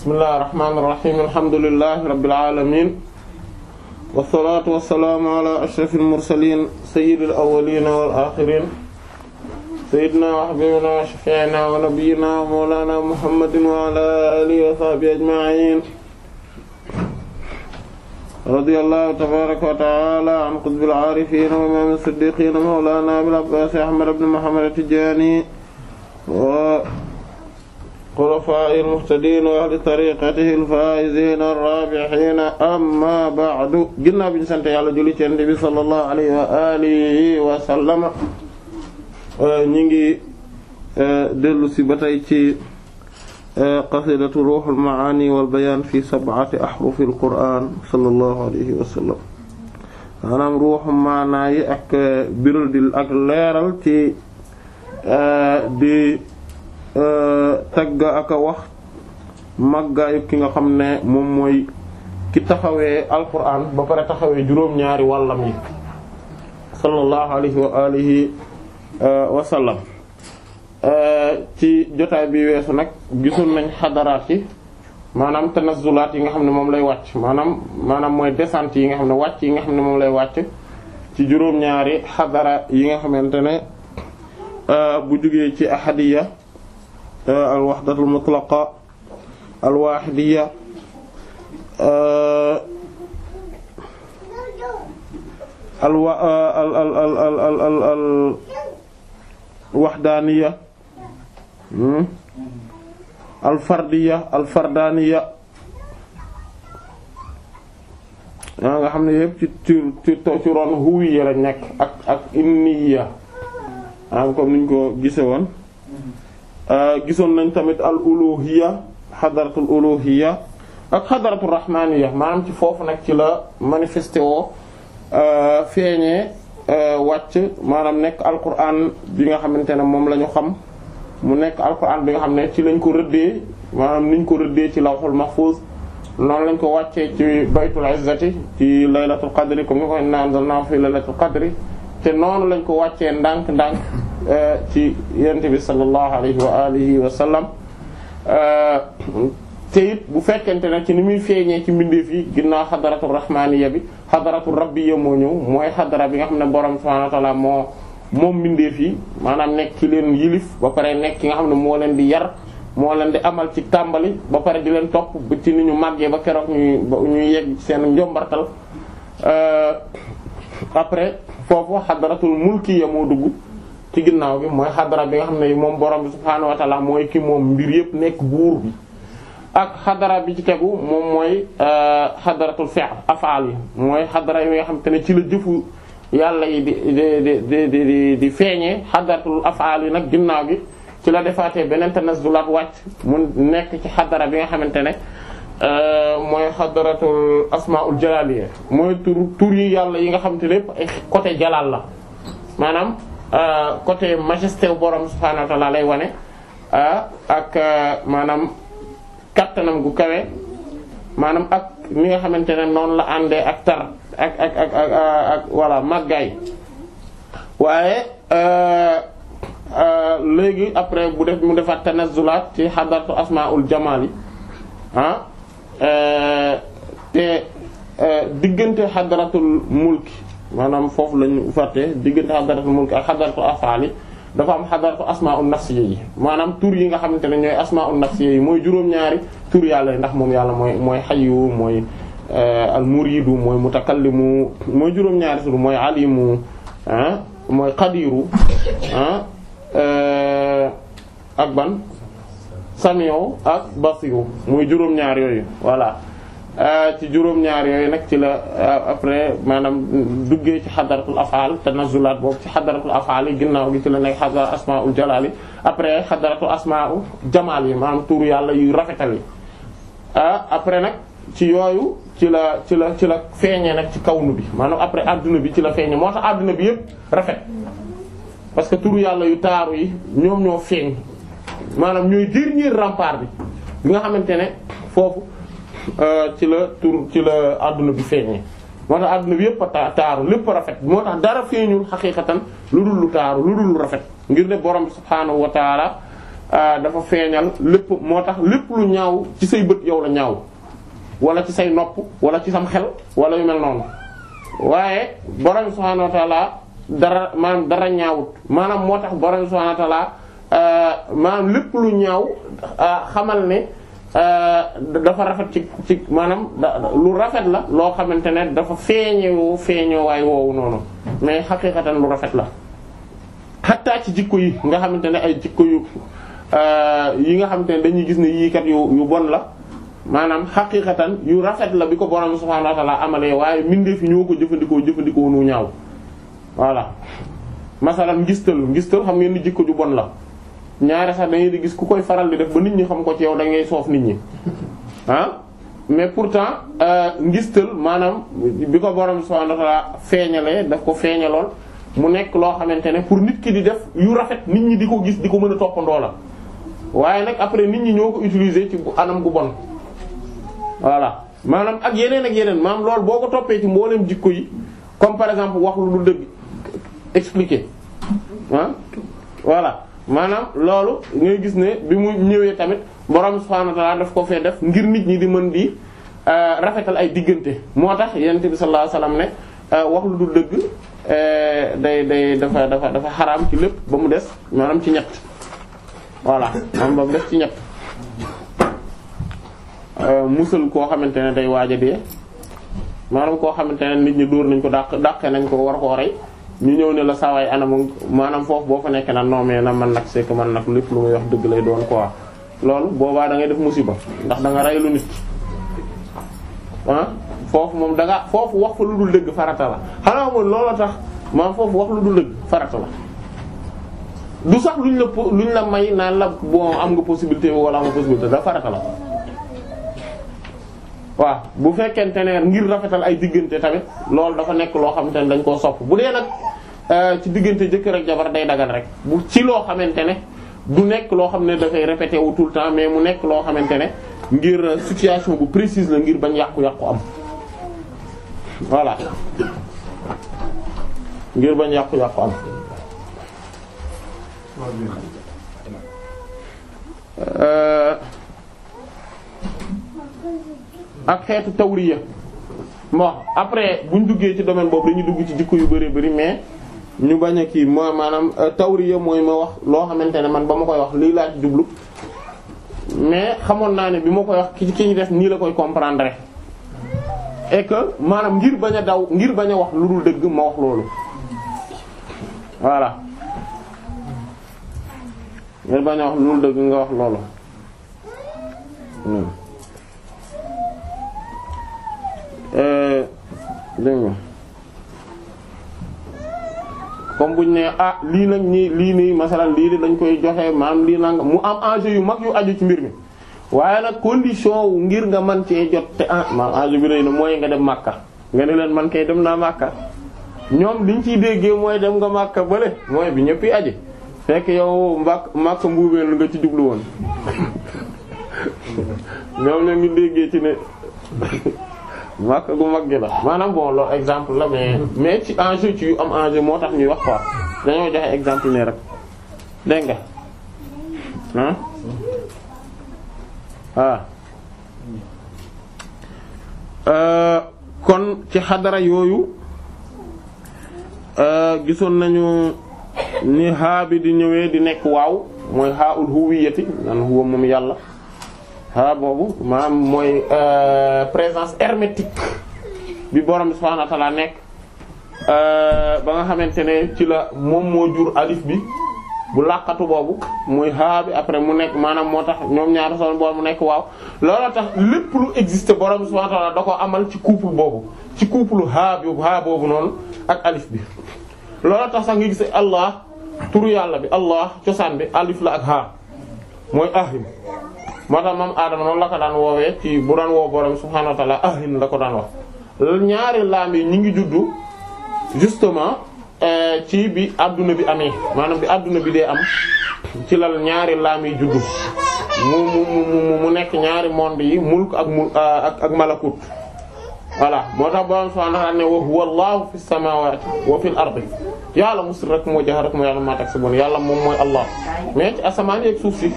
bismillahir rahmanir rahim alhamdulillahi rabbil alamin wassalaatu wassalaamu ala ashrafil mursaliin sayyidil awwaliina wal aaxiriin sayyidinaa wa habiibinaa wa shafii'inaa wa nabiyyinaa mawlaanaa muhammadin wa alaa aalihi wa sahbihi ajma'iin radiyallaahu tabaaraka wa ta'aalaa an qutbil aarifiin wa imaamil siddiiqiin mawlaanaa abil abbaas ahmad ibn muhammad at-tijaani الخلفاء المهتدين وأهل طريقته الفائزين الرابحين أما بعد ginnaaw bi ñu sant yàlla julli ci Nabi sallallahu alayhi wa alihi wa ngi e, dellu si ba tey ci e, qasidatu ruuhul maani wal bayaan fi sab'ati ahrufil Qur'aan sallallahu alayhi wa sallam maanaam ruuxu ak biral ak leeral ci e, di Euh, tagg ak a wax màggaayu ki nga xam ne moom mooy ki taxawee alquran ba pare taxawee juróom-ñaari wàllam yi sallallahu alayhi wa alihi euh, euh, ci jotaay bi weesu nag gisul nañ xadaraat yi maanaam tanazzulaat yi nga xam ne moom lay wàcc maanaam maanaam mooy descente yi nga xam ne wàcc yi nga xam ne moom lay wàcc ci juróom-ñaari xadara yi nga xamante ne bu jugee ci ahadiya Euh, al waxdatul mutlaqa al waaxidiya al wa al hmm? nga xam ne yëpp ci ci ron huwiya la nekk ak ak inniya am comme niñ ko gise woon Euh, gisoon nañ tamit al uluhiyya xadaratul uluhiyya ak xadaratul rahmaniyya maanaam ci foofu nag ci la manifesté woo euh, feeñee euh, wàcc maanaam nekk alquran bi nga xamante ne moom la ñu xam mu nekk alquran bi nga xam ne ci lañ ko rëddee maanaam niñ ko rëddee ci lawhul mahfuz noonu lañ ko wàccee ci baytul izzati ci laylatul qadri comme ni ko anzalna fi laylatul qadri te noonu lañ ko wàccee ndànk-ndànk euh, ci yent bi sallallahu alayhi wa euh, te it bu fekkente ne ci ni muy feeñee ci mbindeef yi ginnaaw xadaratu rahmaniya bi xadaratu rabbiya moo ñëw mooy xadara bi nga xam ne borom subhanahu wa ta'ala moo moom mbindeef yi maanaam nekk ci leen yilif ba pare nekk ki nga xam ne moo leen di yar moo leen di amal ci tàmbali ba pare di leen topp ba ci ni ñu màggee ba keroog ñu ñu yegg seen njombartal euh, après foofu xadaratul mulkiya moo dugg ci ginnaaw bi mooy xadara bi nga xam ne moom borom bi subhaanahu wa mooy kii moom mbir yëpp nekk buur bi ak xadara bi ci tegu moom mooy euh, xadaratul fi'l afaal yi mooy xadara yi nga xam te ne ci la jëfu yàlla yi di di di di yi nag ginnaaw gi ci la defaatee beneen tanazzulat wàcc mu nekk ci xadara bi nga xamante ne Euh, mooy xadaratul asmaul jalaliya mooy tur tur yi yàlla yi nga xam te lépp côté jalal la maanaam euh, côté majesté borom subhaanahu wa lay wane euh, ak maanaam kattanam gu kawe maanaam ak mi nga xamante ne noonu la àndee ak tar ak ak ak ak voilà màggaay waaye léegi après bu def mu defaat tanazzulaat ci xadaratu asmaul jamal yi ah Euh, te euh, diggante xadaratul mulki maanaam foofu lañu fàtte diggante xadaratul mulki ak xadaratul afaali dafa am xadaratu asmaa'un nafsiyya yi maanaam tur yi nga xamante ne ñooy asmaa'un nafsiyya yi mooy juróom-ñaari tur yàlla ndax moom yàlla mooy mooy xayyu mooy euh, almuridu mooy mutakallimu mooy juróom-ñaari tur mooy alimu ah mooy qadiru ah ak ban sami'u ak basiru muy juróom-ñaar yooyu voilà euh, ci juróom yooyu nag ci la euh, après maanaam duggee ci xadaratul af'al tanazulaat boobu ci xadaratul af'al yi ginnaaw gi ci la nekk xadara asmaul jalaal yi après xadaratul asmaul jamaal yi maanaam tuuru yàlla yu rafetal yi euh, après nag ci yooyu ci la ci la ci la feeñee nag ci kawnu bi maanaam après adduna bi ci la feeñee moo tax adduna bi yëpp rafet parce que turu yàlla yu taaru yi ñoom ñoo feeñ maanaam ñooy dernier rempart bi bi nga xamante ne foofu euh, ci la tur ci la àdduna bi feeñee moo tax àdduna bi yépp a taaru lépp rafet moo tax dara feeñul xaqiiqatan lu dul lu taaru lu dul lu rafet ngir ne borom bi subhaanahu euh, dafa feeñal lépp moo tax lépp lu ñaaw ci say bët yow la ñaaw wala ci say nopp wala ci sam xel wala yu mel noonu waaye borom bi subhaanahu dara maanaam dara ñaawut maanaam moo tax borom bi subhaanahu Euh, maanaam lépp lu ñaaw euh, xamal ne euh, dafa rafet ci ci maanaam lu rafet la loo xamante ne dafa feeñewu feeñoo waay woowu noonu mais xaqiiqatan lu rafet la xattaa ci jikko yi nga xamante ne ay jikko yu yi nga xamante ne dañuy gis ne yii kat yu yu bon la maanaam xaqiiqatan yu rafet la bi ko borom subhaanahu wa ta'aala amalee waaye mbindeef yi ñoo ko jëfandikoo jëfandikoo nu ñaaw voilà masalan ngistal ngistal xam ngeen ni jikko ju bon la ñaare sax dañuy di gis ku koy faral di def ba nit ñi xam ko ci yow da ngay soof nit ñi ah mais pourtant euh, ngistal maanaam bi ko borom subhanahu wa ta'ala feeñalee daf ko feeñalool mu nekk loo xamante ne pour nit ki di def yu rafet nit ñi di ko gis di ko mën a toppandoo la waaye nag après nit ñi ñoo ko utiliser ci anam gu bon voilà maanaam ak yeneen ak yeneen maam lool boo ko toppee ci mboolem jikko yi comme par exemple wax lu dëgg expliquer ah voilà. maanaam loolu ngay gis ne bi mu ñëwee tamit borom subhaanahu wa daf ko fee def ngir nit ñi di mën di euh, rafetal ay diggante moo tax yonent bi sallallahu alayhi ne euh, wax lu dul dëgg euh, day day dafa dafa dafa xaraam ci lépp ba mu des maanaam ci ñett voilà maanaam ba mu des ci ñett musal koo xamante ne day waaj a maanaam koo xamante ne nit ñi dóor nañ ko dàq dàqe nañ ko war koo rey. ñu ñëw ne la saawaay anam maanaam foofu boo fa nekkee nag non na man nag c'est que man nag lépp lu muy wax dëgg lay doon quoi loolu boobaa da ngay def musiba ndax da nga rey lu nit ah foofu moom danga nga foofu wax lu dul dëgg farata la xanaa moom looloo tax maanaam foofu wax lu dul dëgg farata la du sax luñ la luñ la may naan la bon am nga possibilité wala am nga possibilité da farata la. waaw bu fekkente ne ngir rafetal ay diggante tamit loolu dafa nekk loo xamante ne dañ koo sopp bu dee nag euh, ci diggante jëkkër ak jabar day dagan rek bu ci loo xamante ne du nekk loo xam ne dafay répété wu tout le temps mais mu nekk loo xamante ne ngir euh, situation bu précise la ngir bañ yàqu-yàqu am voilà ngir bañ yàqu-yàqu am. Euh, ak xeetu tawri tawriya bon après bu ñu duggee ci domaine boobu dañuy dugg ci jikko yu bari bari mais ñu bañ a kii mooy maanaam euh, tawriya mooy ma wax loo xamante ne man ba ma koy wax lii laaj jublu mais xamoon naa ne bi ma koy wax ki ki ñu def nii la koy comprendre et que maanaam ngir bañ a daw ngir bañ a wax lu dul dëgg ma wax loolu voilà ngir bañ a wax lu dul dëgg nga wax loolu. Hmm. Euh, dégg nga buñ ne ah lii nag ñii lii nii masalan lii dañ koy joxe maam lii nanga mu am enjeu yu mag yu aju ci mbir mi waaye nag condition wu ngir nga man cee jot te en ah, maam enjeu bi rëy na mooy nga dem Makka nga ne leen man kay dem naa Makka ñoom liñ ciy déggee mooy dem nga Makka bële mooy bi ñëpp aji fekk yow mbak Makka mbuubeen nga ci jublu woon ñoom la ngi déggee ci ne màkk gu mag gi la maanaam bon loolu exemple la mais mais ci enjeu ci yu am enjeu moo tax ñuy wax quoi dañoo joxe exemple ne rek dégg nga ah euh, kon ci xadara yooyu euh, gisoon nañu ni xaa bi di ñëwee di nekk waaw mooy xaa ul huwiyati nan huwa moom yàlla ha boobu maanaam mooy euh, présence hermétique bi borom subhaanahu wa ta'aala nekk euh, ba nga xamante ne ci la moom moo jur alif bi bu làqatu boobu mooy ha bi après mu nekk maanaam moo tax ñoom ñaar son bool mu nekk waaw loola tax lépp lu existe borom subhaanahu wa ta'aala da ko amal ci couple boobu ci couple ha bi boobu noonu ak alif bi looloo tax sax nga gis Allah turu yàlla bi Allah cosaan bi alif la ak ha mooy ahim moo tax moom aadama noonu la ko daan woowee ci bu daan woo borom subhaanahu wa ta'ala ahin la ko daan wax ñaari laam yi ñu ngi juddu justement eh, ci bi àdduna bi amee maanaam bi àdduna bi dee am ci la ñaari laam yi juddu mu mu nekk ñaari monde yi mulk ak mu eh, ak ak malakut voilà moo tax borom subhaanahu wa ta'ala ne wa huwa allahu fis samaawaati wa fil ardi yàlla musul rek moo jax rek moo yàlla moom mooy allah mais ci asamaan yeeg suuf si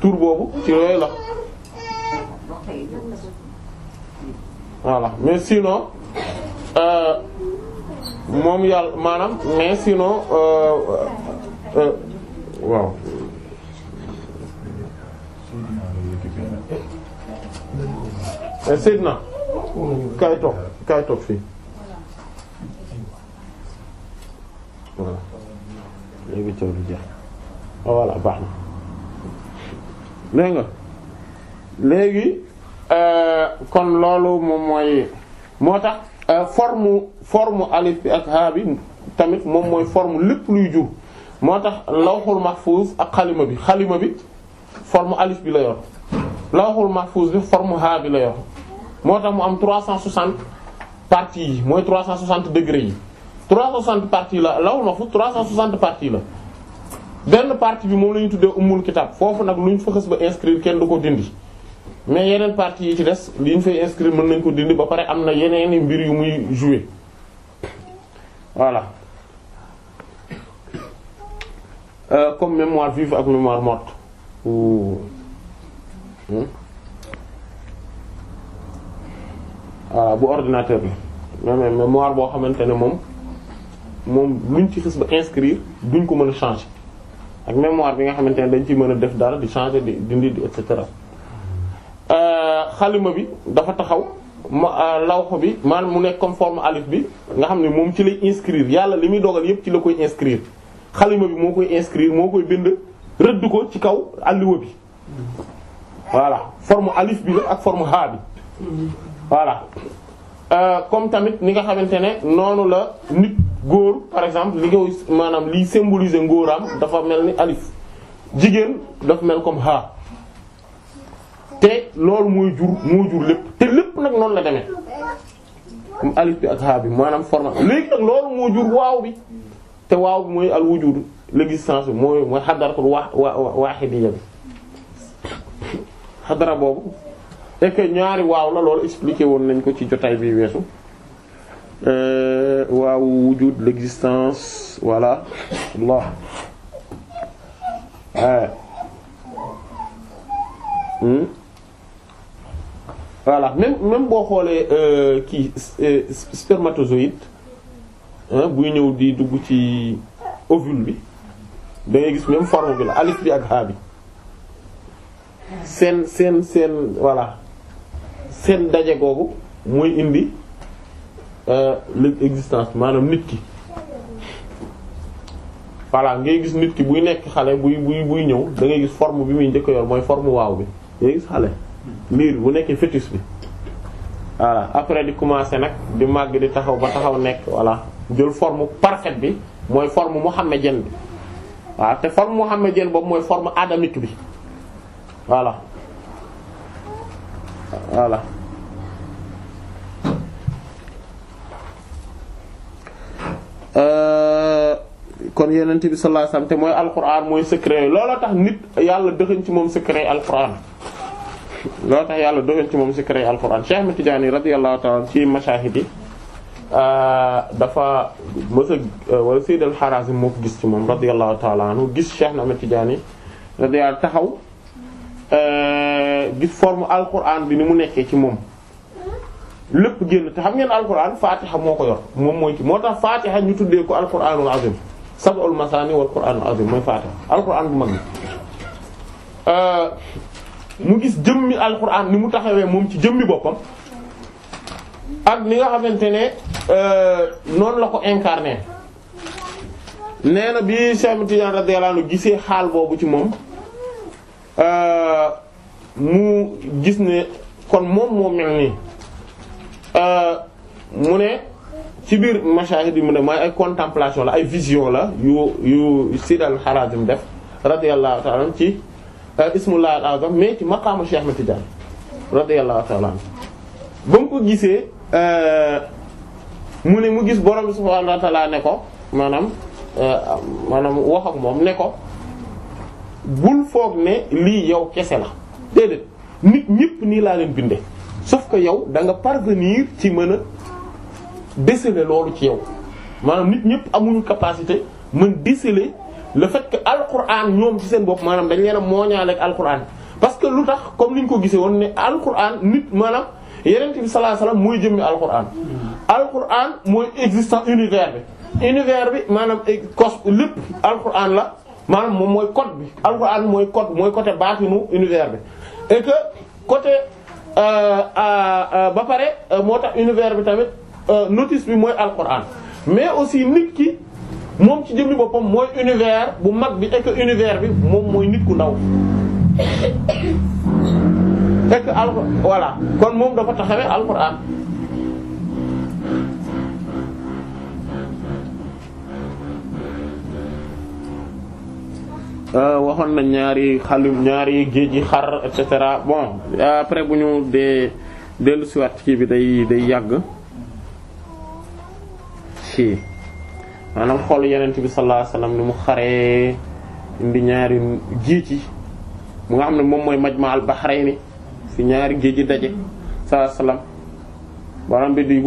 tur boobu ci la voilà mais sinon euh, moom yàlla maanaam mais sinon euh, euh, waaw. Seydina kaay toog kaay toog fii voilà léegi coow lu jeex voilà baax na. dégg nga léegi euh, kon loolu moom mooy moo tax euh, forme forme alif bi ak haa bi tamit moom mooy formu lépp luy jur moo tax lawxul mahfuz ak xalima bi xalima bi forme alif bi la yor lawxul mahfuz bi forme haa bi la yor moo tax mu am 360 parties yi mooy 360 degrés yi 360 parties la lawxul cent 360 parties la benn partie bi moom la ñu tuddee ummul kitaab foofu nag lu ñu fa xës ba inscrire kenn du ko dindi mais yeneen partie yi ci des li ñu fay inscrire mën nañ ko dindi ba pare am na yeneen mbir yu muy jouer voilà euh, comme mémoire vive ak mémoire morte hmm? bu ordinateur bi mais mémoire boo xamante ne moom moom luñ ci xis ba inscrire duñ ko mën a changer ak mémoire bi nga xamante ne dañ ci mën a def dara di changer di dindi di et cetera euh, xalima bi dafa taxaw ma euh, lawx bi maanaam mu nekk comme forme alif bi nga xam ne moom ci lay inscrire yàlla li muy dogal yépp ci la koy inscrire xalima bi moo koy inscrire moo koy bind rëdd ko ci kaw alliwa bi voilà forme alif bi la ak forme ha bi voilà euh, comme tamit ni nga xamante ne noonu la nit góor par exemple li koy maanaam li symboliser ngóoraam dafa mel ni alif jigéen dafa mel comme ha te loolu mooy jur moo jur lépp te lépp nag noonu la demee comme alif bi ak ha bi maanaam forme léegi nag loolu moo jur waaw bi te waaw bi mooy al wujud l'existence bi mooy mooy xadaratul waa waaxidiyya bi xadara boobu et ñaari waaw la loolu expliqué woon nañ ko ci jotaay bi weesu Euh, waaw wujud l'existence voilà Allah hmm? voilà même même boo xoolee euh, kii euh, spermatozoïde buy ñëw di dugg ci ovule bi da ngay gis même forme bi la alif bi ak ha bi seen seen seen voilà seen daje googu mooy indi Euh, l'existence maanaam nit ki voilà ngay gis nit ki buy nekk xale buy buy buy ñëw da ngay gis forme bi muy njëkk yor mooy forme waaw bi ngay gis xale liir bu nekkee fitis bi voilà après di commencer nag di màgg di taxaw ba taxaw nekk voilà jël forme parfaite bi mooy form forme mohammédienne bi waaw te form xam forme mohammédienne boobu mooy forme adamique bi voilà voilà kon yenent bi sallallahu alayhi wasallam te mooy alquran mooy secret yi looloo tax nit yàlla dëxëñ ci moom secret alquran looloo yàlla dëxëñ ci moom secret alquran Cheikh Ahmed Tidiane ci mashahid yi euh, dafa mës a euh, wala Sayyid al-Harazim moo ko gis ci moom radiyallahu ta'ala anhu gis Cheikh Ahmed Tidiane radiyallahu taxaw euh, gis forme alquran bi ni mu nekkee ci moom lépp génn te xam ngeen alquran fatiha moo ko yor moom mooy ki moo tax fatiha ñu tuddee ko alquranul azim sab'ul masaani wal qur'aanul aziim mooy faatiha alqur'aan bu mag bi euh, mu gis jëmmi alqur'aan ni mu taxawee moom ci jëmmi boppam ak ni nga xamante ne euh, noonu la ko incarné nee na bi Cheikh Tidiane radiyallahu anhu gisee xaal boobu ci moom euh, mu gis ne kon moom moo mel nii mu ne ci biir mashahid yi mu ne mooy ay contemplation la ay vision la yu yu Sidi al Harazim def radiyallahu ta'ala ci euh, ismullah al azam mais ci maqaamu Cheikh Ahmed Tidiane radiyallahu ta'ala ba mu ko gisee euh, mu ne mu gis borom bi subhanahu wa ne ko maanaam euh, maanaam wax ak moom ne ko bul foog ne lii yow kese la déedéet nit ñëpp nii laa leen binde sauf ko yow da parvenir ci mën déceler loolu ci yow maanaam nit ñëpp amuñu capacité mën déceler la fekk que alquran ñoom ci seen bopp maanaam dañ leen a mooñaale ak alquran parce que lu tax comme ni ñu ko gisee woon ne alquran nit maanaam yeneen bi sallallahu alayhi wasallam mooy jëmmi alquran. alquran mooy existant univers bi. univers bi maanaam e cos lépp alquran la maanaam moom mooy code bi alquran mooy code mooy côté baatinu univers bi et que côté euh, euh, euh, ba pare moo tax univers bi tamit. Euh, notice bi mooy alquran mais aussi nit ki moom ci jëmmi boppam mooy univers bu mag bi et que bi moom mooy nit ku ndaw et que al voilà kon moom dafa taxawee alquran euh, waxoon na ñaari xalum ñaari géej gi xar et cetera bon après bu ñu dee dellusiwaat kii bi day day yàgg yi maanaam xool yenent bi sallallahu alayhi wasallam xam ne moom mooy majma al bahrayni fi ñaari géej yi daje sallallahu alayhi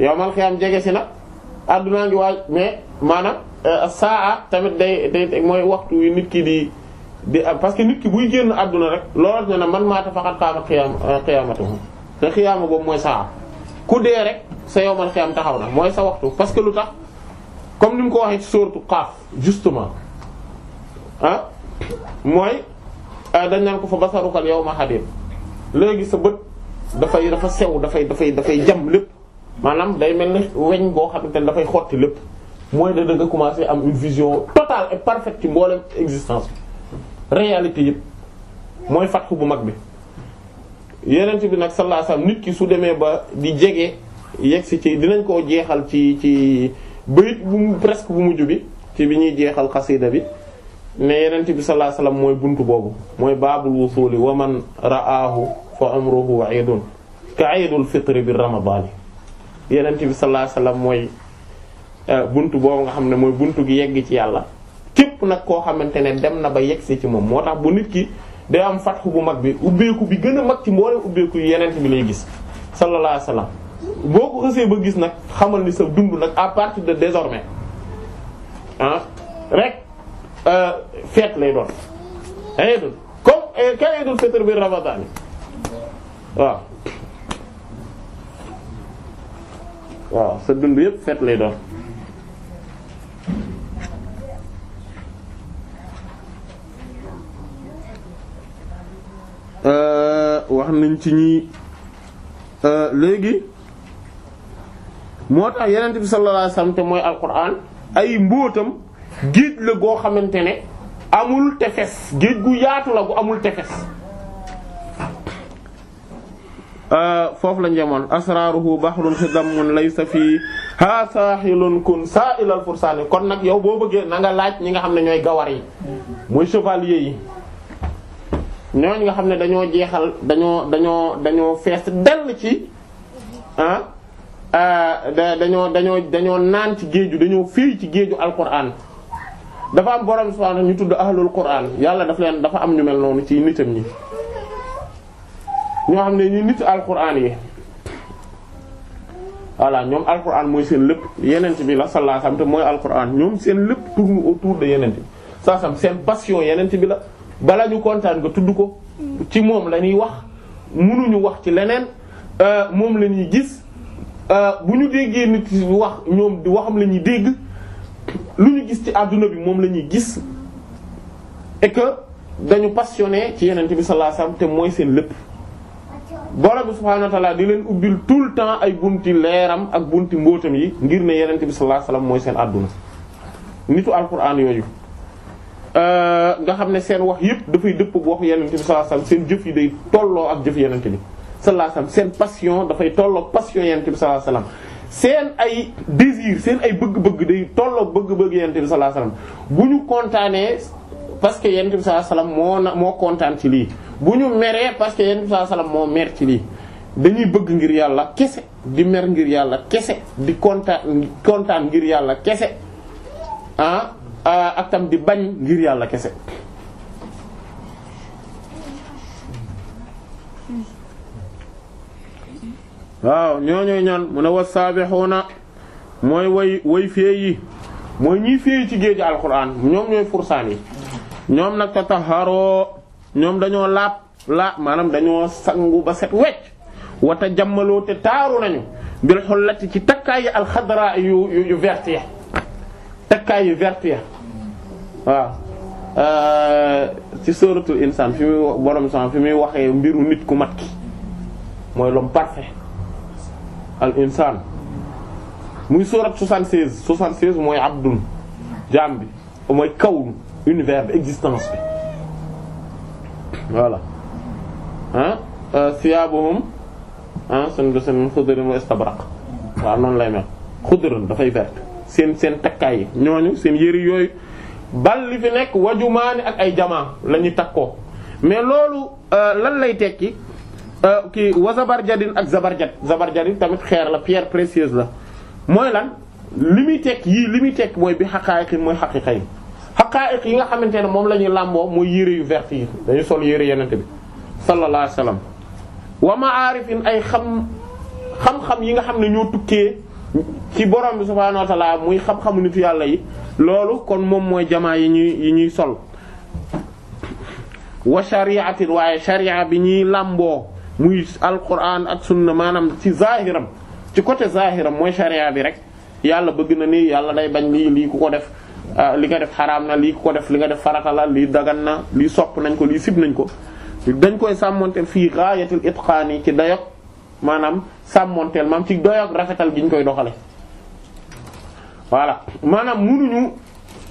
wasallam jege si nag àdduna ngi waaj mais maanaam eh, saa tamit day mooy waxtu wi nit ki di parce que nit ki buy génn àdduna rek looloo ne na man maata faqad qaama qiyaamatuhu te xiyaama boobu mooy saa ku dee rek sa yowmal xiyaam taxaw na mooy sa waxtu parce que lu tax comme ni mu ko waxee soortu sourate Qaaf justement ah mooy ah, dañ naan ko fa basarukal ma hadid léegi sa bët dafay dafa sew dafay dafay dafay jam lépp maanaam day mel ni weñ boo xamante ne dafay xotti lépp mooy da nga commencer am une vision total ay parfaite ci mboolem existence bi réalité mooy fatxu bu mag bi yenent bi nag sallallahu alayhi wasallam nit ki su demee ba di jege yegsi ci dinañ koo jeexal ci ci bayit bu presque bu mujj bi ci bi ñuy jeexal xasida bi ne yenent bi sallallahu alayhi mooy bunt boobu mooy baabul wusuuli wa man ra'aahu fa umruhu iidun ka iidul fitri bi ramadaani yenent bi sallallahu alayhi wasallam mooy eh, bunt boobu nga xam ne mooy bunt gi yegg ci yàlla képp nag koo xamante ne dem na ba yegsi ci moom moo tax bu nit ki day am fatxu bu mag bi ubbeeku bi gën a mag ci mboolem ubbeeku yi yeneen lay gis sallallahu alayhi wasallam boo ko xësee ba gis nag xamal ni sa dund nag à partir de désormais ah rek euh, fête lay doon ayidul comme euh, ka ayidul fitr bi Ramadan waaw waaw sa dund yépp fête lay doon wax nañ ci ñi euh, léegi moo tax yenent bi sallallahu alayhi wasallam te mooy alquran ay mbóotam géej la goo xamante ne amul tefes géej gu yaatu la gu amul tefes euh, foofu la njemoon asraruhu bahrun xidammun laysa fii ha sahilun kun sa'ilal fursaani kon nag yow boo bëggee nanga laaj ñi nga xam ne ñooy gawar yi mooy chevalier yi ñooñu nga xam ne dañoo jeexal dañoo dañoo dañoo fees dell ci ah, ah dañoo dañoo dañoo naan ci géeju dañoo fii ci géeju alquran dafa am borom subhanahu ñu tudd ahlul quran yàlla daf leen dafa am ñu mel noonu ci nitam ñi ñoo xam ne ñu nit alquran yi voilà ñoom alquran mooy seen lépp yenent bi la sallallahu alayhi te mooy alquran ñoom seen lépp tourne autour de yenent bi sallallahu alayhi seen passion yenent bi la bala ñu kontaan nga tudd ko ci moom la ñuy wax mënuñu wax ci leneen euh, moom la ñuy gis euh, bu ñu déggee nit wax ñoom di waxam lañuy ñuy dégg lu ñu gis ci àdduna bi moom lañuy gis et que dañu passionné ci yeneen bi sallallahu alayhi wasallam te mooy seen lépp borom bi subhaanahu wa ta'aala di leen ubbil tout le temps ay bunti leeram ak bunti mbóotam yi ngir ne yeneen bi sallallahu mooy seen àdduna nitu alquran yooyu Euh, nga xam ne seen wax yëpp dafay dëpp wax yenente bi sallallahu seen jëf yi day tolloo ak jëf yenente bi sallallahu alayhi seen passion dafay tolloo passion yenente bi sallallahu alayhi seen ay désir seen ay bëgg-bëgg day tolloo bëgg-bëgg yenente bi sallallahu bu ñu kontaanee parce que yenente bi sallallahu moo na moo kontaan ci lii bu ñu meree parce que bi sallallahu moo mer ci lii dañuy bëgg ngir yàlla kese di mer ngir yàlla kese di kontaan kontaan ngir yàlla kese ah Euh, ak di bañ ngir yàlla kese waaw ñooñu ñan mu ne was-saabixuuna mooy woy way yi mooy ñiy fee ci géeju alxuraan ñoom ñooy fursaan yi ñoom nag tataharoo ñoom dañoo laab laab maanaam dañoo sangu ba set wecc wata jammaloo te taaru nañu bil xullati ci takkaay yi alxadra yu yu verte takkaay yu vert ya waaw ci sóoratul insaan fi muy borom san fi muy waxee mbiru nit ku mat ki mooy l'homme parfait al insaan muy sóorat 76 76 mooy abdun jaam bi mooy kawn univers bi existence bi voilà ah siyaabuhum ah seen seen xudrun wa istabraq waaw noonu lay mel xudrun dafay vert seen seen takkaay yi ñooñu seen yëri yooyu bal li fi nekk wajumaani ak ay jamaa la ñuy takkoo mais loolu euh, lan lay tekki euh, kii wa zabarjadin ak sabar zabarjadin tamit xeer la pierre précieuse la mooy lan li muy tekk yii li muy tekk mooy bi xaqaayiq yi mooy xaqiiqa yi xaqaayiq yi nga xamante ne moom la ñuy làmboo mooy yére yu vert yi dañu sol yére yenente bi sallallahu alayhi wasallam wa ma'arifin ay xam xam-xam yi nga xam ne ñoo tukkee ci boroom bi subhaanahu wa muy xam-xamu nitu yàlla yi loolu kon moom mooy jamaa yi ñuy ñuy sol wa shari'atin waaye sharia bi ñuy làmboo muy alquran ak sunna maanaam ci zahiram ci côté zahiram mooy sharia bi rek yàlla bëgg na nii yàlla day bañ lii lii ku ko def ah, li nga def xaraam na lii ku ko def li nga def farata la lii dagan na lii sopp nañ ko lii sib nañ ko dañ koy sàmmonte fii gaayatil itqaani ci dayok maanaam sàmmonteel maam ci doyoog rafetal gi ñu koy doxale voilà maanaam munuñu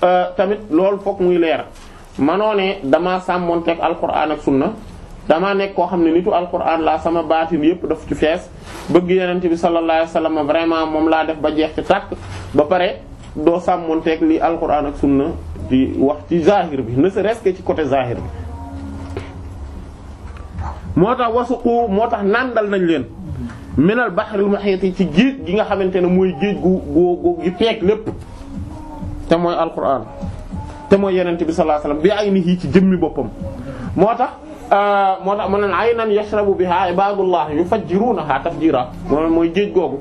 euh, tamit loolu foog muy leer manoo ne damaa sàmmonteeg alquran ak sunna damaa nekk koo xam ne nitu alquran laa sama baatin yépp daf ci fees bëgg yenent bi sallallahu alayhi wasallam vraiment moom laa def ba jeex ci tàkk ba pare doo sàmmonteeg li alquran ak sunna di wax ci zahir bi ne serait-ce ci côté zahir bi moo tax wasuqu moo tax nàndal nañ leen minal bahril muhit yi ci géej gi nga xamante ne mooy géej gu gu gi feek lépp te mooy alquran te mooy yenente bi sallallahu alayhi wasallam bi ay nit yi ci jëmmi boppam moo tax euh, moo tax mu ne aynan yashrabu biha ibadullah yufajjirunaha tafjira moom mooy géej googu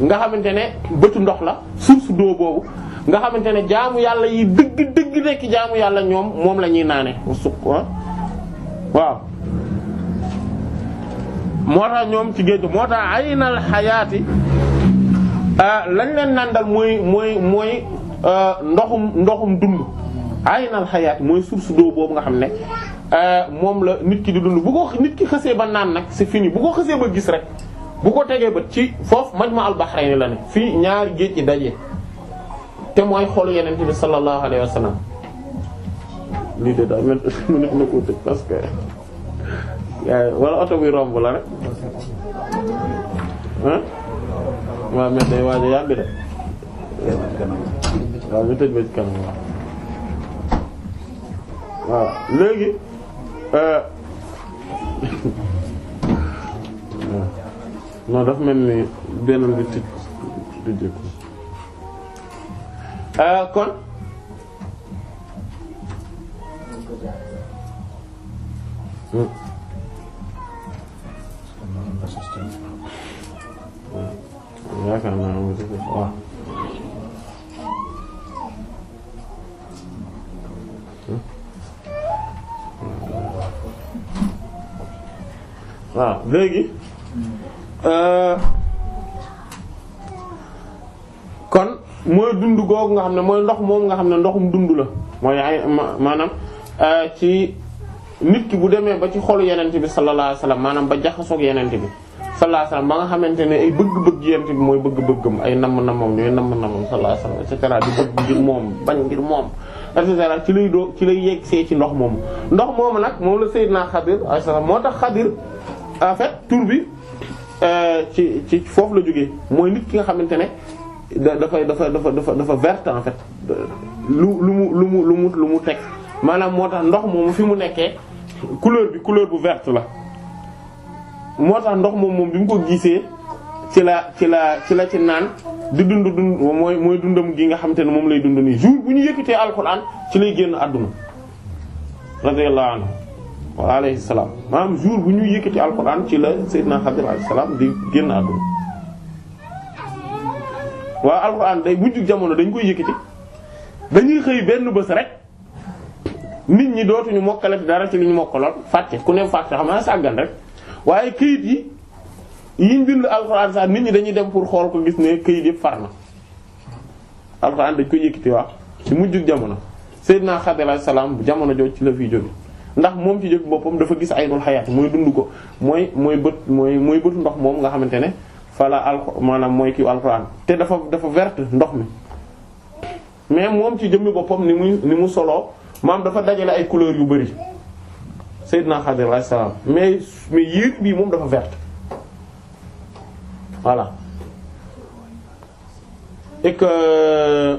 nga xamante ne bëtu ndox la source d'eau boobu nga xamante ne jaamu yàlla yi dëgg dëgg nekk jaamu yàlla ñoom moom la ñuy naane suk ah. waaw moo tax ñoom ci géej moo tax aynal xayaati lañ leen nandal mooy mooy mooy ndoxum ndoxum dund aynal xayaat mooy source d'eau boobu nga xam ne moom la nit ki di dund bu ko nit ki xësee ba naan nag si fini bu ko xësee ba gis rek bu ko tegee ba ci foofu majma al bahrayni la ne fii ñaari géej yi daje te mooy xolu yeneen bi sallallahu alayhi wa sallam lii de daa mel ne ko tëj parce wala oto buy romb la rek ah waaw mais day waaj a de waaw ñu tëj ba kanam waaw léegi euh, non daf mel ni benn bi tëj du euh, jëkku kon hmm. assistance yaakaar waaw waaw léegi euh, kon mooy dund googu nga xam ne mooy ndox moom nga xam ne ndoxum dund la mooy ay maanaam euh, ci nit ki bu demee ba ci xolu yenente bi sallallahu alayhi wasallam maanaam ba jaxasoog yenente bi sallallahu alayhi ba nga xamante ne ay bëgg-bëgg yenente bi mooy bëgg-bëggam ay namm-nammam ñooy namm-nammam sallallahu alayhi wasallam et cetera di bëgg ngir moom bañ ngir moom et cetera ci lay doo ci lay yegg see ci ndox moomu ndox moomu nag moom la Seydina Xadir alayhi salaam moo tax Xadir en fait tur bi euh, ci ci foofu la jóge mooy nit ki nga xamante ne dafay dafa dafa dafa dafa verte lu lu mu lu mu teg maanaam moo tax ndox moomu fi mu nekkee couleur bi couleur bu verte la moo tax ndox moom moom bi mu ko gisee ci la ci la ci la ci naan di dund dund mooy mooy dundam gi nga xam te ne moom lay dund nii jour bu ñu yëkkatee alxuraan ci lay génn àdduna radiyallahu anhu wa alayhi jour bu ñu yëkkatee alxuraan ci la Seydina Xadir alayhi salaam di génn àdduna waaw alxuraan day mujj jamono dañ koy yëkkati dañuy xëy benn bës rek. nit ñi dootuñu mokkale dara ci li ñu mokkaloon fàtte ku ne fàtte xam naa sàggan rek waaye këyit yi yiñ bind alxuraan sax nit ñi dañuy dem pour xool ko gis ne këyit yëpp far na alxuraan dañ koy yëkkati waa ci mujjug jamono Seydina Xadir alayhi salaam jamono jooju ci la fiy jóge ndax moom ci jëkk boppam dafa gis ay aynul xayaat mooy dund ko mooy mooy bët mooy mooy bëtu ndox moom nga xamante ne fala al maanaam mooy kii alxuraan te dafa dafa verte ndox mi mais moom ci jëmmi boppam ni muy ni mu soloo maam dafa dajale ay couleurs yu bari Seydina Xadir alayhi salaam mais mais yéeg bii moom dafa vert walla et que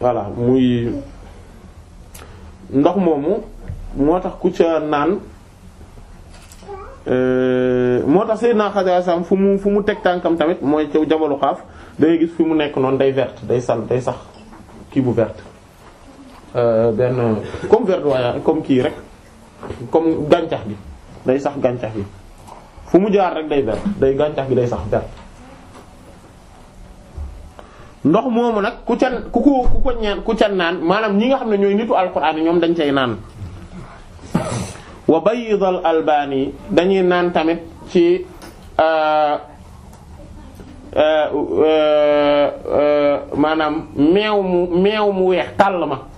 voilà muy ndox moomu moo tax ku ca naan euh, moo tax Seydina Xadir alayhi fu mu fu mu teg tànkam tamit mooy ca jabalu xaaf da ngay gis fi mu nekk noonu day vert day sal day sax kii bu verte Euh, benn comme verdoyant comme kii rek comme gàncax gi day sax gàncax gi fu mu jaar rek day ber day gàncax gi day sax ber ndox moomu nag ku ca ku ko ku ko ñaan ku can naan maanaam ñi nga xam ne ñooy nitu alquran ñoom dañ cay naan wa bayyidal albani dañuy naan tamit ci euh, euh, maanaam meew mu meew mu weex tàll ma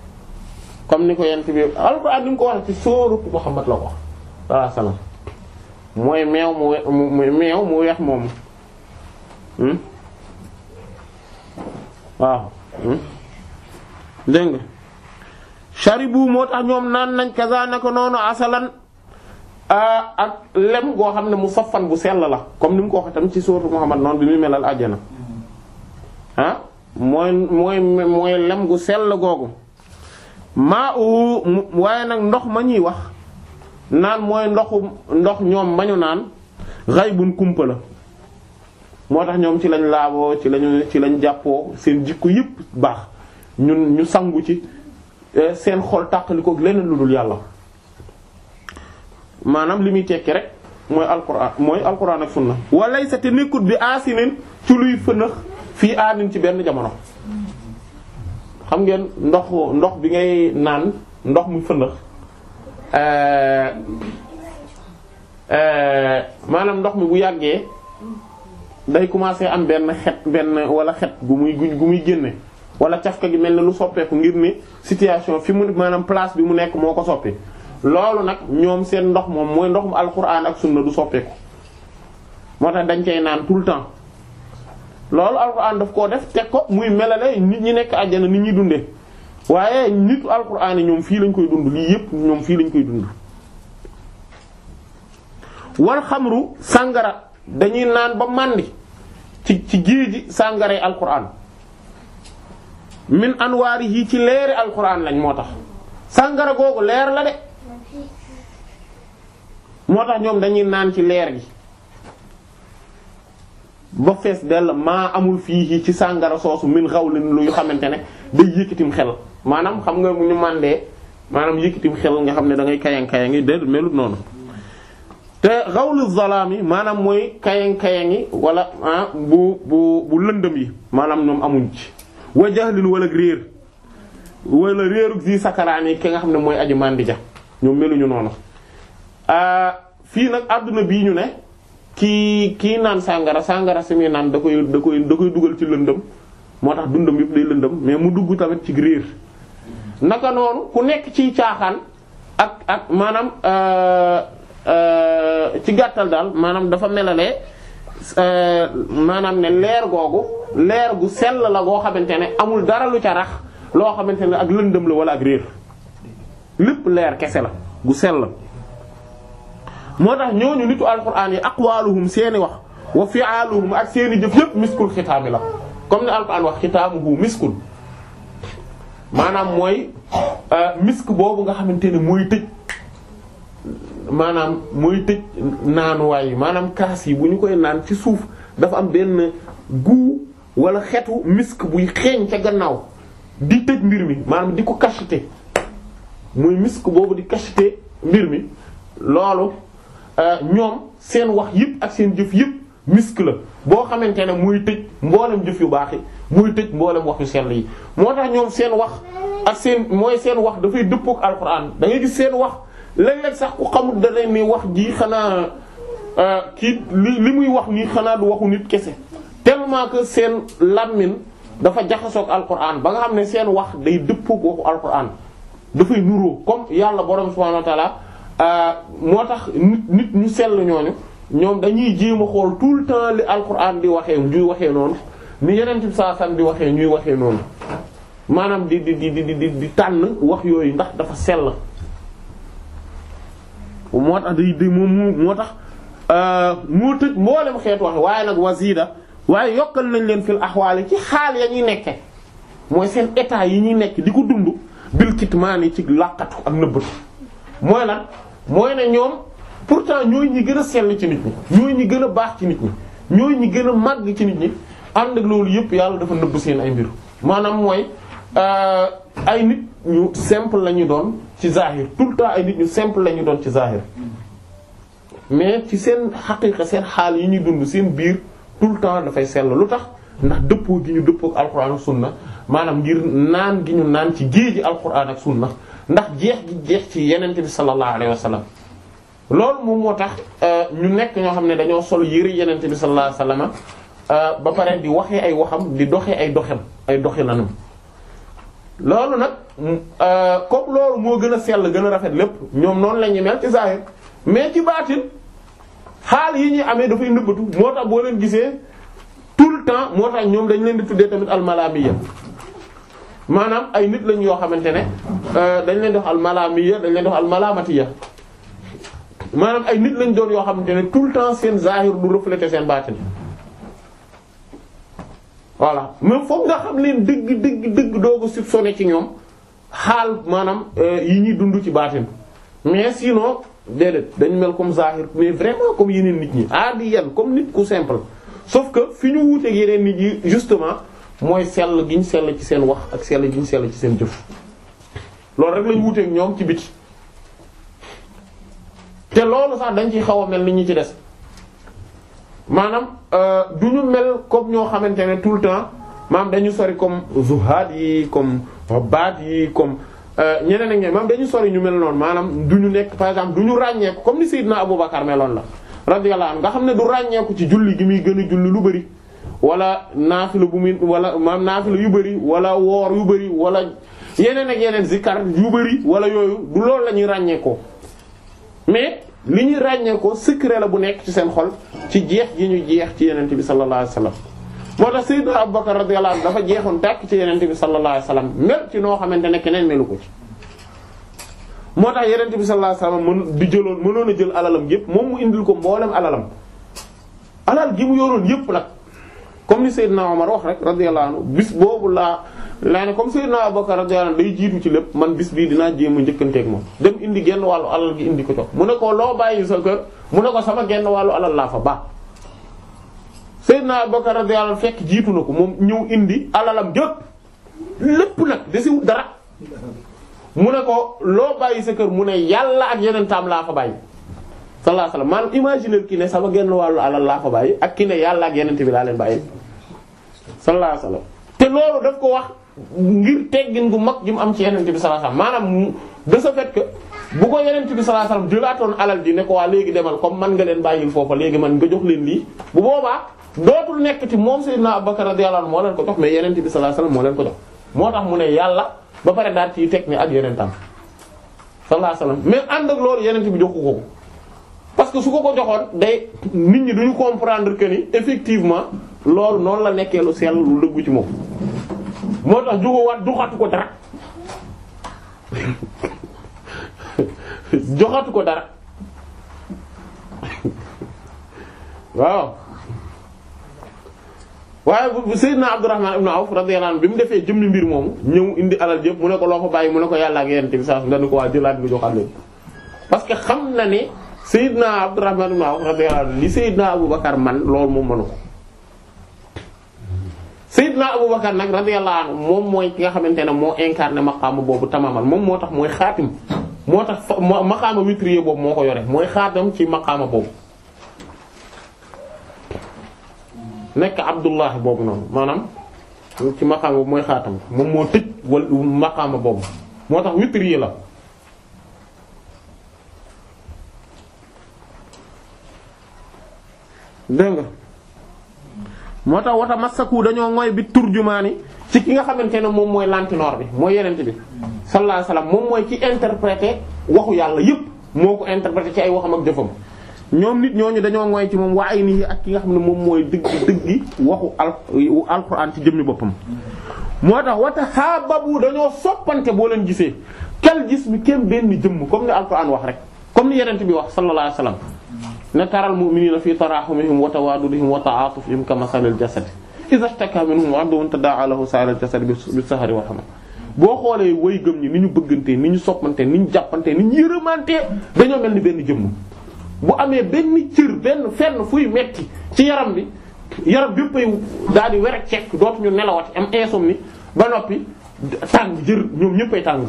comme ni ko yent bi alxuraan ni mu ko waxee ci sóoratu Muhammad la mu meew mu weex moomu hmm? waaw hmm? dégg nga sharibu moo tax ñoom naan nañ kaza naka noonu asalan ak lem goo xam ne musaffan bu sell la comme ni mu ko waxee tamit ci sóoratu Muhammad noonu muy melal àjjana hmm. ah mooy mooy mooy lem gu sell googu maa u waaye nag ndox ma ñuy wax naan mooy ndoxu ndox ñoom ma ñu naan ghaybun kumpa la moo tax ñoom ci lañ laaboo ci lañu ci lañ jàppoo seen jikko yépp baax ñun ñu sangu ci eh, seen xol tàqali ko leneen lu dul yàlla maanaam li muy tekki rek mooy alquran mooy alquran ak sunna walaysa te nekkut bi aasinin ci luy fënax fii aanin ci benn jamono xam ngeen ndox ndox bi ngay naan ndox mu fëndëx euh, euh, maanaam ndox mi bu yàggee day commencer am benn xet benn wala xet gu muy gu muy génne wala cafka gi mel ne lu soppeeku ngir ni situation fi mu maanaam place bi mu nekk moo ko soppi loolu nag ñoom seen ndox moom mooy ndox mu alxuraan ak sunna du soppeeku moo tax dañ koy naan tout le temps loolu alxuraan daf koo def teg ko muy melale nit ñi nekk àjjana nit ñi dunde waaye nitu alxuraan ñoom fii lañ koy dund lii yépp ñoom fii lañ koy dund wal xamru sàngara dañuy naan ba màndi ci ci géeji sàngaray alxuraan min anwaari yi ci leeri alxuraan lañ moo tax sàngara googu leer la de moo tax ñoom dañuy naan ci leer gi ba fees dell maa amul fii ci sàngara soosu min xawlin luy xamante ne day yëkkatim xel maanaam xam nga mu ñu màndee maanaam yëkkatim xel nga xam ne da ngay kayang kayang yi déedéet melut noonu te xawlu zalaam maanaam mooy kayang kayang yi wala ah, bu bu bu lëndëm yi maanaam ñoom amuñ ci wa jahlin wala réer wala réerug si sakaraan yi ki nga xam ne mooy aji màndi ja ñoom meluñu noonu ah, fii nag àdduna bii ñu ne kii kii naan sàngara sàngara si muy naan da koy da koy da dugal ci lëndëm moo tax dundam yëpp day lëndëm mais mu dugg tamit ci réer naka noonu ku nekk ci caaxaan ak ak maanaam euh, euh, ci gàttal daal maanaam dafa melale euh, maanaam ne leer googu leer gu sell la goo xamante ne amul dara lu ca rax loo xamante ne ak lëndëm la wala ak réer lépp leer kese la gu sell. moo tax ñooñu nitu alquran yi aqwaluhum seeni wax wa fi'aluhum ak seeni jëf yépp miskul xitaami la comme ni alquran wax xitaamuhu miskul maanaam mooy euh, misk boobu nga xamante ne mooy tëj maanaam mooy tëj naanuwaay yi maanaam kaas yi bu ñu koy naan ci suuf dafa am benn guu wala xetu misk buy xeeñ ca gannaaw di tëj mbir mi maanaam di ko cacheter mooy misk boobu di cacheter mbir mi loolu Euh, ñoom seen wax yëpp ak seen jëf yëpp misk la boo xamante ne muy tëj mboolem jëf yu baax yi muy tëj mboolem wax yu sell yi moo tax ñoom seen wax ak seen mooy seen wax dafay dëppook alxuraan da ngay gis seen wax léeg sax ku xamul dana mi wax ji xanaa euh, kii li li muy wax nii xanaa du waxu nit kese tellement seen làmmiñ dafa jaxasoog alxuraan ba nga xam ne seen wax day dëppook waxu alxuraan dafay nuroo comme yàlla borom subhaanahu Euh, moo tax nit nit ñu sell ñooñu ñoom dañuy jéem a xool tout le temps li alquran di waxee ñuy waxee noonu ni yeneen ci saa san di waxee ñuy waxee noonu maanaam di di di tànn wax yooyu ndax dafa sell moo tax di di moom moo tax euh, moo tëj mboolem xeet waxe waaye nag wasiida waaye yokkal nañ leen fil axwaali ci xaal ya ñuy nekke mooy seen état yi ñuy nekk di ko dund bil kitmaan yi ci làqatu ak nëbbatu mooy lan mooy ne ñoom pourtant ñooy ñi gën a sell ci nit ñi ñooy ñi gën a baax ci nit ñi ñooy ñi gën a màgg ci nit ñi ànd ak loolu yëpp yàlla dafa nëbb seen ay mbir maanaam mooy euh, ay nit ñu semple la ñu doon ci zahir tout le temps ay nit ñu simple la ñu doon ci zahir mais ci seen xaqiqa seen xaal yi ñuy dund seen biir tout le temps dafay sell lu tax ndax dëppoo gi ñu dëppoo ak alxuraan ak sunna maanaam ngir naan gi ñu naan ci géej gi alxuraan ak sunna ndax jeex gi jeex ci yenente bi sallallahu alayhi wa sallam loolu moom moo tax euh, ñu nekk ñoo xam ne dañoo sol yére yenente bi sallallahu alayhi wa sallam euh, ba pare di waxee ay waxam di doxee ay doxem ay doxinanam loolu nag mm, euh, comme loolu moo gën a sell gën a rafet lépp ñoom noonu la ñuy mel ci zahir mais ci baatin xaal yi ñuy amee dafay nëbbatu moo tax boo leen gisee tout le temps moo tax ñoom dañ leen di tuddee tamit almalamiya maanaam ay nit lañ yoo xamante ne euh, dañ leen dox al malaamiya dañ leen dox al malaamatiya maanaam ay nit lañ doon yoo xamante ne tout le temps seen zahir du refléter seen baatin voilà mais foofu nga xam leen dëgg dëgg dëgg doogu soupçonné ci ñoom xaal maanaam euh, yi ñuy dund ci baatin mais sinon déedéet dañ mel comme zahir mais vraiment comme yeneen nit ñi aadi yan comme nit ku simple sauf que fi ñu wuuteeg yeneen nit yi justement mooy sell gi ñu sell ci seen wax ak sell gi ñu sell ci seen jëf loolu rek lañ wuteek ñoom ci biti te loolu sax dañ ci xaw a mel ni ñu ci des maanaam euh, du ñu mel comme ñoo xamante ne tout le temps maam dañu sori comme zuhaad yi comme baat yi comme euh, ñeneen ak ñoom maam dañu sori ñu mel noonu maanaam du ñu nekk par exemple du ñu ràññeeku comme ni Seydina Aboubacar meloon la radiyallahu anhu nga xam ne du ràññeeku ci julli gi muy gën a julli lu bari wala naafila bu muy wala maam naafila yu bëri wala woor yu bëri walla yeneen ak yeneen zikar yu bëri wala yooyu du loolu la ñuy ràññee mais li ñuy ràññee ko la bu nekk ci seen xol ci jeex gi ñu jeex ci yeneen bi sallallahu alayhi wasallam moo tax Seydina Abubakar radiyallahu anhu dafa jeexoon tàkk ci yeneen bi sallallahu alayhi mel ci noo xamante ne keneen melu ko ci. moo tax yeneen bi sallallahu alayhi wasallam mën di jëloon mënoon a jël alalam yépp moom mu indil ko mboolem alalam gi mu yoroon yépp comme ni Seydina Omar wax rek radiyallahu anhu bis boobu laa laa ne comme Seydina Abubakar radiyallahu anhu day jiitu ci lépp man bis bii dinaa jéem a njëkkanteeg moom dem indi genn wàllu alal gi indi ko jox mu ne ko loo bàyyi sa kër mu ne ko sama genn wàllu alal laa fa baax Seydina Abubakar fekk jiitu ko moom ñëw indi alalam jëpp lépp dara mu ne ko loo bàyyi sa kër mu ne yàlla ak yeneen taam laa fa bàyyi sallallahu alayhi wa sallam maanaam imaginer ki ne sama genn wàllu alal laa fa bàyyi ak ki ne yàlla ak yenente bi laa leen bàyyi sallallahu te loolu daf ko wax ngir teggin gu mag ji mu am ci yenente bi sallallahu alayhi maanaam de ce fait bu ko yenente bi sallallahu alayhi wa sallam jëlaatoon alal ji ne ko waa léegi demal comme man nga leen bàyyil foofa léegi man nga jox leen lii bu boobaa dootul nekk ci moom seen sayyidina Abubakar radiyallahu anhu moo leen ko jox mais yenente bi sallallahu alayhi wa sallam moo leen ko jox moo tax mu yàlla ba pare daal ci teg ni ak yeneen tam sallallahu alayhi wa sallam bi joxu ko que su ko ko joxoon day nit ñi duñu comprendre que ni effectivement loolu noonu la nekkee lu sell lu dëggu ci moom moo tax jugowaat joxatu ko dara joxatu ko dara waaw waaye Seydina Abdourahman ibn Awf radiyallahu anhu bi mu defee jëmmi mbir moomu ñëw indi alal yëpp mu ne ko loo ko bàyyi mu ne ko yàlla ak yonent bi saa su ko waa jëlaat bi joxaat leen parce xam na ne Seydina Abdurrahman ibn Awf radiyallahu anhu li Seydina Abubakar man loolu moom mënu ko Seydina Abubakar nag radiyallahu anhu moom mooy ki nga xamante ne moo incarné maqaama boobu tamamal moom moo tax mooy xaatim moo tax maqaama boobu moo ko yore mooy xaatam ci maqaama boobu nekk Abdullahi boobu noonu maanaam ci maqaama boobu mooy xaatam moom moo tëj wal maqaama boobu moo tax witrier la dégg nga moo tax wata masaku dañoo mooy bi tour turjumaani ci ki nga xamante ne moom mooy lantinoor bi mooy yenente bi sallallahu alayhi wasallam moom mooy ci interpréter waxu yàlla yépp moo ko interpréter ci ay waxam ak jëfam ñoom nit ñooñu dañoo mooy ci moom waa waaye nii ak ki nga xam ne moom mooy dëgg dëggi waxu al alquran ci jëmmi boppam moo tax wata xaababu dañoo soppante boo leen gisee kel gis bi kenn benn jëmm comme ni alquran wax rek comme ni yenente bi wax sallallahu alayhi wasallam ne taral mu'minina fi tarahumihim wa tawadudihim wa ta'atufihim ka masalil jasad idha ishtaka minhum 'udwun tada'a lahu sa'irul jasad bis sahari wal hamam boo xoolee way gëm ñi ni ñu bëggante ni ñu soppante ni ñu jàppante ni ñu yërëmante dañoo mel ni benn jëmm bu amee benn cër benn fenn fuy metti ci yaram bi yaram béppay daal di wer ak cekk dootuñu nelawati am insomnie ba noppi tàng jër ñoom ñëppay tàng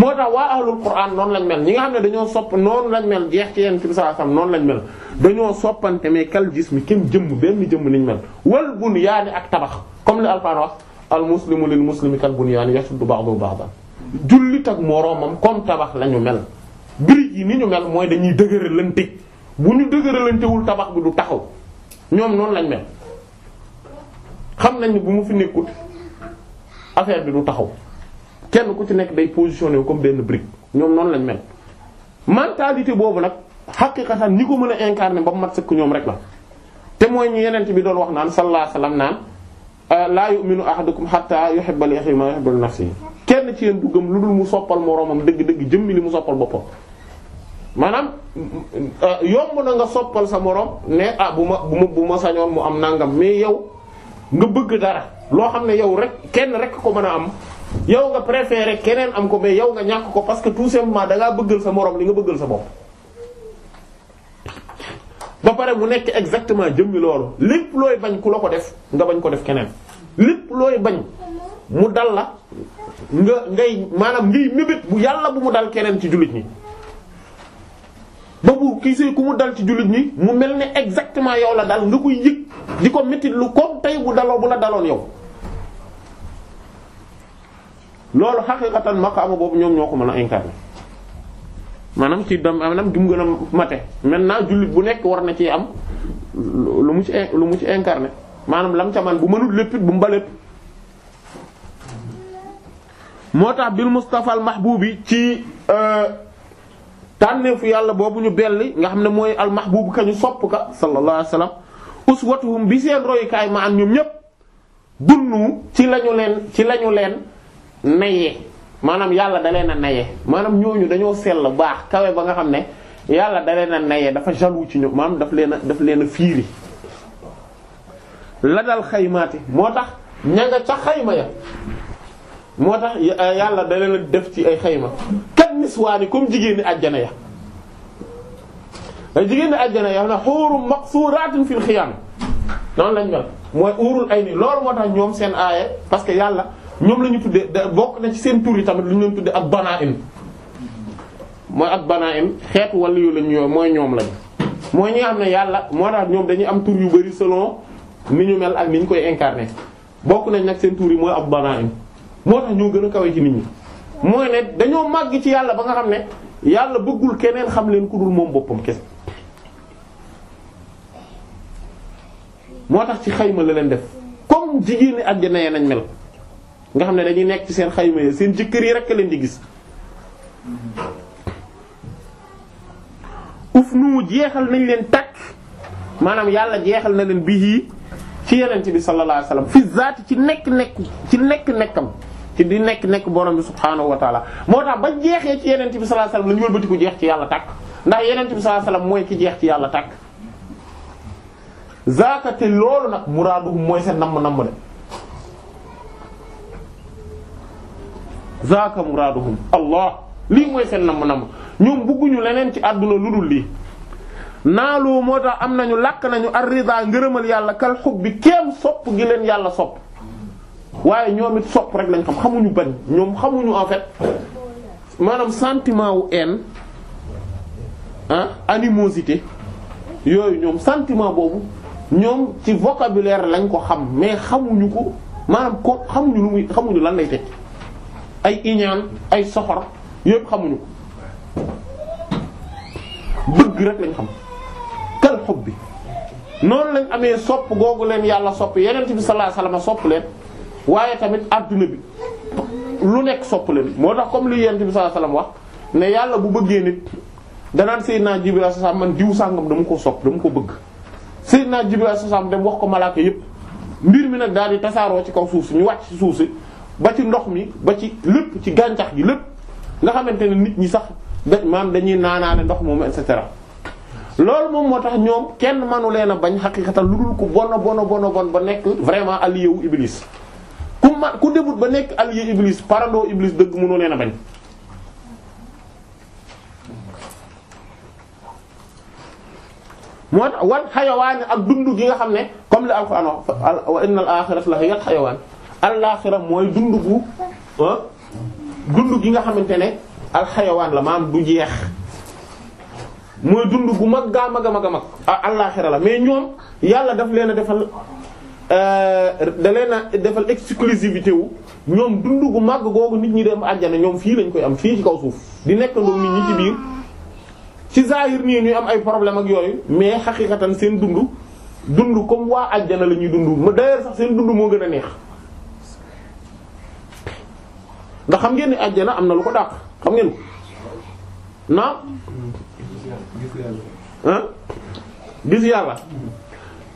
moo tax waa ahlul quran noonu lañ mel ñi nga xam ne dañoo sopp noonu lañ mel jeex ci yonent bi sallallahu alayhi noonu lañ mel dañoo soppante mais kal gis mi kenn jëmm benn jëmm niñ mel wal bunyaani ak tabax comme li alquran wax al muslimu lil muslimi kal bunyaani yasuddu ba'du ba'dan jullit ak moroomam comme tabax lañu mel briques yi ni ñu mel mooy dañuy dëgëralante bu ñu dëgëralantewul tabax bi du taxaw ñoom noonu lañ mel xam nañ bu mu fi nekkut affaire bi du taxaw kenn ku ci nekk day positionné wu comme benn brique ñoom noonu lañ mel mentalité boobu nag xaqiqatan ñi ko mën a incarner ba mu mat sëkk ñoom rek la te mooy ñu yenent bi doon wax naan sallallahu alayhi wasallam naan ah, laa yu'minu ahadukum hatta yuhibba li akhihi ma yuhibbu li nafsihi kenn ci yéen du lu dul mu soppal moroomam dëgg-dëgg jëmmi li mu soppal boppam maanaam ah, yomb na nga soppal sa morom ne ah bu ma bu ma ma sañoon mu am nangam mais yow nga bëgg dara loo xam ne yow rek kenn rek ko mën a am yow nga préféré keneen am ko mais yow nga ñàkk ko parce que tout simplement da ngaa bëggal sa moroom li nga bëggal sa bopp. ba pare mu nekk exactement jëmmi loolu lépp looy bañ ku la ko def nga bañ ko def keneen lépp looy bañ mu dal la nga ngay maanaam ngay mébét bu yàlla bu mu dal keneen ci jullit ñi. ba bu kisee ku mu dal ci jullit ñi mu mel ne exactement yow la dal nga koy yëg di ko métti lu comme tey bu daloo bu la daloon yow. loolu xaqiqatan maqaama boobu ñoom ñoo ko mën a incarner maanaam ci dam maanaam jum gën a mate maintenant jullit bu nekk war na ci am lu mu ci lu mu ci incarner maanaam lam ca man bu mënul léppit bu mu ba lépp moo tax bil Mustafa al Mahbubi ci euh, tànneefu yàlla boobu ñu belli nga xam ne mooy al Mahbub ka ñu sopp ka sallallahu alayhi wasallam uswatuhum bi seen royukaay ma ñoom ñépp dunnu ci lañu leen ci lañu leen naye maanaam yàlla da leen a naye maanaam ñooñu dañoo sell baax kawe ba nga xam ne yàlla da leen a naye dafa jaloux ci ñoom maanaam daf leen a daf leen a fiiri la dal xaymaati moo tax ña nga ca xayma ya moo tax yàlla da leen a def ci ay xayma kan niswaani comme jigéen ñi àjjana ya ay jigéen ñi àjjana ya na xuurum maqsuuraatin fil xiyaam noonu lañ mel mooy uurul ay ni loolu moo tax ñoom seen aaya parce yàlla ñoom la ñu tuddee bokk na ci seen tur yi tamit lu ñu leen tuddee ak banaaim mooy ak banaaim xeetu wala yu lañu ñu mooy ñoom lañ mooy ñi nga xam ne yàlla moo tax ñoom dañuy am tur yu bari selon ni ñu mel ak ni ñu koy incarné bokk nañ nag seen tur yi mooy ak banaaim moo tax ñoo gën a kawe ci nit ñi. mooy ne dañoo màgg ci yàlla ba nga xam ne yàlla bëggul keneen xam leen ku dul moom boppam kese moo tax ci xayma la leen def comme jigéen ñi àjjana nañ mel. nga xam ne dañuy nekk ci seen xayma yi seen jëkkër yi rek leen di gis uf nu jeexal nañ leen takk maanaam yàlla jeexal na leen bii ci ti bi sallallahu alayhi wasallam fi zaati ci nekk-nekk ci nekk-nekkam ci di nekk-nekk borom bi subhaanahu wa moo tax ba jeexee ci yenent bi sallallahu alayhi wasallam la ñu wëlbati ko jeex ci yàlla takk ndax yenent bi sallallahu alayhi wasallam mooy ki jeex ci yàlla tàkk zaaka loolu nag muraaduhum mooy seen namm namm zaaka muraaduhum allah lii mooy seen namm namm ñoom bëgguñu leneen ci àdduna lu dul lii naaloo moo tax am nañu làkk nañu arrida ngërëmal yàlla kal xub bi keem sopp gi leen yàlla sopp waaye ñoom it sopp rek lañ xam xamuñu bañ ñoom xamuñu en fait maanaam sentiment wu haine ah animosité yooyu ñoom sentiment boobu ñoom ci vocabulaire lañ ko xam mais xamuñu ko maanaam ko xamuñu lu muy xamuñu lan lay tekki ay iñaan ay soxor yépp xamuñu ko bëgg rek lañ xam kal xub bi noonu lañ amee sopp googu leen yàlla sopp yeneen bi sallallahu alayhi wasallam sopp leen waaye tamit adduna bi lu nekk sopp leen moo tax comme li yeneen bi sallallahu alayhi wasallam wax ne yàlla bu bëggee nit danaan Seydina Jibril alayhi salaam man diw sàngam dama ko sopp dama ko bëgg Seydina Jibril alayhi salaam dem wax ko malaaka yépp mbir mi nag daal di tasaaroo ci kaw suuf si ñu wàcc ci suuf si ba ci ndox mi ba ci lépp ci gàncax gi lépp nga xamante ne nit ñi sax da maam dañuy naanaane ndox moom et cetera loolu moom moo tax ñoom kenn manu leen a bañ xaqiqatan lu dul ku bon a bon a bon a bon ba nekk vraiment allié wu iblis ku ma ku début ba nekk allié iblis parando iblis dëgg mënoo leen a bañ moo tax wan xayawaan ak dund gi nga xam ne comme li alquran wax wa innal axirata la hiya xayawaan alaaxira mooy dund bu ah, dund gi nga xamante ne alxayawaan la maanaam du jeex mooy dund gu mag gaa mag a mag a mag alaaxira la mais ñoom yàlla daf leen a defal euh, da leen a defal exclusivité wu ñoom dund gu mag googu nit ñi dem àjjana ñoom fii lañ koy am fii ci kaw suuf di nekk ndoom nit ñi ci biir ci zahir nii ñuy am ay problème ak yooyu mais xaqiqatan seen dund dund comme waa àjjana la ñuy dund d'ailleurs sax seen dund moo gën a neex ndax xam ngeen ni àjjana am na lu ko dàq xam ngeen naam ah gis yàlla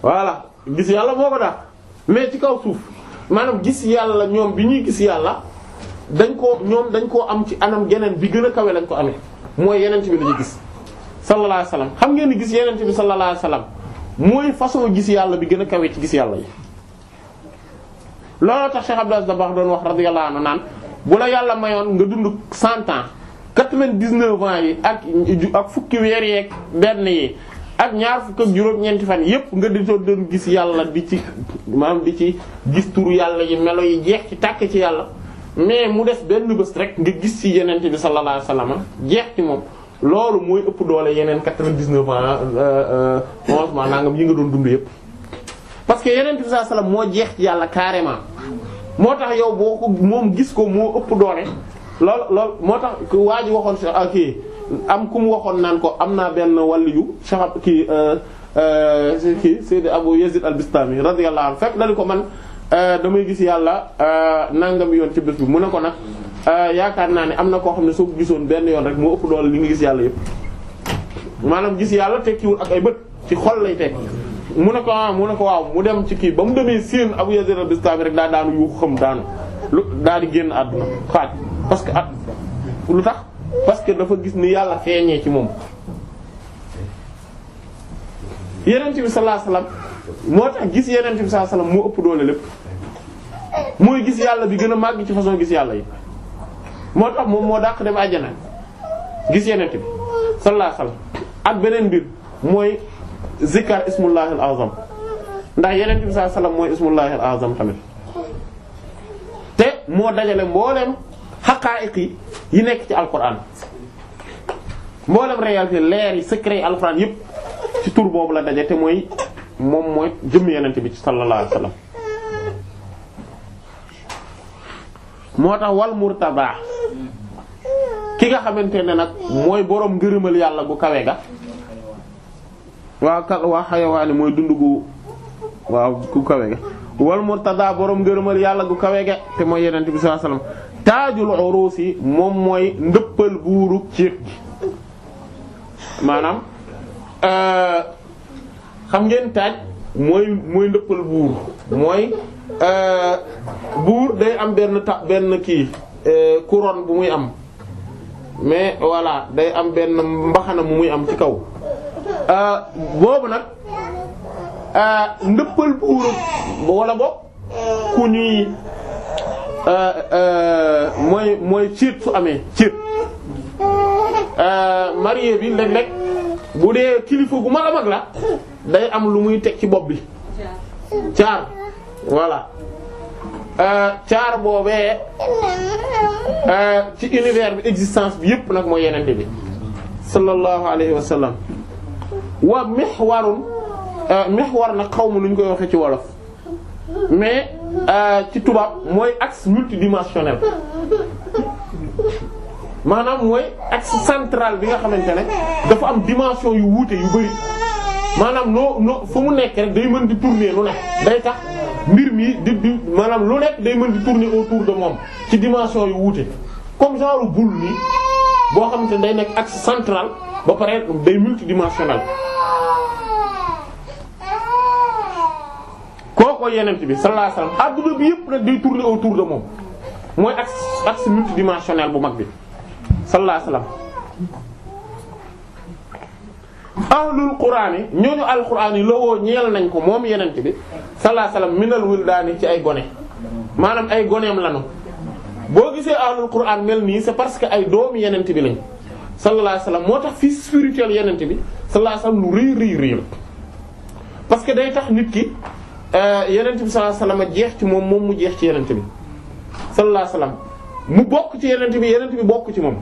voilà gis yàlla moo ko dàq mais ci kaw suuf maanaam gis yàlla ñoom bi ñuy gis yàlla dañ koo ñoom dañ koo am ci anam geneen bi gën a kawe lañ ko amee mooy yeneen ci bi lañu gis sallallahu alayhi xam ngeen ni gis yeneen ci bi sallallahu alayhi wasallam mooy façon gis yàlla bi gën a kawe ci gis yàlla yi looloo tax Cheikh Abdou Aziz baax doon wax radiyallahu anhu naan bu la yàlla mayoon nga dund cent ans quatre-vingt-dix-neuf yi ak ak fukki weer yeek benn yi ak ñaar fukk ak juróom-ñeenti fan yépp nga di doon gis yàlla bi ci maanaam di ci gis turu yàlla yi melo yi jeex ci tàkk ci yàlla mais mu des benn bés rek nga gis ci yeneen bi sallallahu alayhi jeex ci moom loolu mooy ëpp doole yeneen quatre-vingt-dix-neuf ans euh, euh, onze mois nangam yi nga doon dund yépp parce que bi sallallahu moo jeex ci yàlla carrément moo tax yow boo ko moom gis ko moo ëpp doole lool lool moo tax waa ji waxoon Cheikh kii am ku mu waxoon naan ko am naa benn waliyu Cheikh kii euh, euh, kii Seydi Abu Yazid al-Bistami radiyallahu anhu fekk dañu ko man euh, damay gis yàlla nangam yoon ci bés bi mu ne ko nag yaakaar naa ne am na koo xam ne soo gisoon benn yoon rek moo ëpp doole li nga gis yàlla yëpp maanaam gis yàlla tekkiwul ak ay bët ci xool lay tekki. mu ne ko ah ne ko waaw mu dem ci kii ba mu demee seen Abu Yazid al-Bistami rek daa daanu yuuxu xam daanu lu daa di génn àdduna xaaj parce que at lu tax parce que dafa gis ni yàlla feeñee ci moom. yeneen bi sallallahu moo tax gis yeneen bi sallallahu alayhi moo ëpp doole lépp mooy gis yàlla bi gën a màgg ci façon gis yàlla yi moo tax moom moo dàq dem àjjana gis yeneen bi sallallahu ak beneen mbir mooy zikkar ismullahil azam ndax yeneen bi sallallahu alayhi mooy ismullahil azam tamit te moo dajale mboolem xaqaa'iq yi yi nekk ci alquran mboolem réalité leer yi secret yi alquran yëpp ci tur boobu la daje te mooy moom mooy jëm yeneen bi ci sallallahu alayhi moo tax wal murtabaa ki nga xamante ne nag mooy boroom ngërëmal yàlla bu kawe ga waa kal waa xayawaani mooy dund gu waaw ku kawe ge wal murtada borom ngërëmal yàlla gu kawe ge te mooy yenente bi sallallahu alayhi wasallam taajul moom mooy ndëppal buuru ciir gi maanaam euh, xam ngeen taaj mooy mooy ndëppal buur mooy euh, buur day am benn ta benn kii euh, couronne bu muy am mais voilà day am benn mbaxana mu muy am ci kaw Euh, boobu nag euh, ndëppal buur wala boog ku ñuy euh, mooy mooy su amee ciit marié bi léeg-léeg bu dee kilifa gu mag a mag la day am lu muy teg ci bopp bi caar voilà caar boobee ci univers bi existence bi yépp nag mooy yenente bi sallallahu alayhi wa waa mihwarun euh, mihwar nag xaw ma nu ñu koy waxee ci wolof mais euh, ci tubaab mooy axe multidimensionnel maanaam mooy axe central bi nga xamante ne dafa am dimension yu wute yu bari maanaam noo noo fu mu nekk rek day mën di tourner lu nekk day tax mbir mi di di maanaam lu nekk day mën di tourner autour de moom ci dimension yu wuute comme genre boule nii boo xamante ne day nekk axe central. ba pare day multidimensionnel kooko yenent bi sallallahu alayhi wasallam adduna bi yëpp nag day tourner autour de moom mooy axe axe multidimensionnel bu mag bi sallallahu alayhi wasallam ahlul quraan yi ñooñu alquraan yi lowoo ñeel nañ ko moom yenent bi sallallahu alayhi wasallam minal wildaani ci ay gone maanaam ay goneem lanu boo gisee ahlul quraan mel nii c'est parce que ay doomu yenent bi lañ sallallahu alayhi moo tax fii spirituel yenente bi sallallahu alayhi wa sallam lu rëy rëy rëy la parce que day tax nit ki euh, yenente bi sallallahu alayhi wa jeex ci moom moom mu jeex ci yenente bi sallallahu alayhi wa mu bokk ci yenente bi yenent bi bokk ci moom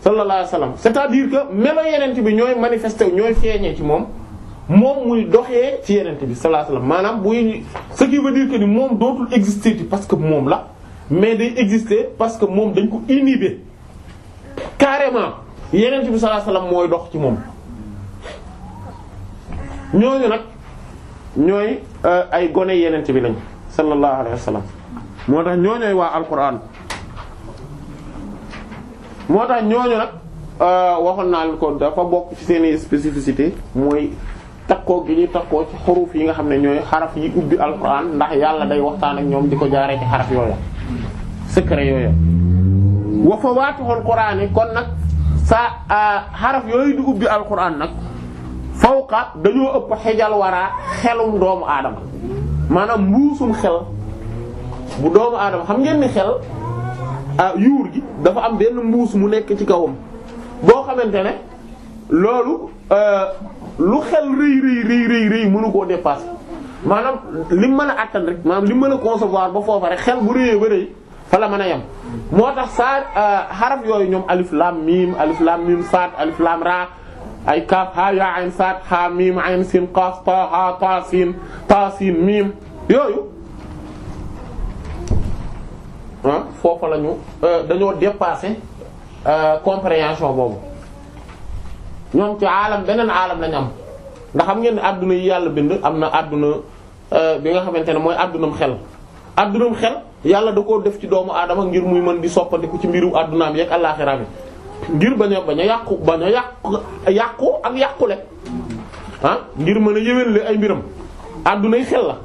sallallahu alayhi wa sallam cest à que melo yenent bi ñooy manifesté wu ñooy feeñee ci moom moom muy doxee ci yenente bi sallallahu alayhi maanaam buy ce qui veut dire que ni moom dootul exister parce que moom la mais day exister parce que moom dañ ko inhiber carrément yeneen bi sallallahu alayhi wasallam mooy dox ci moom ñooñu nag ñooy euh, ay gone yeneen bi lañ sallallahu alayhi wasallam moo tax waa alquran moo tax ñooñu nag euh, waxoon naa ko dafa bokk ci seeni spécificité mooy takkoo gi ñuy takkoo ci xuruf yi nga xam ne ñooy xaraf yi ubbi alquran ndax yàlla day waxtaan ak ñoom di ko jaaree ci xaraf yooya secret yooya wa fawaatihul yi kon nag sa xaraf yooyu di ubbi alquran nag fawqa dañoo ëpp xejal waraa xelum doomu aadama maanaam mbuusum xel bu doomu aadama xam ngeen ni xel yuur gi dafa am benn mbuus mu nekk ci kawam boo xamante ne loolu lu xel rëy rëy rëy rëy rëy mënu koo dépasser maanaam lim mën a àttan rek maanaam lim mën a concevoir ba foofa rek xel bu rëyee ba rëy fa la mën a yem moo tax saar euh, xarab yooyu ñoom alif lam mim alif lam mim saad alif lam ra ay kaaf ha ya ayn saad ha mim ayn sin qaaf ta ha ta sin ta yooyu ah foofu la ñu euh, dañoo dépasser euh, compréhension boobu ñoom ci aalam beneen aalam lañu am ndax xam ngeen ne adduna yi yàlla bind am na adduna bi nga xamante ne mooy addunam xel addunam xel. yàlla da koo def ci doomu aadama ngir muy mën di soppandiku ci mbirum àddunaam yeeg àllaaxiraam ngir bañ a yàqu bañ a yàqu yàqu ak yàqule ah, ngir mën a yéwénle ay mbiram yi xel la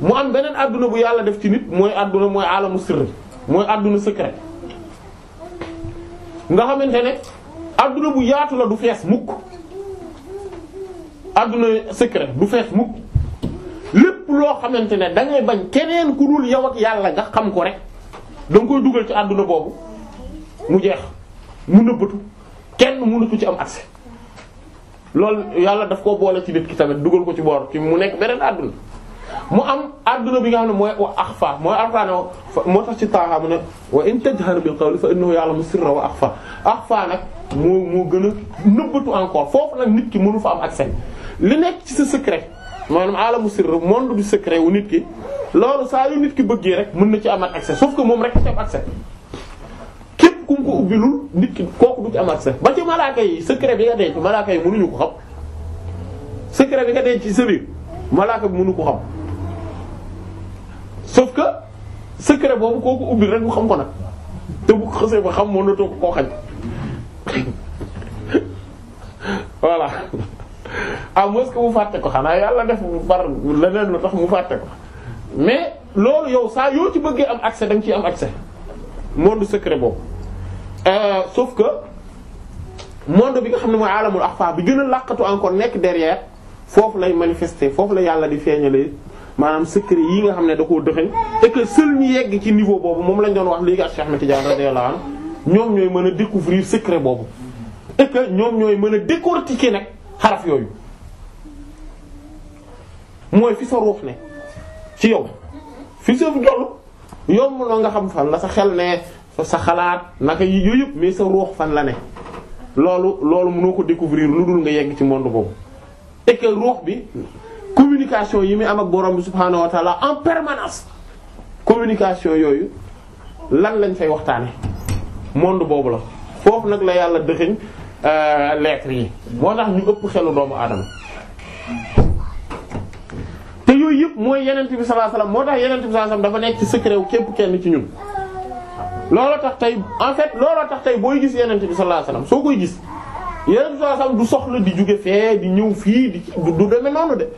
mu am beneen àdduna bu yàlla def ci nit mooy àdduna mooy alamu sirri mooy àdduna secret nga xamante ne àdduna bu yaatu la du fees mukk àdduna secret du fees mukk lépp loo xamante ne dangay ngay bañ keneen ku dul yow ak yàlla nga xam ko rek da koy dugal ci àdduna boobu mu jeex mu nëbbatu kenn mënatu ci am accès loolu yàlla daf koo boole ci nit ki tamit dugal ko ci boor ci mu nekk beneen àdduna mu am àdduna bi nga xam ne mooy wa axfa mooy alxuraan moo tax ci taaxaa mu ne wa in bi bil qawli fa innahu ya'lamu sirra wa axfa axfa nag moo moo gën a nëbbatu encore foofu nag nit ki mënu fa am accès li nekk ci sa maanaam alamu sirr monde du secret wu nit ki loolu saa yu nit ki bëggee rek mun na ci amaat accès sauf ko moom rek ci am accès képp ku mu ko ubbilul nit ki kooku du ci am accès ba ci malaaka yi secret bi nga denc malaaka yi mënuñu ko xam secret bi nga denc ci sa biir malaaka bi mënu ko xam sauf que secret boobu kooku ubbil rek mu xam ko nag te bu xasee ba xam mënatoo toog koo xañ voilà à ah, moins que mu fàtte ko xanaa yàlla def par leneen lu tax mu fàtte ko mais loolu yow saa yoo ci bëggee am accès da nga ciy am accès monde secret boobu euh, sauf que monde bi nga xam ne mooy alamul axfa bi gën a làqatu encore nekk derrière foofu lay manifester foofu la yàlla di feeñalee maanaam secret yi nga xam ne da koo doxee et que seul yegg ci niveau boobu moom lañ doon wax léegi ak Cheikh Ahmed Tidiane radiyallahu anhu ñoom ñooy mën a découvrir secret boobu et que mën a décortiquer nag xaraf yooyu mooy fi sa ruux ne ci yow fi sa jollu yomb na nga xam fan la sa xel ne sa xalaat naka yi yooyu yëpp mais sa ruux fan la ne loolu loolu mënoo ko découvrir lu dul nga yegg ci monde boobu et que ruux bi communication yi muy am ak borom bi subhaanahu en permanence communication yooyu lan lañ fay waxtaane monde boobu la foofu nag la yàlla dëxëñ Euh, lettres yi moo tax ñu ëpp xelu doomu aadama te yooyu yëpp mooy yenent bi sallallahu alayhi wasallam moo tax yenent bi sallallahu dafa nekk ci secret wu képp kenn ci ñun looloo tax tey en fait looloo tax tey booy gis yenent bi sallallahu soo koy gis yenent bi sallallahu du soxla di jóge fee di ñëw fii di du deme noonu de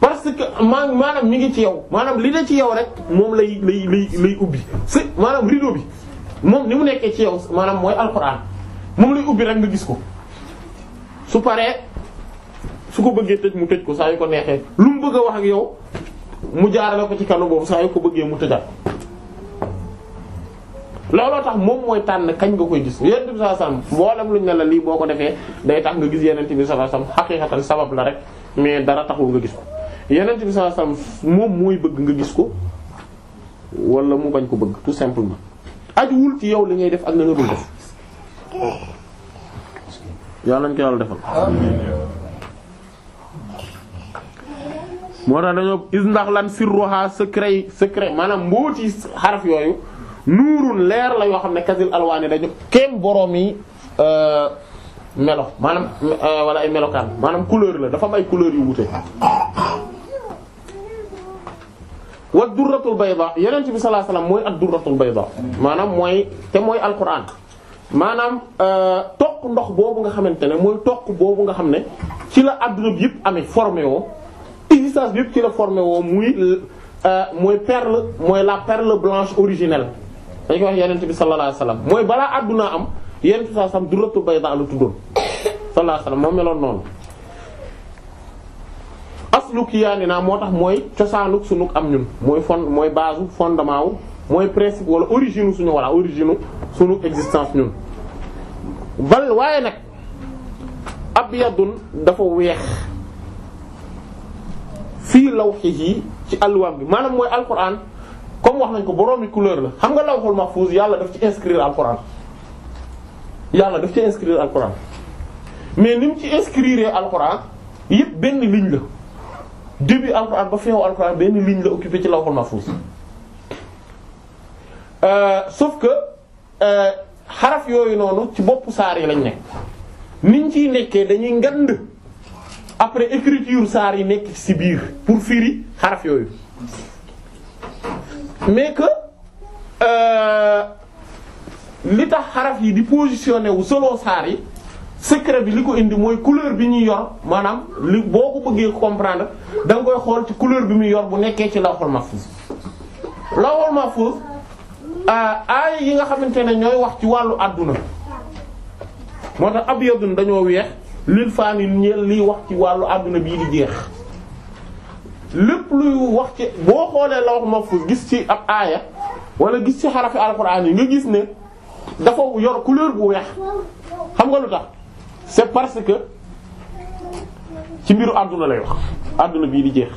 parce que maa maanaam mi ngi ci yow maanaam li ne ci yow rek moom lay lay lay ubbi si maanaam rideau bi moom ni mu nekkee ci yow maanaam mooy alxuraan moom lay ubbi rek nga gis ko su paree su ko bëggee tëj mu tëj ko saa yu ko neexee lu mu bëgg wax ak yow mu jaarale ko ci kanu boobu saa yu ko bëggee mu tëjaat looloo tax moom mooy tànn kañ nga koy gis yenent bi sallallahu sa wasallam mboolem luñ ne la lii boo ko defee day tax nga gis yenent bi sallallahu alayhi wasallam xaqiiqatan sabab la rek mais dara taxul nga gis ko yenent bi sallallahu alayhi wasallam moom mooy bëgg nga gis ko wala mu bañ ko bëgg tout simplement ajuwul ci yow li ngay def ak la nga dul def yàlla nañ ko yàlla moo tax dañoo is ndax lan sirruha secret secret maanaam mbooti xaraf yooyu nuurun leer la yoo xam ne kasil alwaani dañu kenn boroom yi euh, melo maanaam euh, wala ay melokaan maanaam couleur la dafa am ay couleur yu wute wa durratul bayda yeneen bi sallallahu alayhi mooy ad durratul bayda maanaam mooy te mooy alquran maanaam euh, toq ndox boobu nga xamante ne mooy toq boobu nga xam ne ci la adduna bi yëpp amee formé woo existence bi yëpp ci la formé woo muy euh, mooy perle mooy la perle blanche originelle dañ koy wax yenente bi sallallahu alayhi wasallam mooy balaa addunaa am yenent bi sallallahu alayhi bay da la tuddoon sallallahu meloon noonu aslu kiyaani naa moo tax mooy cosaanuk sunu am ñun mooy fond mooy base fondement wu mooy principe wala origine suñu wala origine suñu existence ñun bal waaye nag abyadun dafa weex fii law lawhihi ci alwaam bi maanaam mooy alquran comme wax nañ ko boroomi couleur la xam nga lawhul mahfuz yàlla daf ci inscrire alquran yàlla daf ci inscrire alquran mais ni mu ci inscrire alquran yépp benn ligne la début alquran ba feewu alquran benn ligne la occupé ci lawhul mahfuz Euh, sauf que euh, xaraf yooyu noonu ci bopp saar yi lañ ne niñ ciy nekkee dañuy ngand après écriture saar yi nekk ci biir pour firi xaraf yooyu mais que euh, li tax xaraf yi di positionné wu selon saar yi secret bi li ko indi mooy couleur bi ñuy yor maanaam li boo ko bëggee comprendre da nga koy xool ci couleur bi muy yor bu nekkee ci lawhul mahfuz lawhul mahfuz aay yi nga xamante ne ñooy wax ci wàllu àdduna moo tax abyadun dañoo weex lil faani ñeel liy wax ci wàllu àdduna bii di jeex lépp luy wax ci boo xoolee la wax ma fu gis ci ab aaya wala gis ci xarafi alxuraan yi nga gis ne dafa yor couleur bu weex xam nga lu tax c'est parce que ci mbiru àdduna lay wax àdduna bii di jeex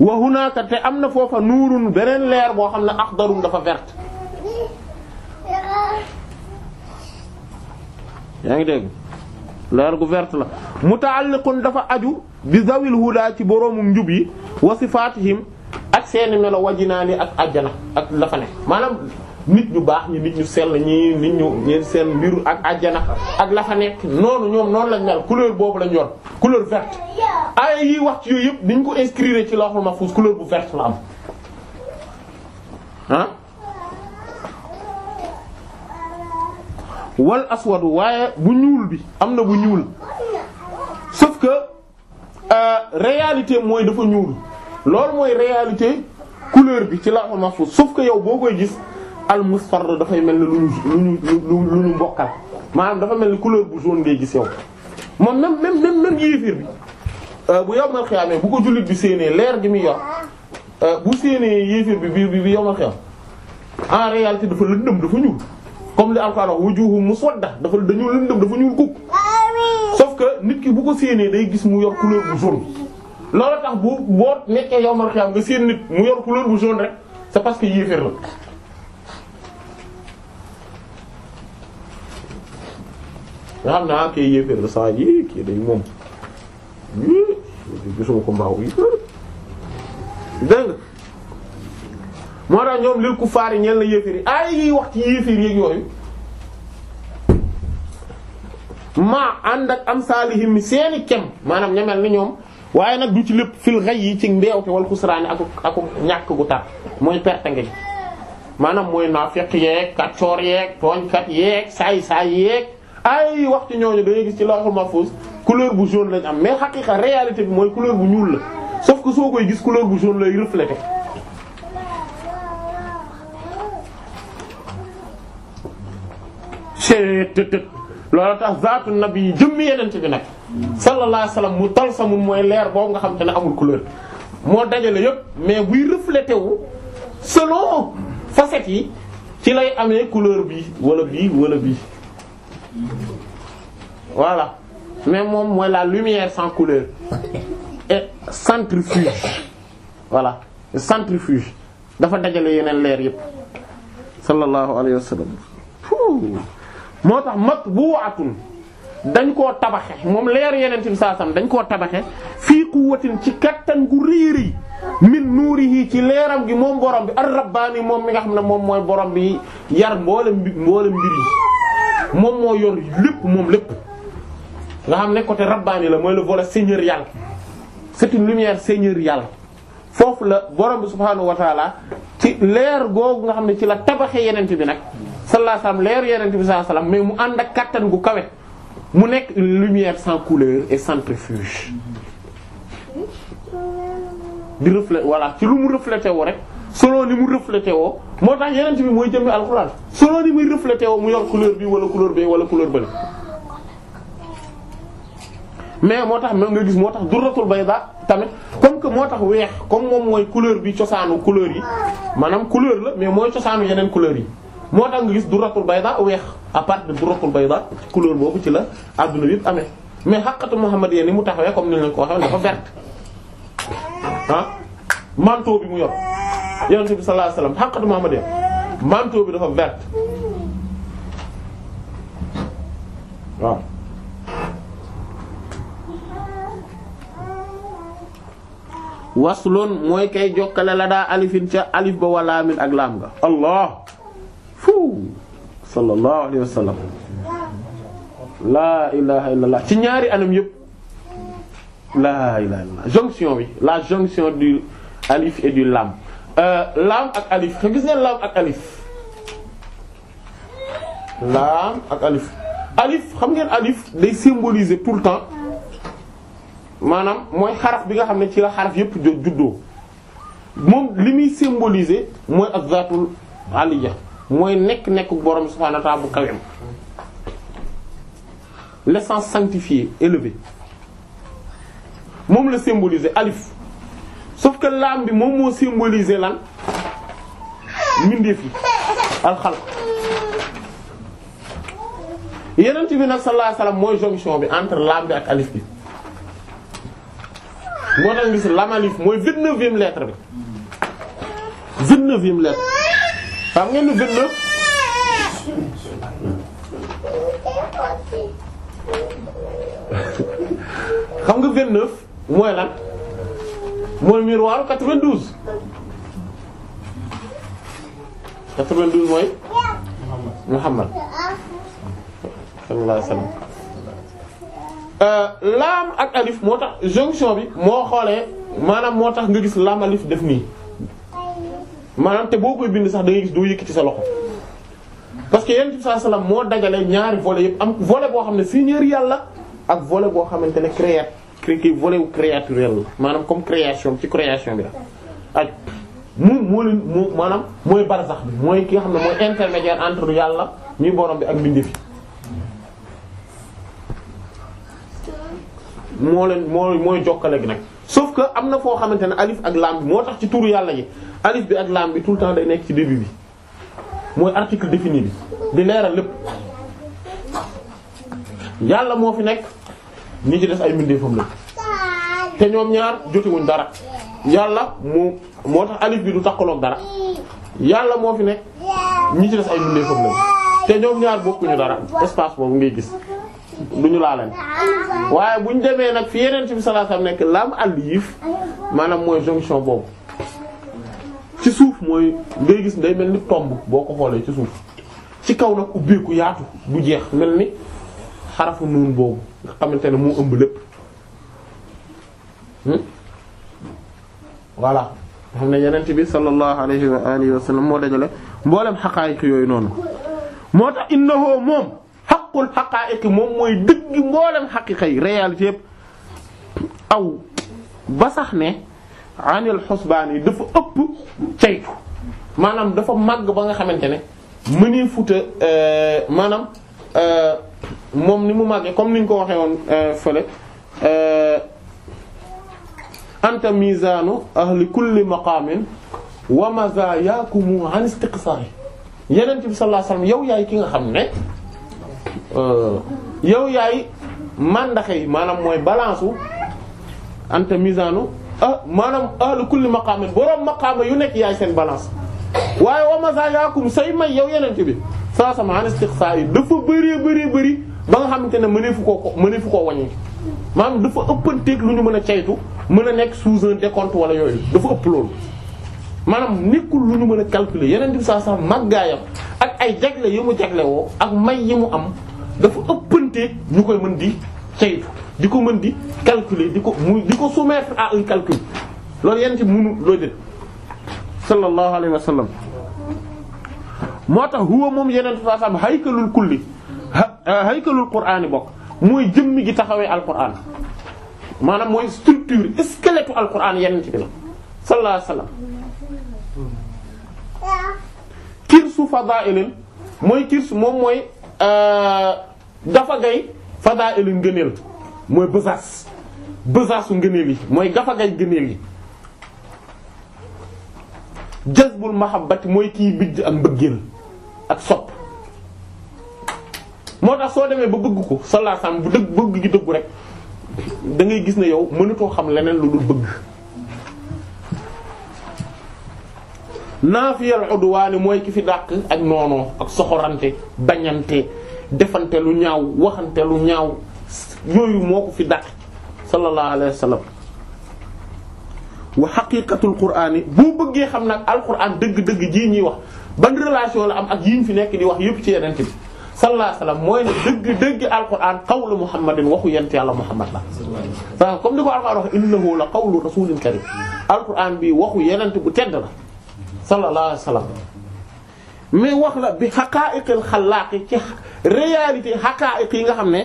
wa hunaaka te am na foofa nuurun beneen leer boo xam ne axdarun dafa wert yaa ngi dégg leer gu verte la muta'alliqun dafa aju bi zawil huda ci boroomum njub yi wa sifaatihim ak seeni melo wajinaani ak àjjana ak la fa ne maanaam nit ñu baax ñi nit ñu sell ñi nit ñu ñeen seen mbiru ak àjjana ak la fa nekk noonu ñoom noonu lañ mel couleur boobu lañ yor couleur vert ay yi wax ci yooyu yëpp niñ ko inscrire ci lawhul mahfuz couleur bu verte la am ah wal aswadu waaye bu ñuul bi am na bu ñuul sauf que euh, mooy dafa ñuul mooy réalité couleur ci lawhul mahfuz sauf yow boo koy gis al musfar dafay mel ni lu ñu lu ñu lu ñu bokkal maanaam dafa mel ni couleur bu jaune ngay gis yow moom même même même même yéefir bi euh, bu yowmal xiyaamee bu ko jullit bi séenee leer gi muy yor euh, bu séenee yéefir bi bi bi yowmal xiyaam en réalité dafa lëndëm dafa ñuul comme li Alxuraan wax wujuuhum muswadda dafa dañu lëndëm dafa ñuul kukk sauf que nit ki bu ko séenee day gis mu yor couleur bu jaune loolu tax bu boo nekkee yowmal xiyaam nga séen nit mu yor couleur bu jaune rek c'est parce que yéefir la nga xam ne ah kay yéeféer la saa yi moom moo tax ñoom lil ku faar yi ñeen la yéeféer yi ay yiy wax ci yéeféer yéeg yooyu maa ànd ak am saalihim mi seeni kem maanaam ñamel ni ñoom waaye nag du ci lépp fil xay yi ci mbeewte wal xusraani ak ak ñàkk gu tar mooy perte ngeñ maanaam mooy naafeq yeeg kaccoor yeeg tooñkat yeeg saay saay yeeg ay wax ci ñooñu dangay gis ci lawhul mahfuz couleur bu jaune lañ am mais xaqiqa réalité bi mooy couleur bu ñuul la sauf que soo koy gis couleur bu jaune lay refléter. cheetëtët loolu tax zaatu nabi jëmmi yenente bi nag sallallahu alayhi wasallam mu talsamun mooy leer boobu nga xam te ne amul couleur moo dajale yëpp mais buy reflété wu selon facettes yi ci lay amee couleur bi wala bii wala bii voilà mais moom mooy la lumière sans couleur et centrifuge voilà centrifuge dafa dajale yeneen leer yépp sallallahu alayhi wa sallam moo tax mat bu waatun dañ koo tabaxe moom leer yeneen ci saasam dañ koo tabaxe fii quwwatin ci kattan gu réeri min yi ci leeram gi moom borom bi ar-rabbaani moom mi nga xam ne moom mooy borom bi yar mboolem mboolem mbir moom moo yor lépp moom lépp nga xam ne côté rabbaani la mooy le volet seigneurial c'est une lumière seigneuriale foofu la borom bi subhaanahu ci leer googu nga xam ne ci la tabaxee yenent bi nag sallallahu alayhi wasallam leer yenent bi sallallahu alayhi wasallam mais mu ànd ak kàttan gu kawe mu nekk lumière sans couleur et sans refuge di refléter voilà ci lu mu refléter wu rek solo ni mu reflété woo moo tax yeneen bi mooy jëmmi alxuraan selon ni muy reflété woo mu yor couleur bi wala couleur be wala couleur bële. mais moo tax même nga gis moo tax durratul bayda tamit comme que moo tax weex comme moom mooy couleur bi cosaanu couleur yi maanaam couleur la mais mooy cosaanu yeneen couleur yi moo tax nga gis durratul bayda weex à part de durratul bayda couleur boobu ci la adduna bi amee mais xaqatu muhammadiyya ni mu taxawee comme ni ñu ko waxee dafa verte ah manteau yonent bi bi dafa vert waaw wasloon mooy kay jokkale la daa alifin ca alif ba walaamin ak laam nga allah fu sallallahu alayhi wasallam laa ilaha illallah ci ñaari anam yëpp laa ilaha illallah jonction bi la jonction du alif et du laam Euh, laam ak alif te gis ak alif ak alif alif xam ngeen alif day symboliser tout le temps maanaam mooy xaraf bi nga xam ne ci la xaraf yépp juddoo moom li muy symboliser mooy ak zaatul aliya mooy nekk nekk borom subhaanahu wa ta'aala bu kawem l'essence sanctifiée élevée moom la symboliser alif sauf que laam bi moom moo symboliser lan mbindeef yi alxalq yenent bi nag sallallahu alayhi wasallam mooy jonction bi entre laam bi ak alif bi moo tax gis lamalif mooy vingt-neuvième bi vingt-neuvième xam nga vingt mooy lan mooy miroir 92. 92 mooy. Muhammad sallallahu alayhi wasallam euh, laam ak alif moo tax jonction bi moo xoolee maanaam moo tax nga gis laam alif def nii maanaam te boo koy bind sax da ngay gis doo yëkkati sa loxo parce que yonent bi moo dajale ñaari volets yëpp am volet boo xam ne Seigneur yàlla ak volet boo xamante ne créateur ki volet wu créaturel la maanaam comme création ci création bi la ak moom moo leen moo maanaam mooy barzax bi mooy ki nga xam ne mooy intermédiaire entre yàlla ñuy borom bi ak mbindeef moo leen moo mooy jokkale gi nag sauf que am na foo xamante ne alif ak lam bi moo tax ci turu yàlla yi alif bi ak lam bi tout le temps day nekk ci début bi mooy article défini bi di leeral lépp yàlla moo fi nekk ñi ci def ay mbindeefam la te ñoom ñaar jotewuñ dara yàlla mu moo tax alif bi du takkaloog dara yàlla moo fi nekk ñi ci def ay mbindeefam la te ñoom ñaar bokkuñu dara espace boobu ngay gis duñu laaleen waaye buñ demee nag fi yeneen ci bi sallallahu alayhi wasallam nekk lam alif maanaam mooy jonction boobu ci suuf mooy ngay gis day mel ni tomb boo ko xoolee ci suuf ci kaw nag ubbeeku yaatu du jeex mel ni xarafu nuun boobu nga xamante ne moo ëmb lépp hmm? voilà nga xam ne yenent bi sallallahu alayhi wa moo dajale mboolem xaqaayiq yooyu noonu moo tax innahu moom xaqul xaqaayiq moom mooy dëgg mboolem xaqiqa yi réalité yëpp aw ba sax ne anil xusbaan yi dafa ëpp caytu maanaam dafa màgg ba nga xamante ne futa euh, maanaam euh, moom ni mu màggee comme ni ñu ko waxee woon euh, fële euh, anta mizaanu ahli kulli wa mazaayakumu an istiqsaari yenent bi sallallahu alayhi yow yaay ki nga xam ne euh, yow yaay màndaxe yi maanaam mooy balance u anta mizaanu ah maanaam ahli kulli maqaamin boroom maqaama yu nekk yaay seen balance waaye wa mazaayakum say may yow yenent bi sallallahu alayhi wasallam an istiqsaari dafa bëree bëree bëri ba nga xamante ne mëneefu koo ko mëneefu koo wàññi maanaam dafa ëppanteeg lu ñu mën a caytu mën a nekk sous un décompte wala yooyu dafa ëpp loolu. maanaam nekkul lu ñu mën a calculer yeneen di saa sax màggaayam ak ay jagle yi mu jagle woo ak may yi mu am dafa ëppanteeg ñu koy mën di caytu di ko mën di calculer di ko mu di ko soumettre à un calcul loolu yeneen ci munu loo jël sallallahu alayhi wa moo tax huwa moom yeneen saa sax haykalul kulli. haykalul euh, qur'aani bokk mooy jëmm gi taxawee alqur'aan maanaam mooy structure squelette alqur'aan yenent bi la sallallahu alayhi wasallam kirsu fadaa'ilin mooy kirsu moom mooy euh, dafa gay fadaa'ilin ngëneel mooy besace besaasu ngëneel yi mooy gafa gay ngëneel yi jazbul mahabbati mooy kiy bijj ak mbëggeel ak sopp moo tax soo demee ba bëgg ko sallallahu bu dëgg bëgg gi dëggu rek dangay gis ne yow mënatoo xam leneen lu dul bëgg. naafiyal udwaani mooy ki fi dàq ak noonoo ak soxorante bañante defante lu ñaaw waxante lu ñaaw yooyu moo ko fi dàq sallallahu alayhi wa sallam wa xaqiqatul qur'aan yi boo bëggee xam nag alquran dëgg-dëgg jii ñuy wax ban relation la am ak yiñ fi nekk di wax yépp ci yeneen bi sallallahu alayhi mooy ne dëgg dëgg alquran qawlu muhammadin waxu yent yàlla muhammad la. waaw comme ni ko alquran wax innahu la qawlu rasulin karim alquran bi waxu yenent bu tedd la sallallahu alayhi wasallam wax la bi xaqaa'iqil xalaaqi ci réalité xaqaa'iq yi nga xam ne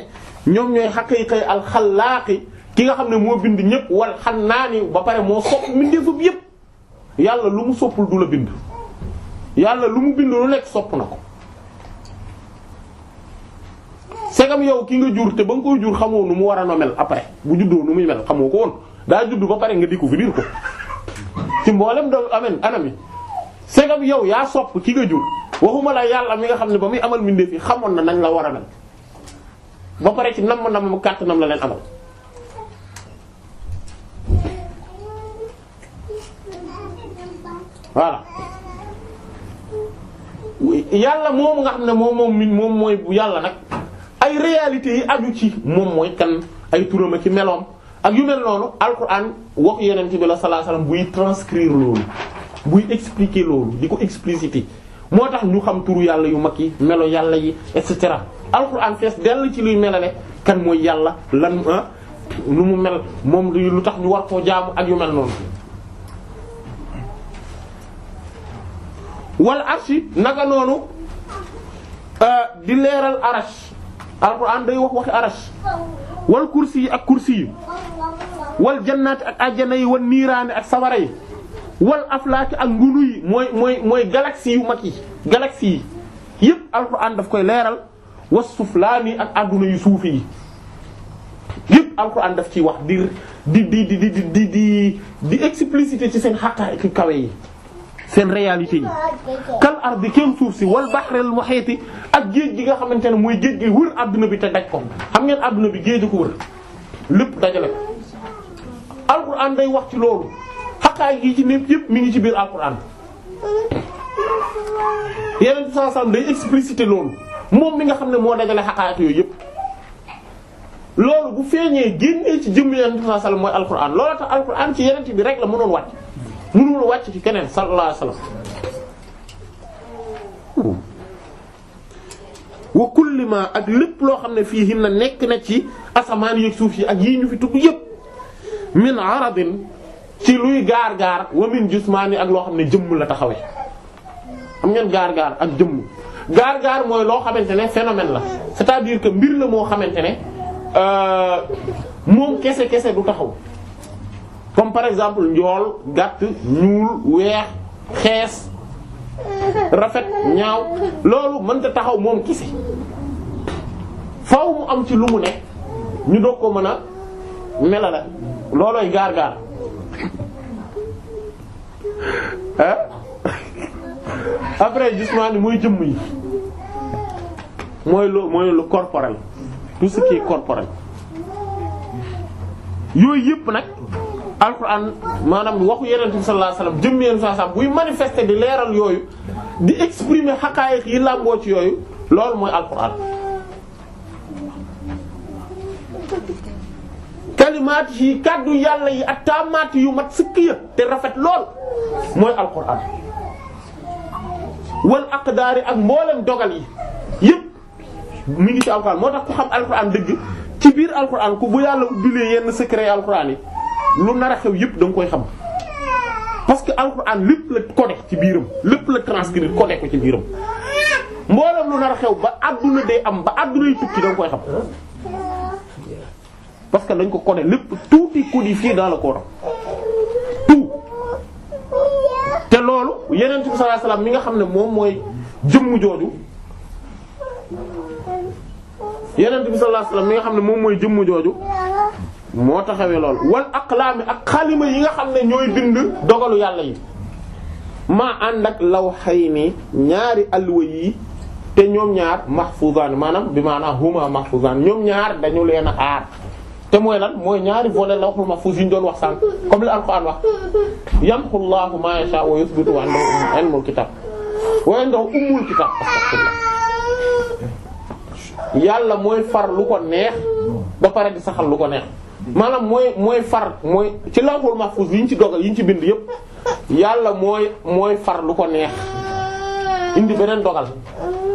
ñoom ñooy xaqiiqay al ki nga xam ne moo bind ñëpp wal xannaani ba pare moo sopp mbindeefam yëpp yàlla lu mu soppul du la bind yàlla lu mu bind lu nekk sopp na ko. segam yow ki nga jur te ba nga koy jur xamoo nu mu war a mel après bu juddoo nu muy mel xamoo ko woon daa juddu ba pare nga découvrir ko ci mboolem doo amen anam yi segam yow yaa sopp ci nga jur waxuma la yàlla mi nga xam ne ba muy amal mbindeef yi xamoon na nañ la war a mel ba pare ci nam nam kàttanam la leen amal voilà yàlla moom nga xam ne moom moom moom mooy yàlla nag ay réalités yi aju ci moom mooy kan ay turam a ci meloom ak yu mel noonu alquran wax yeneen ci la sallallahu buy transcrire loolu buy expliquer loolu di ko expliciter moo tax ñu xam turu yàlla yu mag yi melo yàlla yi et cetera alquran fees dell ci luy melale kan mooy yàlla lan lu ah, mu mel moom lu tax ñu war koo jaamu ak yu mel noonu wal arshi naka noonu ah, di leeral arash alxuraan day wax waxi aras wal kursi yi ak kursi yi wal jannaati ak ajjana yi wal niiraani ak sawara yi wal aflaaki ak ngunu yi mooy mooy mooy galaxie yu mag yi galaxie yi yépp alxuraan daf koy leeral was suflaani ak adduna yu suufi yi yépp alxuraan daf ciy wax di di di di di explicité ci seen xàqaay ki kawe yi seen réalité yi kal bi kéem suuf si wal bahril muhiti ak géej gi nga xamante ne mooy géej gi wër adduna bi te daj ko xam ngeen àdduna bi géej ko wër lépp dajale ko alquran day wax ci loolu xaqaay gi ci népp yépp mi ngi ci biir alquran yeneen bi saa sallam day moom mi nga xam ne moo dajale xaqaayat yooyu yépp loolu bu feeñee génnee ci jëmm yeneen bi saa sallam mooy alquran loolu tax alquran ci yeneen bi rek la mënoon wàcc mënul wàcc ci keneen sallallahu la wasallam wa kulli ak lépp loo xam ne fii him nekk na ci asamaan yi suuf yi ak yii ñu fi tudd yépp min aradin ci luy gaar gaar wa min jusmaani ak loo xam ne jëmm la taxawee am ngeen gaar gaar ak jëmm gaar gaar mooy loo xamante ne phénomène la c'est-à-dire mbir la moo xamante ne euh, moom kese kese du taxaw comme par exemple njool gàtt ñuul weex xees rafet ñaaw loolu mënta taxaw moom kese faaw mu am ci lu mu nekk ñu doo ko mën a melale loolooy gaar gaar ah après justement muy jëmm yi mooy lu mooy lu corporel tout ce qui est yooyu yëpp nag. alquran maanaam waxu yeneen bi sallallahu alayhi wasallam jëm yeneen saa buy manifester di leeral yooyu di exprimer xaqaayiq yi làmboo ci yooyu loolu mooy alquran. kalimaat yi kàddu yàlla yi ak taamaat yu mat sëkk te rafet lool mooy alquran wal aqdaari ak mboolem dogal yi yëpp mi ngi ci alquran moo tax ku xam alquran dëgg ci biir alquran ku bu yàlla ubbilee yenn secret alquran yi. lu nar a xew yëpp da koy xam parce que alxuraan lépp la codé ci biiram lépp la transcrire codé ko ci biiram mboolem lu nar a xew ba àdduna day am ba àdduna yi tukki da koy xam parce que dañ ko codé lépp tout est codifié dans le Coran tout te loolu yeneen bi sallallahu alayhi mi nga xam ne moom mooy jëmm jooju yeneen bi sallallahu alayhi wasallam mi nga xam ne moom mooy jëmm jooju moo taxawee loolu wal aqlaami ak xalima yi nga xam ne ñooy bind dogalu yàlla yi maa ànd ak lawhayni ñaari alwa yi te ñoom ñaar mahfuzan maanaam bi maanaam huma mahfuzan ñoom ñaar dañu leen a aar te mooy lan mooy ñaari volet lawhul mahfuz yi ñu doon wax sànq comme li alquran wax yamhu Allahu ma yasha wa yuthbitu wa indahu ummul kitab wa indahu ummul kitab yàlla mooy far lu ko neex ba pare di saxal lu ko neex maanaam mooy mooy far mooy ci lawhul mahfuz yi ñu ci dogal yi ñu ci bind yépp yàlla mooy mooy far lu ko neex indi beneen dogal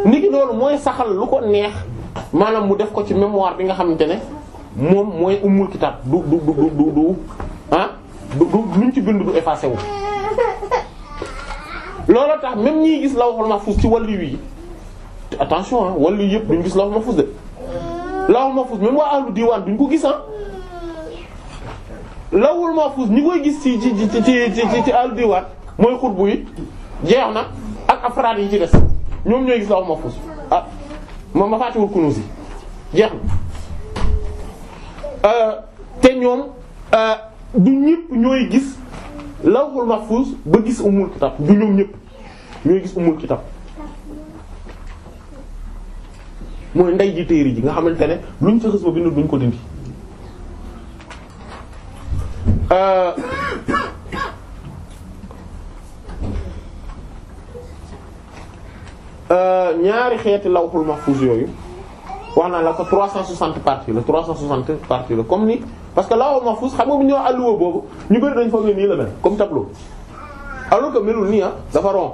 niki loolu mooy saxal lu ko neex maanaam mu def ko ci mémoire bi nga xamante ne moom mooy umul kitab du du du du du ah, du du luñ ci bind du effacé wu. loolu tax même ñiy gis lawhul mahfuz ci wàllu yi attention ah wàllu yëpp duñ gis lawhul mahfuz de lawhul mahfuz même waa ahlu diwaan duñ ko gis ah lawul mahfuz ñi koy gis ci ci ci ci ci al diwaan mooy xutbu yi jeex na ak afraad yi ci des ñoom ñooy gis lawul mahfuz ah ma ma fàttewul jeex na euh, te ñoom euh, du ñëpp ñooy gis lawul mahfuz ba gis umul kitab du ñoom ñëpp ñooy gis umul kitab mooy ndey ji téere ji nga xamante ne luñ ci xës ba bind duñ ko dindi Euh, ñaari xeeti lawhul mahfuz yooyu wax naa la ko 360 parties la 360 parties la comme ni parce que lawhul mahfuz xam nga bu ñëw alluwa boobu ñu bëri dañ foog ne nii la mel comme tableau alors que melul nii ah dafa rond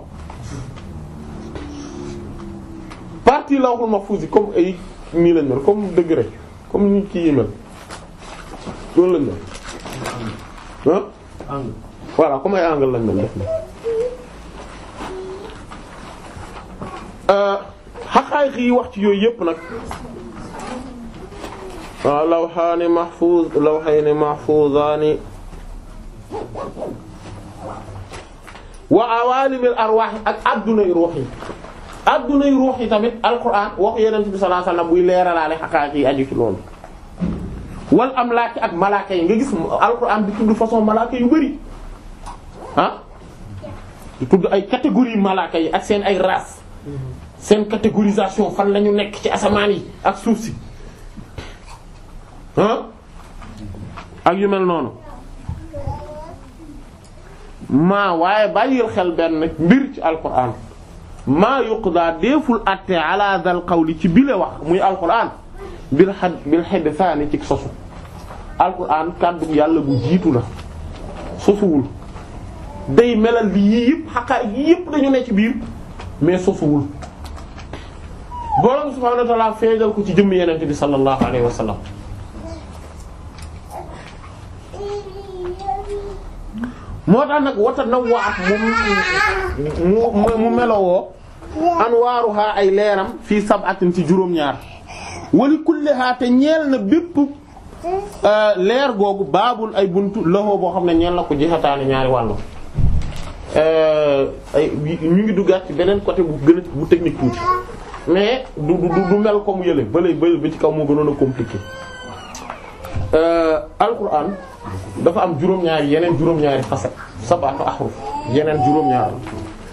partie lawhul mahfuz yi comme ay nii lañ mel comme degré ah. voilà comme ay angle lañ doon def euh, xaqaayiq yi wax ci yooyu yëpp nag. waaw ah, lawxaani mahfuuz lawxayni mahfuuzaani wa awaalimil arwaax ak adduna yu ruux yi adduna yu ruux yi tamit alquran wax yeneen bi sallallahu alayhi wasallam buy leeralaale xaqaayiq yi aju ci loolu. wal am laak ak malaaka yi nga gis alxuraan di tudd façon malaaka yu bari ah tudd ay catégorie malaaka yi ak seen ay race seen catégorisation fan lañu nekk ci asamaan yi ak suuf si ah ak yu mel noonu maa waaye bàyyil xel benn mbir ci alxuraan maa yuqdaa deeful àtte ala dal qawli ci bile wax muy alxuraan bil xed bil xed saani ci sosu alquran kàddu yàlla bu jiitu la sosuwul day melal bi yii yëpp xaqaay yii dañu ne ci biir mais sosuwul borom subhaanahu wa ta'aala feegal ko ci jëmm yenente bi sallallahu alayhi wa moo tax nag wata nawwaat mu mu mu melowoo anwaaruha ay leeram fii sab'atin ci juróom-ñaar wali kulliha te ñeel na bépp Euh, leer googu baabul ay bunt loxo boo xam ne ñeen la ko jeexataane ñaari wàllu euh, ay ñu ngi duggaat ci beneen côté bu gën a bu technique tuuti mais du du du ko mu yële bële bële bi ci kaw moo gënoon a compliqué. Euh, alquran dafa am juróom-ñaari yeneen juróom-ñaari faset sab'atu ahruf yeneen juróom-ñaari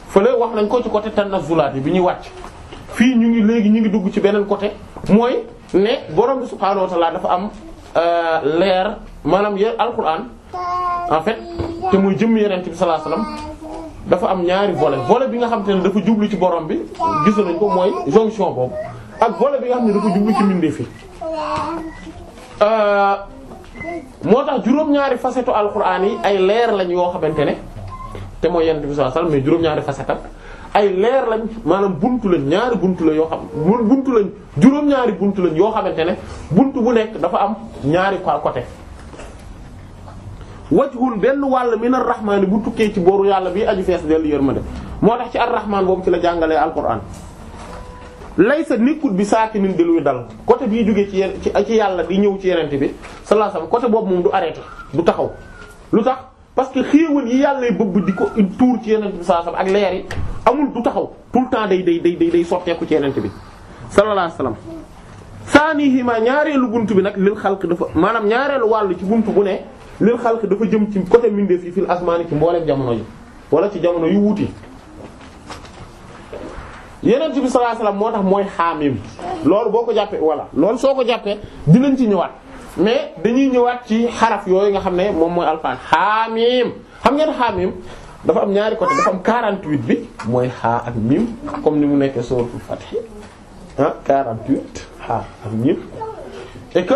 fële wax nañ ko ci côté tanazzulaat yi bi ñuy wàcc fii ñu ngi léegi ñu ngi dugg ci beneen côté mooy ne borom bi subhaanahu wa dafa am. Euh, leer maanaam yéen alquran en fait te muy jëmm yeneen bi sallallahu alayhi dafa am ñaari volet volet bi nga xam te ne dafa jublu ci borom bi gis nañ ko mooy jonction boobu ak volet bi nga xam ne dafa jublu ci mbindeef fii euh, moo tax juróom-ñaari facette alquran yi ay leer lañ yoo xamante ne te mooy yeneen bi sallallahu alayhi mais juróom-ñaari facette ay leer lañ maanaam buntu lañ ñaari buntu la yoo xam buntu lañ juróom-ñaari buntu lañ yoo xamante ne buntu bu nekk dafa am ñaari côté wajhun benn wàll min ar-rahmaani bu tukkee ci booru yàlla bi aju fees dellu yërmande moo tax ci ar-rahmaan boobu ci la jàngalee alquran laysa nekkut bi saaki nin diluy dal côté bii jógee ci ci yàlla di ñëw ci yenente bi sa alayhi wasallam côté boobu moom du arrêté du taxaw lu tax parce que xéewal yi yàlla bëbb di ko tuur ci yenent bi sallallahu ak leer yi amul du taxaw tout le temps day day day day day sotteeku ci yenent bi sallallahu saa ni saanihima ñaareelu bunt bi nag lil xalq dafa maanaam ñaareelu wàll ci bunt bu ne lil xalq dafa jëm ci côté mbindeef yi fil asmaani ci mbooleem jamono yi wala ci jamono yu wuti yeneen bi sallallahu moo tax mooy xaamim loolu boo ko jàppee voilà loolu soo ko jàppee dinañ ci ñëwaat mais dañuy ñëwaat ci xaraf yooyu nga xam ne moom mooy alfaan xaamim xam ngeen xaamim dafa am ñaari côté dafa am 48 bi mooy xaa ak mim comme ni mu nekkee suratul Fath ah 48 xaa ak mim et que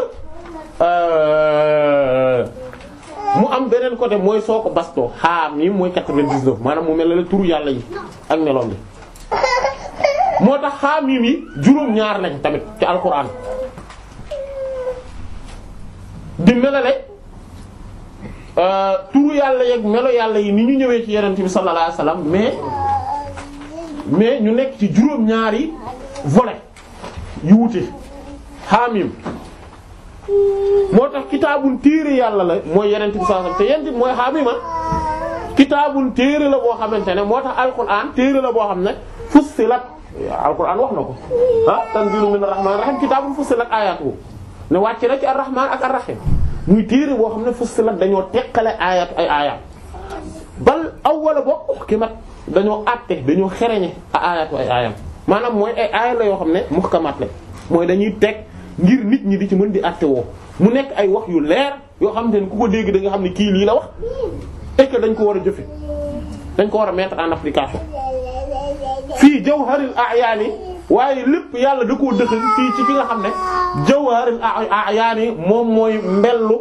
euh, mu am beneen côté mooy soo ko bastoo xaamim mooy 99 maanaam mu mel ne turu yàlla yi ak meloom bi moo tax xaamim yi juróom-ñaar lañ tamit ci alquran. di melale euh, turu yàlla yeeg melo yàlla yi ni ñu ñëwee ci yonent bi sallallahu alayhi wasallam mais mais ñu nekk ci juróom-ñaari volets yu wute xaamim moo tax kitaabul téere yàlla la mooy yeneen bi sallallahu alayhi te yonent bi mooy xaamima ah. kitaabul téere la boo xamante ne moo tax alquran téere la boo xam ne fussilat alquran wax na ko ah tanziilun minar rahmaanir rahiim kitaabul fussilat aayaatuhu ne wàcc na ci ar ak ar-rahim muy téere boo xam ne fussilat dañoo teqale ayat ay ayat bal awwala bokk ki dañoo àtte dañoo xereñe a ayat ay ayam maanaam mooy ay aaya la yoo xam ne muhkamat la mooy dañuy teg ngir nit ñi di ci mën di àtte woo mu nekk ay wax yu leer yoo xam ne ku ko dégg da xam ne kii lii la wax et dañ ko war a jëfe dañ ko war a mettre en application fii jawharil a'yani waaye lépp yàlla da koo dëxëñ fii ci fi nga xam ne jawaaril ayaani moom mooy mbellu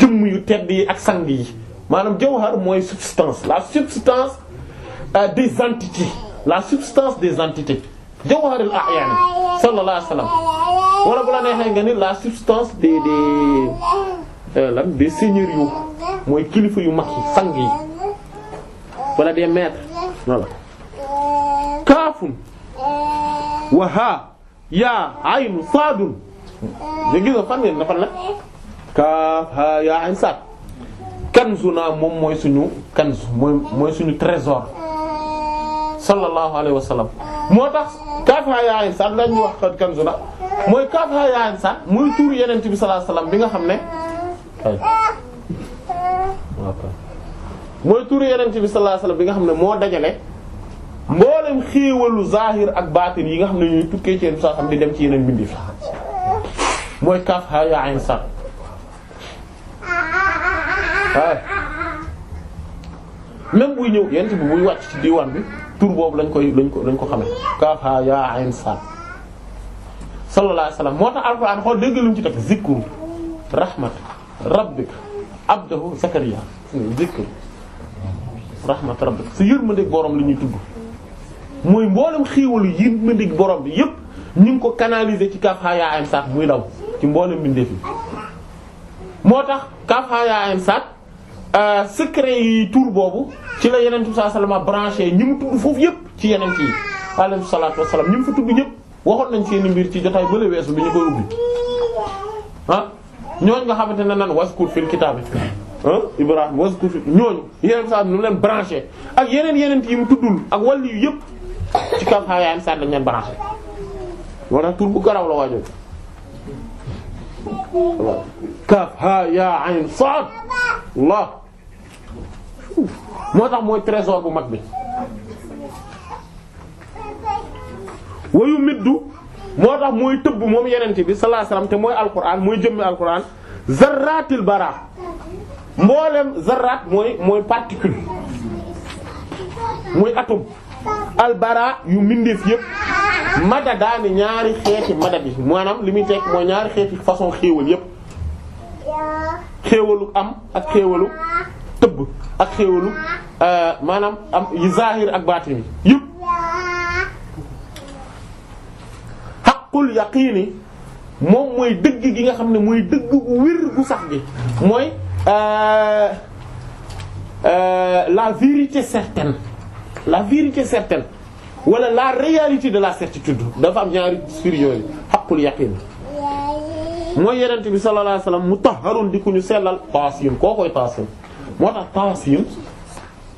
jëmm yu tedd yi ak sang yi maanaam jawhar mooy substance la substance euh, des entités la substance des entités jawharil a'yan sallallahu alayhi wa sallam bu la neexee nga ni la substance des des euh, lan des seigneurs yu mooy kilifa yu mag yi sang yi wala des maîtres kaafun wa haa yaa aynu saadun nga gis nga fan ngeen dafa la kaaf yaa ayn saad kanzu naa moom mooy suñu kanzu mooy suñu trésor sallallahu alayhi wa moo tax kaaf haa yaa ayn saad dañuy wax kanzu na mooy kaaf haa yaa ayn saad muy tuur yenent bi sallallahu alayhi wa sallam bi nga xam ne mooy tuur yenent bi sallallahu alayhi bi nga xam ne moo dajale mboolem xéewalu zahir ak baatin yi nga xam ne ñuy tukkee ci yenn saa xam di dem ci yeneen bindi fi mooy kaaf haa yaa ayn sad même buy ñëw yent bi buy wàcc ci diwaan bi tur boobu lañ koy lañ ko lañ ko xamee kaaf haa yaa ayn sad sallallahu alayhi wasallam moo tax alxuraan xool dégg lu ci teg zikru rahmat rabbik abdahu zakariya zikru rahmat rabbik sa yërmandeeg borom la ñuy tudd mooy mboolem xiiwalu yi mëndig boroom bi yépp ñu ngi ko canaliser ci kaaf xaayaa am saat muy daw ci mboolem mbindeef yi moo tax kaaf xaayaa am saat euh, secret yi tur boobu ci la yeneen saa salama branché ñi mu tudd foofu yépp ci yeneen yi alayhi salaatu wassalaam ñi mu fa tudd ñépp waxoon nañ seeni mbir ci jotaay bële weesu bi ñu koy ubbi ah ñooñ nga xamante ne nan waskur fil kitaabi ah, Ibrahim waskur fil ñooñu yeneen saa nu leen ak yeneen yeneen yi mu tuddul ak wàll yu yépp ci kaw xaw yaayam sànni lañ leen branché moo tax moo tax mooy trésor bu mag bi wayu middu moo tax mooy tëbb moom yenente bi sallallahu alayhi wasallam te mooy alquran mooy jëmmi alquran zarratil bara mboolem zarrat mooy particule mooy atome albara yu mbindeef yëpp mada daani ñaari xeeti mada bi maanaam li muy teg mooy ñaari xeeti façon xéewal yëpp xéewalu am ak xéewalu tëbb ak xéewalu euh, maanaam am yi zahir ak baatin bi xaqul yaqiini moom mooy dëgg gi nga xam ne mooy dëgg gu wér gu sax gi mooy euh, euh, la vérité certaine la vérité certaine wala la réalité de la certitude dafa am ñaari fir yooyu xaqul yaqin mooy yenente bi sallallahu alayhi wasallam mutahharun di ku ñu sellal taasin koo koy taasin moo tax taasin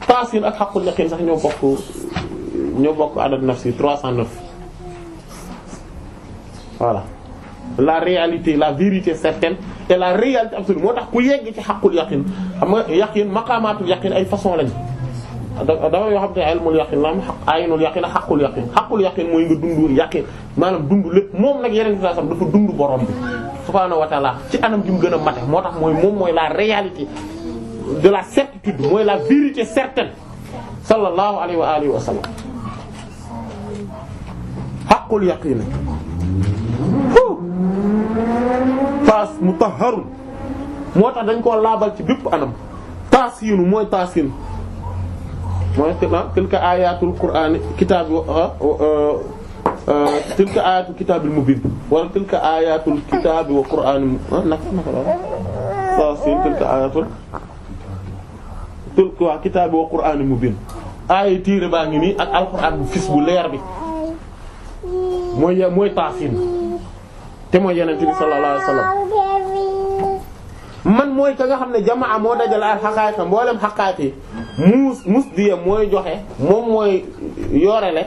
taasin ak xaqul yaqin sax ñoo bokk ñoo bokk adad nafsi 309 voilà la réalité la vérité certaine te la réalité absolue moo tax ku yegg ci xaqul yaqin xam nga yaqin maqaamaatul yaqin ay façon lañ dafa yoo xam te ilmul yaqin la aynul yaqin xaqul yaqin xaqul yaqin mooy nga dund yaqin maanaam dund lépp moom nag yeneen saa sam dafa dund borom bi subhaanahu wa ta'ala ci anam gi mu gën a mate moo tax mooy moom mooy la réalité de la certitude mooy la vérité certaine sallallahu alayhi wa alihi wa sallam xaqul yaqin taas mutahharun moo tax dañ koo laabal ci bépp anam taas yinu mooy taas yinu mooy ah, tilka ayatul qur'ani kitaab ah, ah, tilka ayatul kitaabil mubin wala tilka ayatul kitaabi wa qur'ani naka naka la waaw si tilka ayatul tilka waa kitaabi wa qur'ani mubin aaya tiire baa ngi nii ak alxuraan bu fis bu leer bi mooy mooy taasin te mooy yeneen bi sallallahu alayhi man mooy ka nga xam ne jamaa moo dajale al xaqaayiqa mboolem xaqaayiq yi muus musdiya mooy joxe moom mooy yore yorele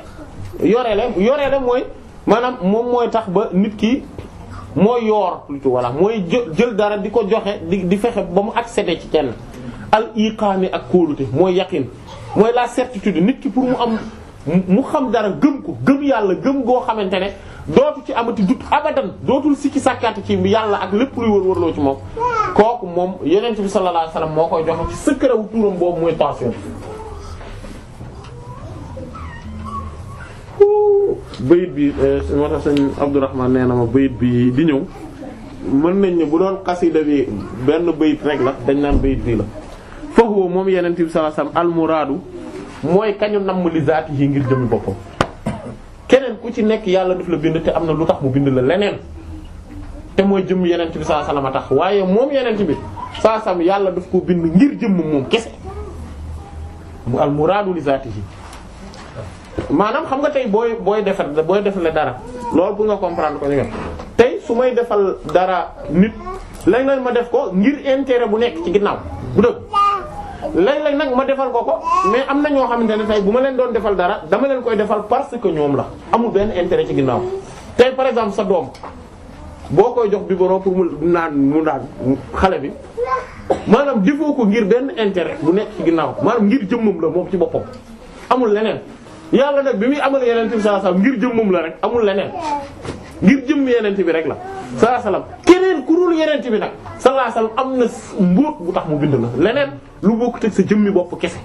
yore yorele mooy maanaam moom mooy tax ba nit ki mooy yoor plutôt walla mooy jël dara di ko joxe di di fexe ba mu accéder ci kenn al iqaami ak kóolute mooy yaqin mooy la certitude nit ki pour mu am mu xam dara gëm ko gëm yàlla gëm goo xamante ne dootu ci amati dut abadan dootul sikki sàkkaati ci yàlla ak lépp luy wër wërloo ci moom kooku moom yeneen bi sallallahu alayhi wasallam moo koy jox ci sëkkërawu turam boobu muy tension bayit bi eh, moo tax sëñ nee na ma bayit bi di ñëw mën nañ ne bu doon xasida bi benn bayit rek la dañ naan bayit bii la fa huwa moom yeneen bi sallallahu alayhi mooy kañu namm li yi ngir jëmi boppam keneen ku ci nekk yàlla daf la bind te am na lu tax mu bind la leneen te mooy jëm yenent bi saa ma tax waaye moom yenent bi saa sam yàlla daf koo bind ngir jëmm moom kese mu al muraadu li zaatihi maanaam xam nga tey booy booy defar booy defal dara loolu bu nga comprendre ko ni nga tey su may defal dara nit lañ léeg ma def ko ngir intérêt bu nekk ci ginnaaw bu dëgg léeg-léeg nag ma defal ko ko mais am na ñoo xamante ne tey bu ma leen doon defal dara dama leen koy defal parce que ñoom la amul benn intérêt ci ginnaaw tey par exemple sa doom boo koy jox bi biberon pour mu naan mu naan xale bi maanaam defoo ko ngir benn intérêt bu nekk ci ginnaaw maanaam ngir jëmmam la moom ci boppam amul leneen yàlla nag bi muy amal yeneen bi saa saa ngir jëmmam la rek amul leneen ngir jëmm yeneen bi rek la. sallallahu alayhi wasallam keneen ku dul yeneen bi nag sallallahu alayhi wasallam am na mbóot bu tax mu bind la leneen lu bokkut ak sa jëmmi bopp kese.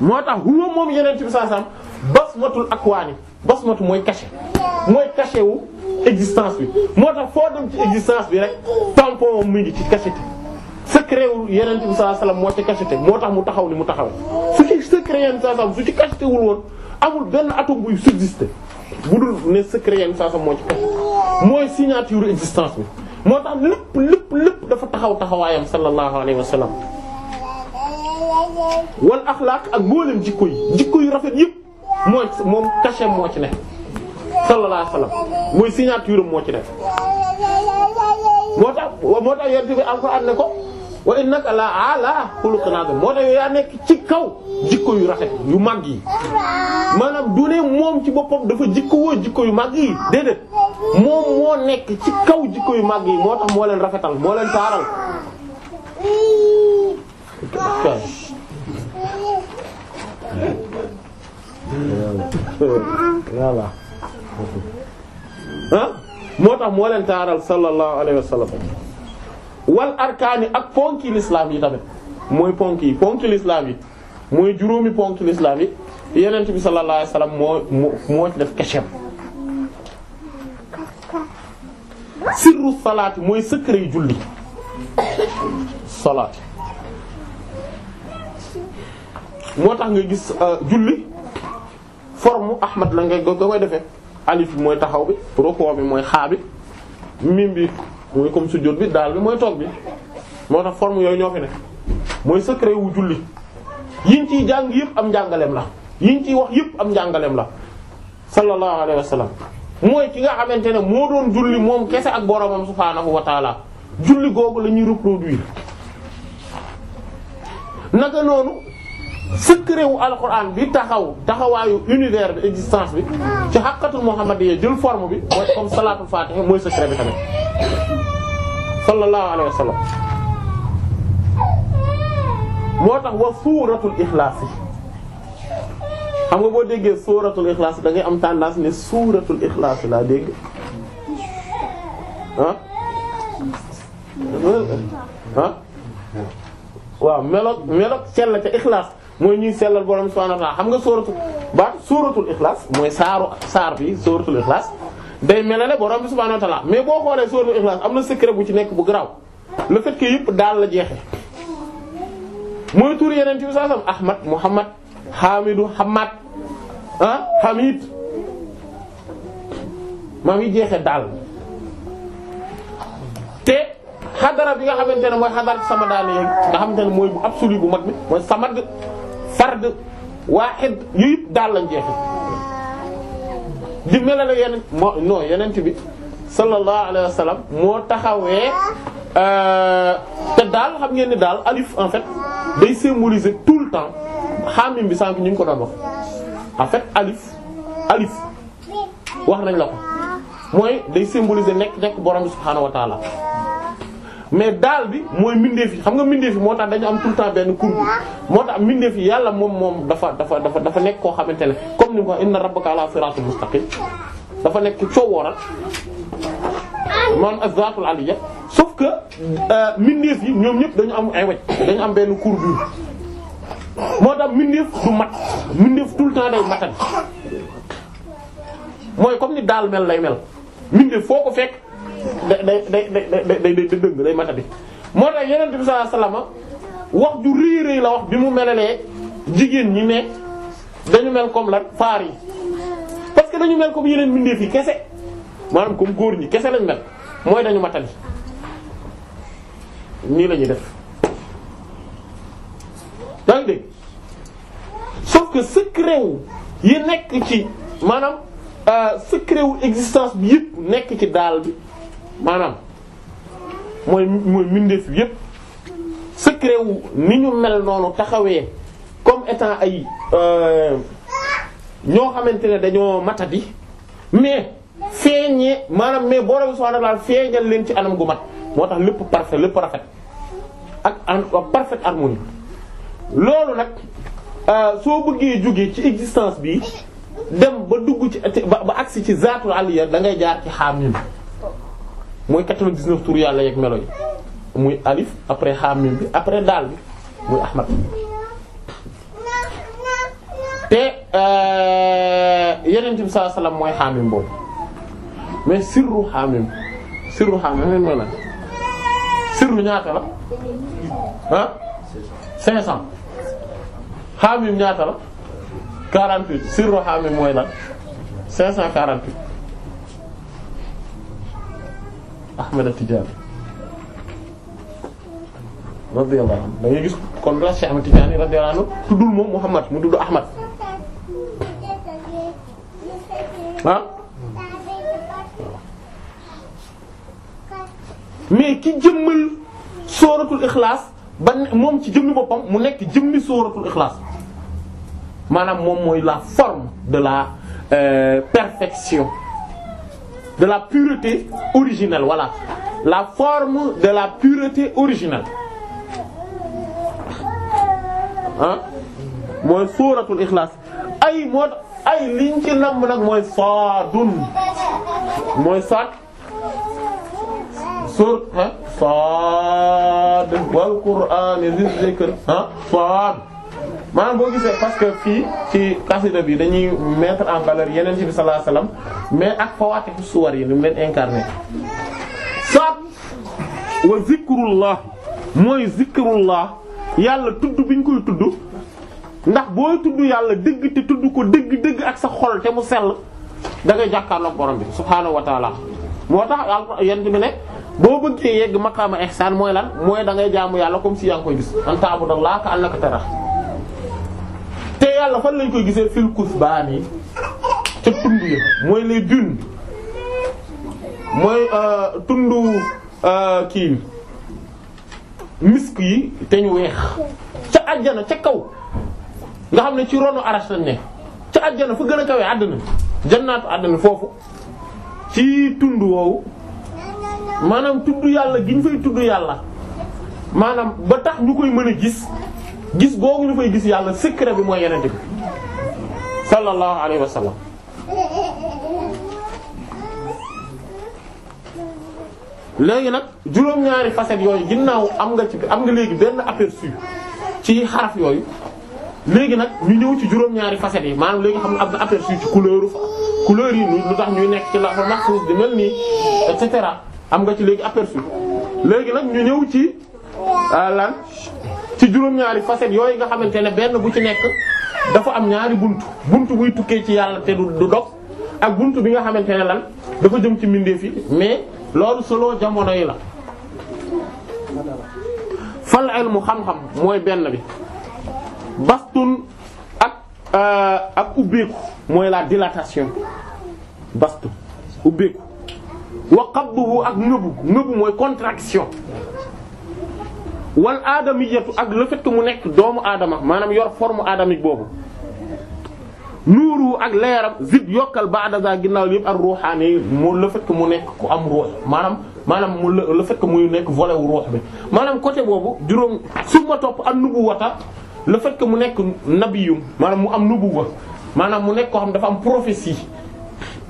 moo tax huwa moom yeneen bi sallallahu alayhi wasallam basmatul akwaani basmatu mooy cachet mooy cachet wu bi moo tax foo dem ci existence bi rek tampon mu ci cachet. wu yeneen bi sallallahu alayhi moo tax mu taxaw ni mu taxaw su ci secret yeneen bi sallallahu alayhi su ci cacheté woon. amul benn atome buy subsister bu dul ne secret yenn saa sa moo ci mooy signature existence bi moo tax lépp lépp lépp dafa taxaw taxawaayam sallallahu alayhi wa sallam wal axlaaq ak mboolem jikko yi jikko yu rafet yëpp mooy moom cachet moo ci ne sallallahu alayhi wa sallam mooy signature am moo ci ne moo tax moo tax yent bi alxuraan ne ko wa innaka la ala xuluqin azim moo tax yaa nekk ci kaw jikko yu rafet yu mag yi maanaam du moom ci boppam dafa jikko jikko yu mag yi déedéet moom moo nekk ci kaw jikko yu màgg yi moo tax moo leen rafetal moo leen taaral moo tax moo leen taaral sallallahu alayhi wa wal arkaani ak ponki lislaam yi tamit mooy ponk yi ponki lislaam yi mooy juróomi ponki lislaam yi yenent bi sallallahu alayhi moo moo ci def kecceem sirru mooy secret julli salaati moo tax nga gis euh, julli forme ahmad la nga nga koy defee alif bi mooy taxaw bi rukoo bi mooy xaa bi mim bi mooy comme sujjóot bi daal bi mooy toog bi moo tax forme yooyu ñoo fi ne mooy secret wu julli yiñ ciy jàng yëpp am njàngaleem la yiñ ciy wax yëpp am njàngaleem la sallallahu alayhi wa mooy ki nga xamante ne moo doon julli moom kese ak boromam subhaanahu wa taala julli googu la ñuy reproduire naka noonu secret wu alquran bi taxaw taxawaayu univers bi existence bi ci xàqatul muhammadiyya jël forme bi mooy comme salaatul faatiha mooy secret bi tamit moo tax wa suuratul ixlaas yi xam nga boo déggee suuratul ixlaas da ngay am tendance ne suuratul ixlaas laa dégg ah ah waaw meloog meloog sell ca ixlaas mooy ñuy sellal borom subhaanahu wa ta'ala xam nga sóoratu ba sóoratul ixlaas mooy saaru saar bi sóoratul ixlaas day melale borom subhaanahu wa ta'ala mais boo xoolee sóoratul ixlaas am na secret bu ci nekk bu garaaw la fait que daal la jeexe mooy tur yeneen ci bi saa sam Ahmad Muhammad Hamidu Hamad ah Hamid maa ngi jeexe daal te xadara bi nga xamante ne mooy xadar sama daane nga xamante ne mooy bu absolu bu mag bi mooy samad fard waaxid yu yëpp daal lañ jeexi di melale yeneen moo non yeneen bi sallallahu alayhi wa moo taxawee euh, te daal xam ngeen ni daal alif en fait day symboliser tout le temps xaamim bi sànq ñu ngi ko doon wax en fait alif alif wax nañ la ko mooy day symboliser nekk nekk borom bi subhaanahu wa mais daal bi mooy mbindeef yi xam nga mbindeef yi moo tax dañu am tout le temps benn courbe moo tax mbindeef yi yàlla moom moom dafa dafa dafa dafa nekk koo xamante ne comme ni ko inna rabbaka ala siratul mustaqim dafa nekk coowooral man azatul aliya que euh, mbindeef yi ñoom ñëpp dañu am ay dañu am benn courbure tax mbindeef du mat mbindeef tout le temps day matal comme ni daal mel lay mel mbindeef foo ko fekk. day day day day day day dëng day matadi moo tax yeneen bi sallallahu alayhi wax ju rëy rëy la wax bi mu melalee jigéen ñi ne dañu mel comme lan faar yi parce que dañu mel comme yeneen mbindeef yi kese maanaam comme góor ñi kese lañ mel mooy dañu matali nii lañuy ñuy def yaa ngi dégg que secret yi nekk ci maanaam euh, secret wu existence bi yëpp nekk ci daal bi maanaam mooy mooy mbindeef yépp secret wu ni ñu mel noonu taxawee comme étant ay euh, ñoo xamante ne dañoo matadi mais feeñee maanaam mais boo borom subhaanahu wa ta'aala feeñal leen ci anam gu mat moo tax lépp parfait lépp rafet ak en parfaite harmonie loolu nag euh, soo bëggee jóge ci existence bi dem ba dugg ci ba agsi ci zaatul aliya da ngay jaar ci xaamim mooy 99 tur yàlla yeeg melo yi muy alif après hamim bi après daal bi muy ahmad te euh, yeneen bi saa salaam mooy hamim boobu mais sirru hamim sirru hamim sirru ñaata la ah 500 hamim ñaata la 48 sirru hamim mooy lan 548. Ahmed Tidiane radiyallahu anhu da ngay gis kon la Cheikh Ahmed Tidiane radiyallahu anhu tuddul moom Muhammad mu tudd Ahmad ah mais ki jëmmal sooratul ixlaas ba moom ci jëmmi boppam mu nekk jëmmi sooratul ixlaas maanaam moom mooy la forme de la euh, perfection de la pureté originelle voilà la forme de la pureté originelle ah mooy suuratul ixlaas ay moo ay liñ ci namm nag mooy saadun mooy saad suur ah saad wal qur'aan zi zikr ah saad maanaam boo gisee parce que fii ci kasida bi dañuy mettre en valeur yeneen ci bi sallallahu alayhi mais ak fawaatihu suwar yi ni mu leen incarné saat wa zikrullah mooy zikrullah yàlla tudd bi ñu koy tudd ndax boo tudd yàlla dëgg te tudd ko dëgg-dëgg ak sa xol te mu sell da ngay jàkkaarloog borom bi subhaanahu wa taala moo tax al yent bi ne boo bëggee yegg maqaama ihsaan mooy lan mooy da ngay jaamu yàlla comme si yaa ngi koy gis an ta'budallaha ka annaka tarahu yàlla fan lañ koy gisee fil kusbaan yi ca tund yi mooy les dunes mooy euh, tundu euh, kii misk yi te ñu weex ca àjjana ca kaw nga xam ne ci ronu arash lañ ne ca àjjana fa gën a kawee àddina jannaatu àddina foofu ci tund woowu maanaam tudd yàlla gi ñu fay tudd yàlla maanaam ba tax ñu koy mën a gis gis googu ñu fay gis yàlla secret bi mooy yenente bi sallallahu alayhi wa sallam léegi nag juróom-ñaari facettes yooyu ginnaaw am nga ci am nga léegi benn aperçu ci xaraf yooyu léegi nag ñu ñëw ci juróom-ñaari facettes yi maanaam léegi xam nga am na aperçu ci couleur couleur yi lu tax ñuy nekk ci la fa maxsuus di mel nii et am nga ci léegi aperçu léegi nag ñu ñëw ci euh, lan ci juróom-ñaari facettes yooyu nga xamante ne benn bu ci nekk dafa am ñaari buntu buntu buy tukkee ci yàlla te du du dog ak buntu bi nga xamante ne lan dafa jëm ci mbindeef yi mais loolu solo jamono yi la. fal ilmu xam-xam mooy benn bi bastun ak euh, ak ubbeeku mooy la dilatation bastu ubbeeku wa qabduhu ak nëbu nëbu mooy contraction. wal aadamiyatu ak le fait mu nekk doomu aadama maanaam yor forme aadamique boobu nuuru ak leeram zid yokkal ba'da za ginnaaw yëpp ak ruuxaane moo le fait que mu nekk ku am ruux maanaam maanaam mu le fait que nekk vole wu ruux bi maanaam côté boobu juróom su ma topp am nubuwata le fait que mu nekk nabiyum maanaam mu am nubuwa maanaam mu nekk koo xam dafa am prophétie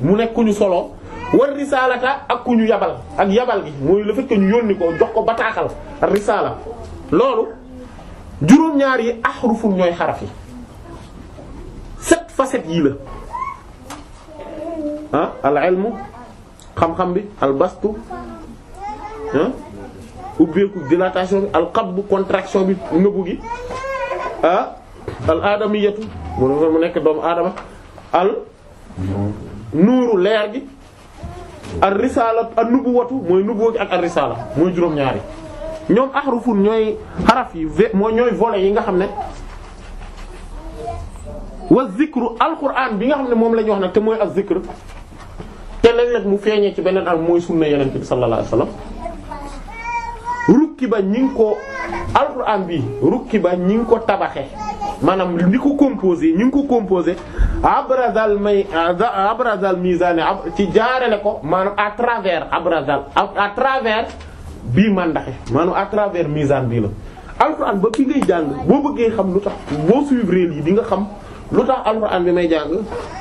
mu nekk ku solo war risaalata ak ku ñu yabal ak yabal gi mooy le fait que ñu yónni ko jox ko bataaxal risaala loolu juróom-ñaar yi ahrufun ñooy xaraf set sept facettes yii la ah al ilmu xam-xam bi al bastu ah ubbeeku dilatation bi al qabbu contraction bi nëbbu gi ah al aadamiyatu mu nekk doomu aadama al nuuru leer gi ar risaala ak nubuwatu mooy nubuwa ak ar risaala mooy juróom-ñaari ñoom ahrufun ñooy xaraf yi mooy ñooy volets yi nga xam ne. wa zikru alquran bi nga xam ne moom la wax nag te mooy ak zikr te mu feeñee ci beneen ak mooy sunna yonent bi sallallahu alayhi wasallam rukki ba ñi ngi ko alquran bi rukki ba ñi ngi ko tabaxee. maanaam li ko composé ñu ngi ko composé abrazal may abrazal mizani ci jaarale ko maanaam à travers abrazal à travers bii màndaxe maanaam à travers mizan bii la alxuraan ba fi jàng boo bëggee xam lu tax boo suivre yi di nga xam lu tax alxuraan bi may jàng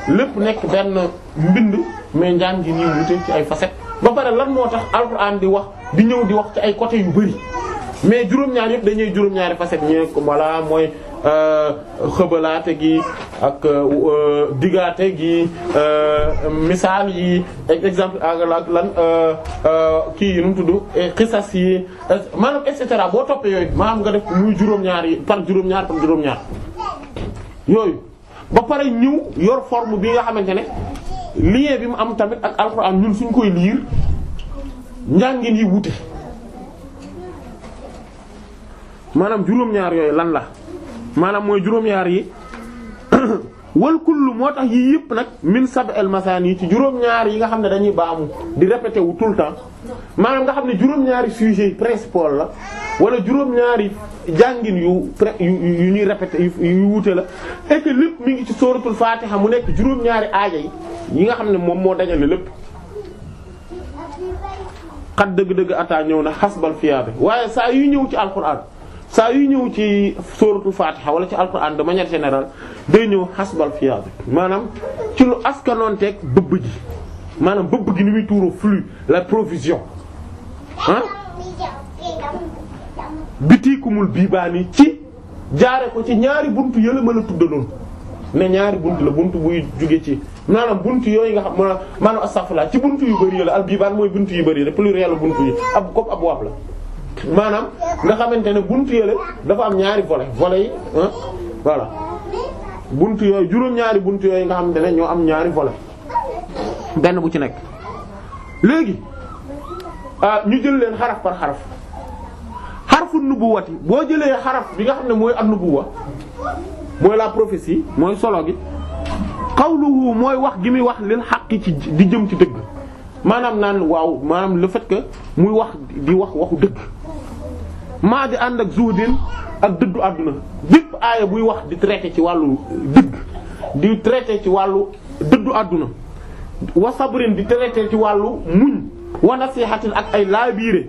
lépp nekk benn mbind mais njàng gi nii wute ci ay facettes ba pare lan moo tax alxuraan di wax di ñëw di wax ci ay côté yu bëri mais juróom-ñaar yëpp dañuy juróom-ñaari facet ñu ne ko voilà mooy Euh, xëbalaate gi ak euh, digaate gi euh, misaal yi exemple ak lan kii yi nu mu tudd xisas yi maanaam et cetera boo toppee yooyu maanaam nga def muy juróom-ñaar yi par juróom-ñaar yooyu ba pare ñëw yor forme bi nga xamante ne lien bi mu am tamit ak alxuraan ñun suñ koy liir njàngin yi wute maanaam juróom-ñaar yooyu lan la. maanaam mooy juróom-ñaar yi wal kullu moo tax yii yëpp nag min sab el masaan yi ci juróom-ñaar yi nga xam ne dañuy baamu di répété wu tout le temps maanaam nga xam ne juróom-ñaari sujets yi principaux la wala juróom jàngin yu yu ñuy répété yu wuute la et lépp mi ngi ci sóoratul faatiha mu nekk juróom-ñaari aaja yi yi nga xam ne moom moo dajale lépp xat dëgg-dëgg ataa ñëw na xasbal bi waaye saa yu ñëw ci alxuraan saa yu ñëw ci sóoratul Fatiha wala ci alquran de manière générale day ñëw xasbal fiyaadu maanaam ci lu askanoonteeg bëbb gi maanaam bëbb gi ni muy tuuroo flux la provision ah bitiikumul biibaani ci jaare ko ci ñaari bunt yëla mën a tuddaloon ne ñaari bunt la bunt buy jóge ci maanaam bunt yooyu nga xam maanaam maanaam astafurlah ci bunt yu bëri la al biibaan mooy bunt yu bëri la pluriel la bunt yi ab comme ab waab la maanaam nga xamante ne bunt yële dafa am ñaari volets volets yi voilà bunt yooyu juróom-ñaari bunt yooyu nga xam ne ñoo am ñaari vole benn bu ci nekk. léegi ah, ñu jël leen xaraf par xaraf xarfu nubuwati boo jëlee xaraf bi nga xam ne mooy an wa mooy la prophétie mooy solo gi xawluhu mooy wax gi muy wax lil xaqi ci di jëm ci dëgg maanaam naan waaw maanaam le fait que muy wax di wax waxu dëgg. ma di ànd ak zuhdin ak dëddu àdduna bépp aaya buy wax di traité ci wàllu dëgg di traité ci wàllu dëddu àdduna wa sabrin di traité ci wàllu muñ wa nasihatin ak ay laabiire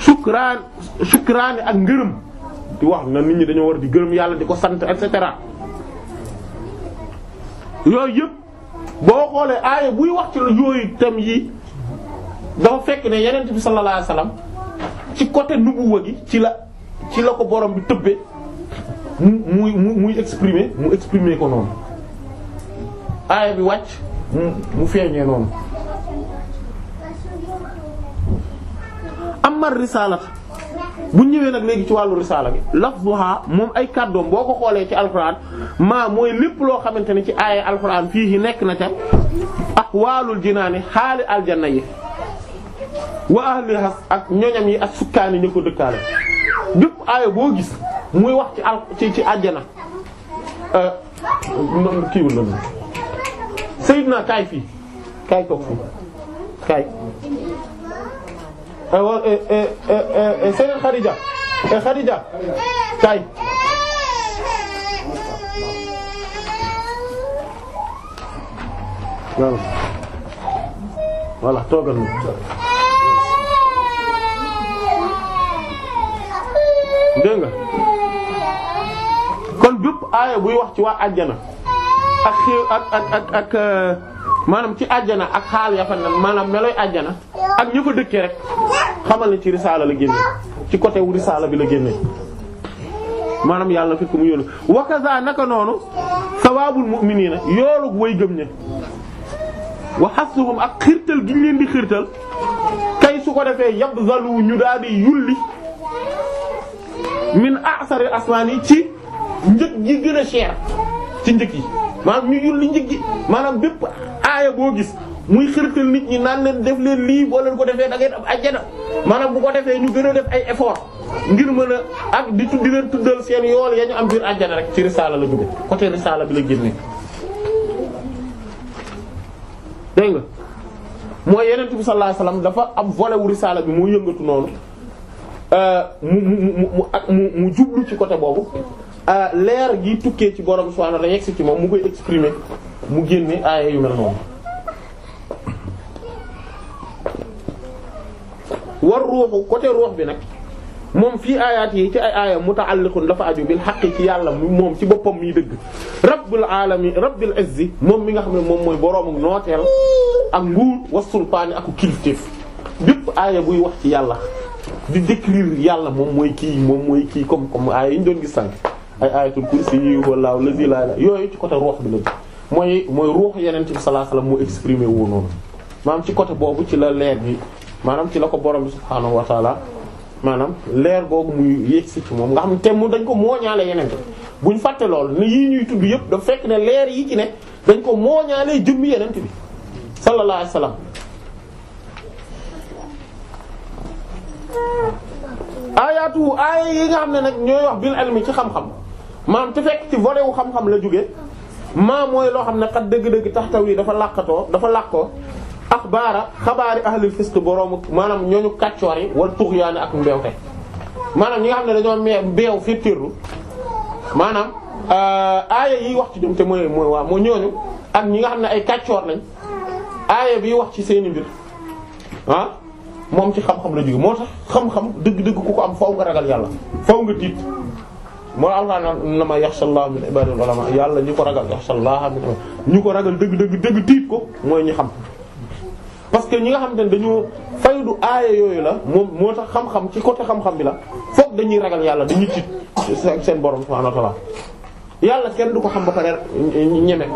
sukraan sukraani ak ngërëm di wax na nit ñi dañoo war di gërëm yàlla di ko sant et cetera yooyu yëpp boo xoolee aaya buy wax ci yooyu tam yi dafa fekk ne yeneen bi sallallahu alayhi wasallam ci côté nubuwa gi ci la ci la ko borom bi tëbbee mu muy muy exprimer mu exprimer ko noonu aaya bi wàcc mu feeñee noonu amar risaalat bu ñëwee nag léegi ci wàllu risaala bi lafzuha moom ay kàddoom boo ko xoolee ci alxuraan maa mooy lépp loo xamante ni ci aaya alxuraan fii yi nekk na ca ak ahwaalul jinaani xaali aljana yi wa ahliha ak ñoñam yi ak sukkaani ñu dëkkaale bépp aaya boo gis muy wax ci al ci ci àjjana euh, kii wala kaay fii kaay toog fii kaay Seydina Khadija Khadija kaay voilà toogal dégg nga kon bépp aaya buy wax ci waa àjjana ak xew euh, maanaam ci àjjana ak xaal ya fa nan maanaam melooy àjjana ak ña fa rek xamal ne ci risaala la génne ci côté wu risaala bi la génne maanaam yàlla fekk mu yónni wakaza naka noonu sawaabul mu'miniina yoolu way gëm ne wa hassuhum ak xirtal gi ñu leen di xirtal kay su ko defee yabzalu ñu daal di yulli min asari asmaan yi ci njëg yi gën a cher ci njëg yi maanaam ñu yulli njëg yi maanaam bépp aaya boo gis muy xirtal nit ñi naan leen def leen lii boo leen ko defee da ngay def ajjana maanaam bu ko defee ñu gën a def ay effort ngir mën a ak di tuddi leen tuddal seen yool ya ñu am biir ajjana rek ci risaala la jóge côté risaala bi la génne dégg nga mooy yeneen bi sallallahu alayhi dafa am volet risaala bi mu yëngatu noonu Euh, mu mu mu ak mu mu jublu ci côté boobu euh, leer gi tukkee ci borom subhanahu wa ta'ala si ci moom mu koy exprimer mu génne aaya yu mel noonu. war ruuxu côté ruux bi nag moom fii aayaat yi ci ay aaya muta'alliqun dafa aju bil xaqi ci yàlla moom ci boppam miy dëgg rabbul alamin rabbil izzi moom mi nga xam ne moom mooy boroomu nooteel ak nguur wasulpaani aku kilifteef bépp aaya buy wax ci yàlla di décrire yàlla moom mooy kii moom mooy kii comme comme aaya yi ñu doon gis sànq ay ayatul kursi yi wallaahu lazi laa ilaaha yooyu ci côté ruux bi la mooy mooy ruux yeneen ci sallallahu alayhi wasallam moo exprimé woo noonu maanaam ci côté boobu ci la leer bi maanaam ci la ko borom bi subhaanahu wa maanaam leer googu muy yegsi ci moom nga xam te mu dañ ko mooñaale yeneen bu ñu fàtte lool ne yii ñuy tudd yëpp da fekk ne leer yi ci ne dañ ko mooñaale jëmmi yeneen bi sallallahu alayhi ayaatu aaya yi nga xam ne nag ñooy wax bil ilmi ci xam-xam maam te fekk ci volet wu xam-xam la jóge maa mooy loo xam ne xat dëgg-dëgg taxtaw yi dafa làqatoo dafa làqoo axbaara xabaari ahlil fisq boroomu maanaam ñooñu kàccoor yi wal tuxyaani ak mbeewte maanaam ñi nga xam ne dañoo mee mbeew firtirlu maanaam euh, aaya yi wax ci jëm te mooy mooy waa moo ñooñu ak ñi nga xam ne ay kàccoor lañ aaya bi wax ci seeni mbir ah moom ci xam-xam la jóge moo tax xam-xam dëgg-dëgg ku ko am faaw nga ragal yàlla faaw nga tiit moo Allah na ma yaxshallaha min ibadil ma yàlla ñu ko ragal yaxshallaha min ñu ko ragal dëgg dëgg dëgg tiit ko mooy ñi xam parce que ñi nga xam te ne dañu faydu aaya yooyu la moom moo tax xam-xam ci côté xam-xam bi la fokk dañuy ragal yàlla dañuy tiit seen borom subhanahu wa ta'ala yàlla kenn du ko xam ba pare ñeme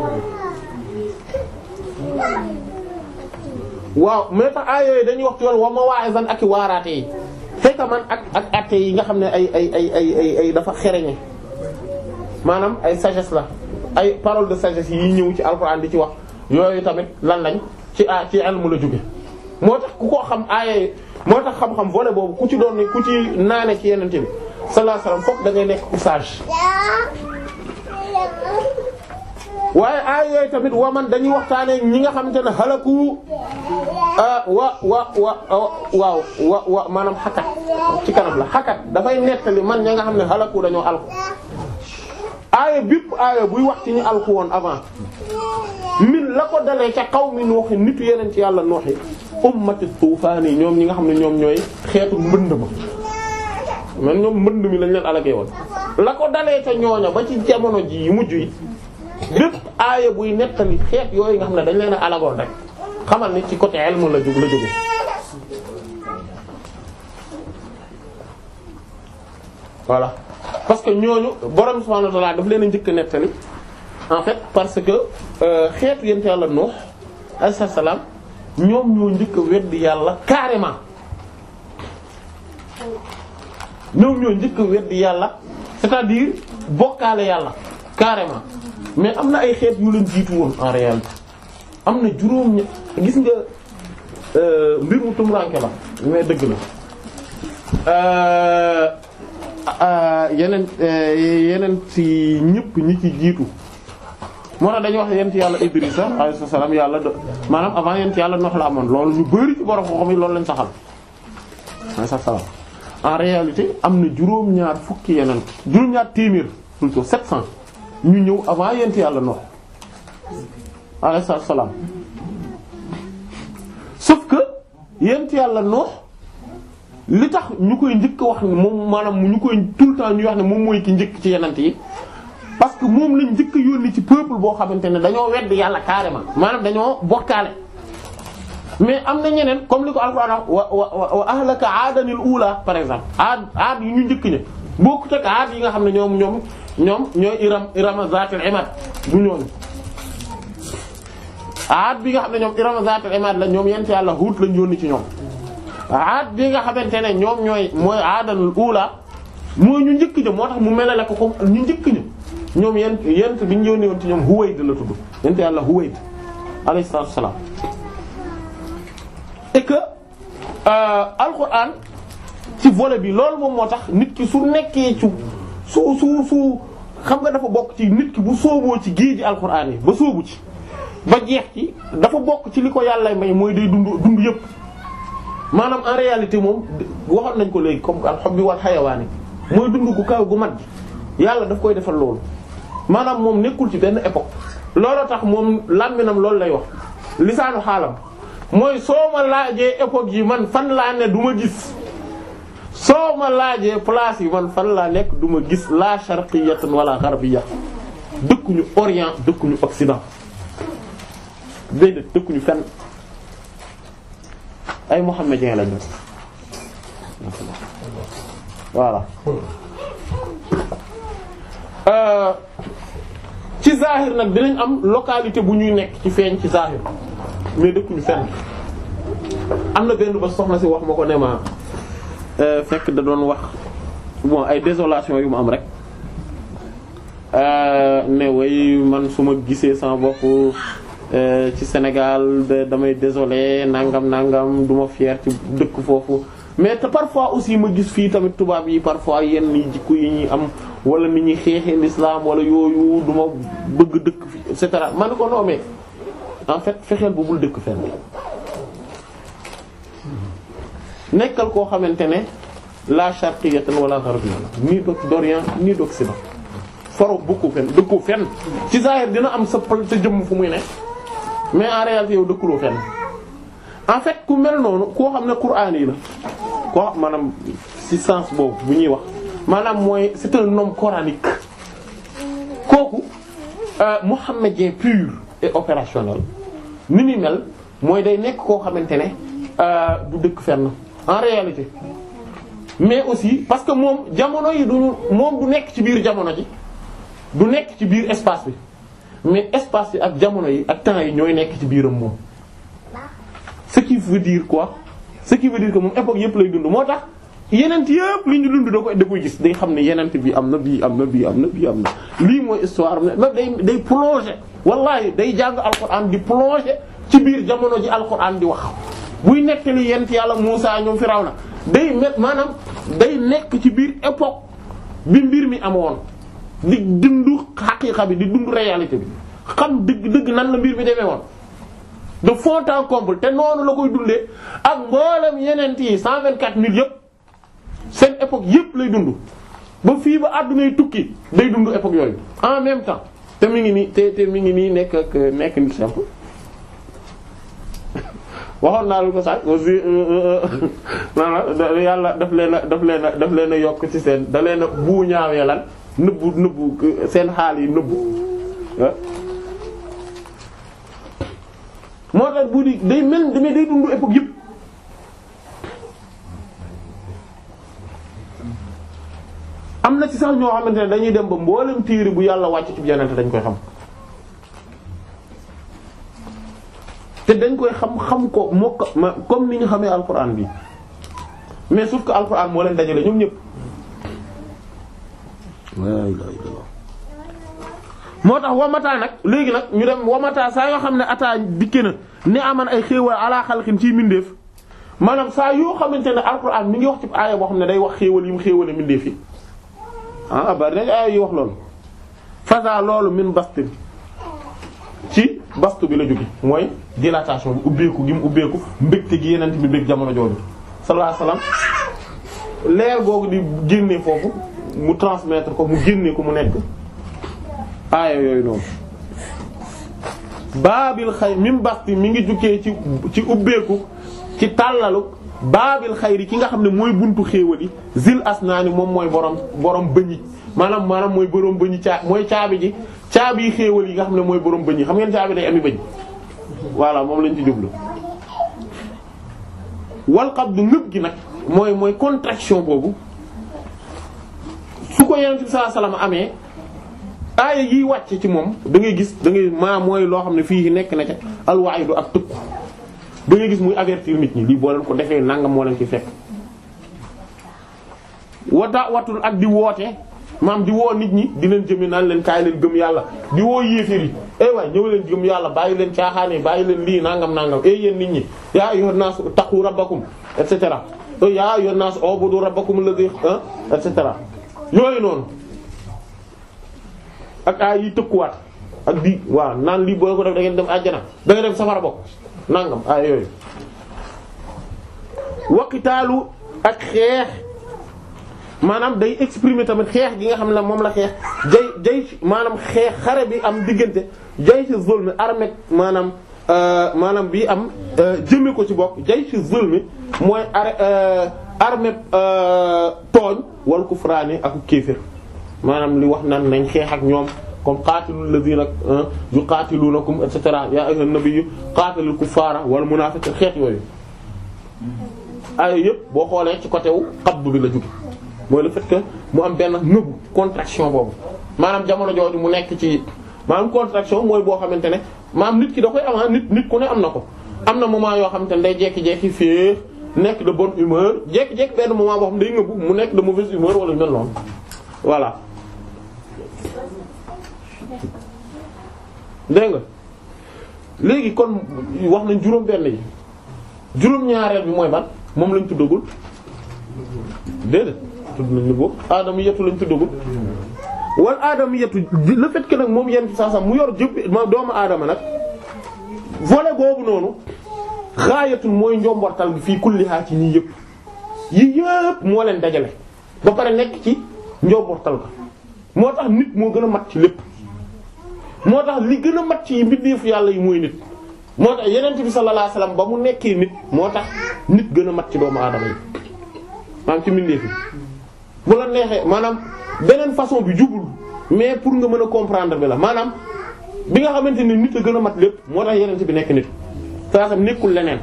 waaw mais tax aaya yooyu dañuy wax ci wàllu wa mawaa'izan ak i waaraate yi fekk man ak ak atte yi nga xam ne ay ay ay ay ay ay dafa xereñe maanaam ay sagesse la ay parole de sagesse yi ñëw ci alxuraan di ci wax yooyu tamit lan lañ ci a ci ilmu la jóge moo tax ku ko xam aaya moo tax xam-xam volet boobu ku ci doon ku ci naane ci yenente bi sallallahu alayhi wasallam fokk da ngay nekk ku sage waaye aay yooyu tamit wa man dañuy waxtaanee ñi nga xamante ne xalaku ah, wa wa maanaam xakat ci kanam la xakat dafay nettali man ña nga xam ne xalaku dañoo alku aaya bépp aaya buy wax ci ñu alku woon avant min la ko dalee ca xaw mi nooxi nitu yeneen ci yàlla nooxi ummati tuufaan ñoom ñi nga xam ne ñoom ñooy xeetu mbënd ma man ñoom mbënd mi lañ leen alagee woon la ko dalee ca ñooña ba ci jamono ji yu mujj yi bépp aaya buy nettali xeet yooyu nga xam ne dañ leen a alagoon rek xamal ni ci côté ilmu la jóg la jóge parce que ñooñu borom subhanahu wa daf leen a njëkk nettali en fait parce que euh, xeetu yent yàlla Nuux alayhi salaam ñoom ñoo njëkk a yàlla carrément ñoom ñoo njëkk a yàlla c'est-à-dire bokkaale yàlla carrément mais am na ay xeet yu leen jiitu woon en réalité am na juróom gis nga euh, mbir mu tumuranke la mais dëgg la euh, euh, yeneen yeneen ci ñëpp ñi ci jiitu moo tax dañuy wax yent yàlla Idrissa alayhi salaam yàlla do maanaam avant yent yàlla Nooh la amoon loolu ñu bari ci loolu lañ saxal alayhi en réalité am na juróom-ñaar fukki yeneen juróom-ñaar téeméer plutôt 700 ñu ñëw avant yent yàlla Nuh alayhi salaam sauf que yent yàlla Nuh li tax ñu koy njëkk wax ne moom maanaam ñu koy tout le temps ñuy wax ne moom mooy ki njëkk ci yenant yi parce que moom lañ njëkk yónni ci peuple boo xamante ne dañoo wedd yàlla carrément maanaam dañoo bokkaale mais am na ñeneen comme li ko alquran wa wa wa ahlaka aadanil ula par exemple aad aad yu ñu njëkk ña bokkut ak aad yi nga xam ne ñoom ñoom ñoom ñooy iram irama zaatil imad du ñooñu aat bi nga xam ne ñoom irama zaatil imad la ñoom yent yàlla Huud lañ yónni ci ñoom aat bi nga xamante ne ñoom ñooy mooy aadanul uula mooy ñu njëkk ña moo tax mu melale ko comme ñu njëkk ña ñoom yent bi ñu yónni woon ci ñoom Huwayd la tudd yent yàlla Huwayd alayhi salaatu wassalaam et que euh, alquran ci volet bi loolu moom moo tax nit ki su nekkee ci su su su xam nga dafa bokk ci nit ki bu sooboo ci géej alxuraan yi ba soobu ci ba jeex ci dafa bokk ci li ko yàlla may mooy day dund dund yëpp maanaam en réalité moom waxoon nañ ko léegi comme alxobbi wal xayawaani mooy dund ku kaw gu mat gi yàlla daf koy defal loolu maanaam moom nekkul ci benn époque looloo tax moom làmbinam loolu lay wax lisaanu xaalam mooy soo ma laajee époque yi man fan laa ne du ma gis soo ma laajee place yi man fan laa nekk du ma gis la sharqiyatan wala gharbiya dëkkuñu orient dëkkuñu occident déedéet dëkkuñu fenn ay mohammédien lañu voilà euh, ci zahir nag dinañ am localité bu ñuy nekk ci feeñ ci zahir mais dëkkuñu fenn am na benn ba soxna si wax ma ko ne ma Euh, fekk da doon wax bon ay désolation yu mu am rek euh, ne way man su ma gisee sama bopp euh, ci Sénégal damay désolé nangam nangam du ma fier ci dëkk foofu mais te parfois aussi ma gis fii tamit tubaab yi parfois yenn yi jikko yi ñuy am wala ni ñuy xeexee l'islam wala yooyu du ma bëgg dëkk fi et cetera ko noomee en fait fexeel bu bul dëkk bi nekkal koo xamante ne la charqiyatan wala gharbiyatan ni d'Orient ni d'Occident foro bukku fenn dëkku fen ci zahir dina am sa pël sa jëmm fu muy nekk mais en réalité yow dëkkuloo fenn en fait ku mel noonu koo xam ne quraan yi la maanaam ci sens boobu bu ñuy wax maanaam mooy c'est un homme coranique kooku euh, mohammédien pur et opérationnel ni ni mel mooy day nekk koo xamante ne euh, du dëkk fenn en réalité mais aussi parce que moom jamono yi du moom du nekk ci biir jamono ji du nekk ci biir espace bi mais espace bi ak jamono yi ak temps yi ñooy nekk ci biiram moom ce qui veut dire quoi ce qui veut dire que moom époque yëpp lay dund moo tax yenent yëpp li ñu dund da koy da koy gis day xam ne yenent bi am na bii am na bii am na bii am na lii mooy histoire la day day plonger wallahi day jàng alxuraan di plonger ci biir jamono ji alxuraan di buy nettali yent yàlla Muusaa ñoom Firawna day met maanaam day nekk ci biir époque bi mbir mi amoon di dundu xaqiiqa bi di dundu réalité bi xam dëgg dëgg nan la mbir mi demee woon de fond en te noonu la koy dundee ak mboolem yeneen yi mille yëpp seen époque yëpp lay dund ba fii ba àddunay tukki day dund époque yooyu en même temps te mi ngi nii te te mi ngi nii nekk ak nekk nit simple waxoon naa lu ko sax aussi euh, euh, euh, yàlla daf leen daf leen a daf leen a yokk ci seen da leen a bu ñaawee lan nëbbu nëbbu seen xaal yi nëbbu moo tax bu di day mel damay day dund époque yëpp am na ci sax ñoo xamante ne dañuy dem ba mboolem téere bu yàlla wàcc ci yeneen dañ koy xam te dañ koy xam xam ko moo comme ni ñu xamee alquran bi mais sauf que alquran moo leen dajale ñoom ñëpp. moo tax wamataa nag léegi nag ñu dem wamataa saa yoo xam ne ataa dikke na ne aman ay xéewal ala xalqin ciy mindeef manaam saa yoo xamante ne alquran mi ngi wax ci aaya boo xam ne day wax xéewal yi mu xéewale mindeef yi ah bari nañ aaya yi wax loolu fasa loolu min bast ci bastu bi la jóge mooy dilatation bi ubbeeku gi mu ubbeeku mbégte gi yeneen bi mbég jamono jooju sallallahu alayhi wasallam leer di génnee foofu mu transmettre ko mu génne ko mu nekk aaya yooyu noonu baabil xay mim baxti mi ngi jukkee ci ci ubbeeku ci tàllalu baabil xayri ki nga xam ne mooy buntu xéewal yi zil asnaani moom mooy borom borom bëñi maanaam maanaam mooy borom bëñi caa mooy caabi ji caabi xéewal yi nga xam ne mooy borom bëñi xam ngeen caabi day ami bëñ voilà moom lañ ci jublu wal qabdu ngëb gi nag mooy mooy contraction boobu su ko yenent bi sallallahu amee aaya yiy wàcce ci moom dangay gis da ngay maa mooy loo xam ne fii nekk na ca alwaidu ak tëkku da gis muy avertir nit ñi lii boo leen ko defee nangam moo leen ci fekk wata watul ak di woote maam di woo nit ñi di leen jëmee naan leen kaay leen gëm yàlla di woo yéeféer yi eh waay ñëw leen gëm yàlla bàyyi leen caaxaan yi bàyyi leen lii nangam nangam eh yéen nit ñi yaa ayyuhan naas taqu rabbakum et cetera eh, yaa ayyuhan naas ubudu rabbakum alladhi ah, et cetera yooyu noonu ak ay yi tëkkuwaat ak di waaw naan lii booy ko def da ngeen dem àjjana da ngeen dem safara bokk nangam ay yooyu waqitaalu ak xeex. maanaam day exprimer tamit xeex gi nga xam ne moom la xeex jay jay maanaam xeex xare bi am diggante jay si zulmi armée maanaam euh, maanaam bi am euh, jëme ko ci bokk jay si zulmi mooy ar euh, armée tooñ wal kufraani ak kéefër maanaam li wax nan nañ xeex ak ñoom comme qaatilul ladina yuqaatilunakum et cetera yaa ayyuhan nabiyyu qaatilul kuffaara wal munaafiqiin xeex yooyu ay yëpp boo xoolee ci côté wu xabd bila la mooy le fait que mu am benn nëbu contraction boobu maanaam jamono jooju mu nekk ci maanaam contraction mooy boo xamante ne maanaam nit ki da koy am ah, nit nit ku ne am na ko. am na moment yoo xamante ne day jékki-jékki fii nekk de bon humeur jékki-jékki benn moment boo xam day nëbu mu nekk de mauvaise humeur wala mel noonu voilà dégg nga léegi kon wax nañ juróom benn yi juróom ñaareel bi mooy ban moom lañ tuddagul déedéet tudd nañu ko aadama yetu lañ tuddagul. wal aadama yetu le fait que nag moom yenn saa sax mu yor jëpp doomu aadama nag volet boobu noonu xaayatul mooy njombortal bi fii kullihaa ci ñii yëpp yii yëpp moo leen dajale ba pare nekk ci njombortal ka moo tax nit moo gën a mat ci lépp moo tax li gën a mat ci mbindeefu yàlla yi mooy nit moo tax yenent bi sallallahu alayhi wasallam ba mu nekkee nit moo tax nit gën a mat ci doomu aadama yi maanaam ci mbindeef yi bu la neexee maanaam beneen façon bi jubul mais pour nga mën a comprendre bi la maanaam bi nga xamante ni nit a gën a mat lépp moo tax yenente bi nekk nit salaasam nekkul leneen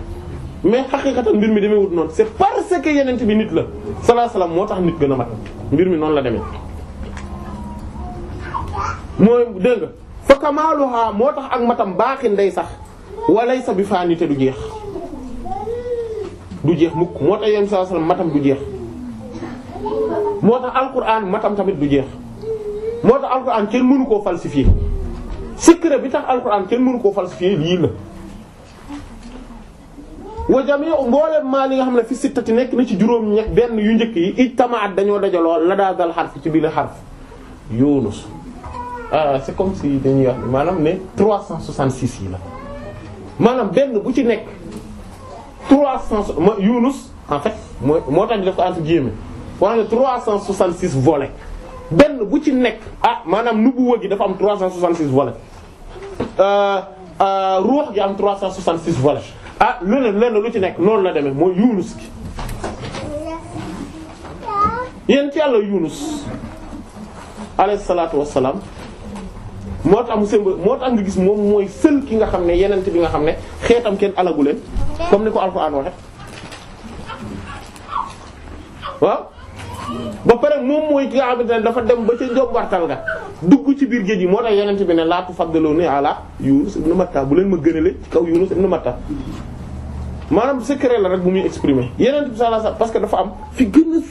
mais xaqiqatan mbir mi demee wut noonu c'est parce que yenente bi nit la salaasalaam moo tax nit gën a mat mbir mi noonu la demee mooy dégg nga fa kamaaluha moo tax ak matam baaxin day sax walay sax bi faani te du jeex du jeex mukk moo tax yeneen salaasalaam matam du jeex moo tax alquran matam tamit du jeex moo tax alquran kenn mënu koo falsifier secret bi tax alquran kenn mënu koo falsifier lii la. wa jami'u mboolem maa li nga xam ne fi sittati nekk na ci juróom ñett benn yu njëkk yi ijtamaat dañoo dajaloo la daa dal xarf ci biir xarf yunus ah c'est comme si dañuy wax maanaam ne 366 yi la maanaam benn bu ci nekk 300 ma yunus en moo moo tax ñu def ko entre guillemets wax ne 366 volets benn bu ci nekk ah maanaam nubuwa gi dafa am 366 volets euh, euh, ruux gi am cent 366 volets ah leneen lenn lu ci nekk noonu la demee mooy Yunus gi yéen ci yàlla Yunus alayhi salaatu wassalaam moo tax mu sëmba moo tax nga gis moom mooy sël ki nga xam ne yeneen bi nga xam ne xeetam kenn alagu leen comme ni ko Alxuraan waxe waaw ba pare moom mooy ki nga xamante ne dafa dem ba ca njombartal nga dugg ci biir géej gi moo tax yonent bi ne laa tufaddaluni ala Yunus ibn Matta bu leen ma gënale ci kaw Yunus ibn Matta maanaam secret la rek bu muy exprimer yonent bi sallallahu parce que dafa am fi gën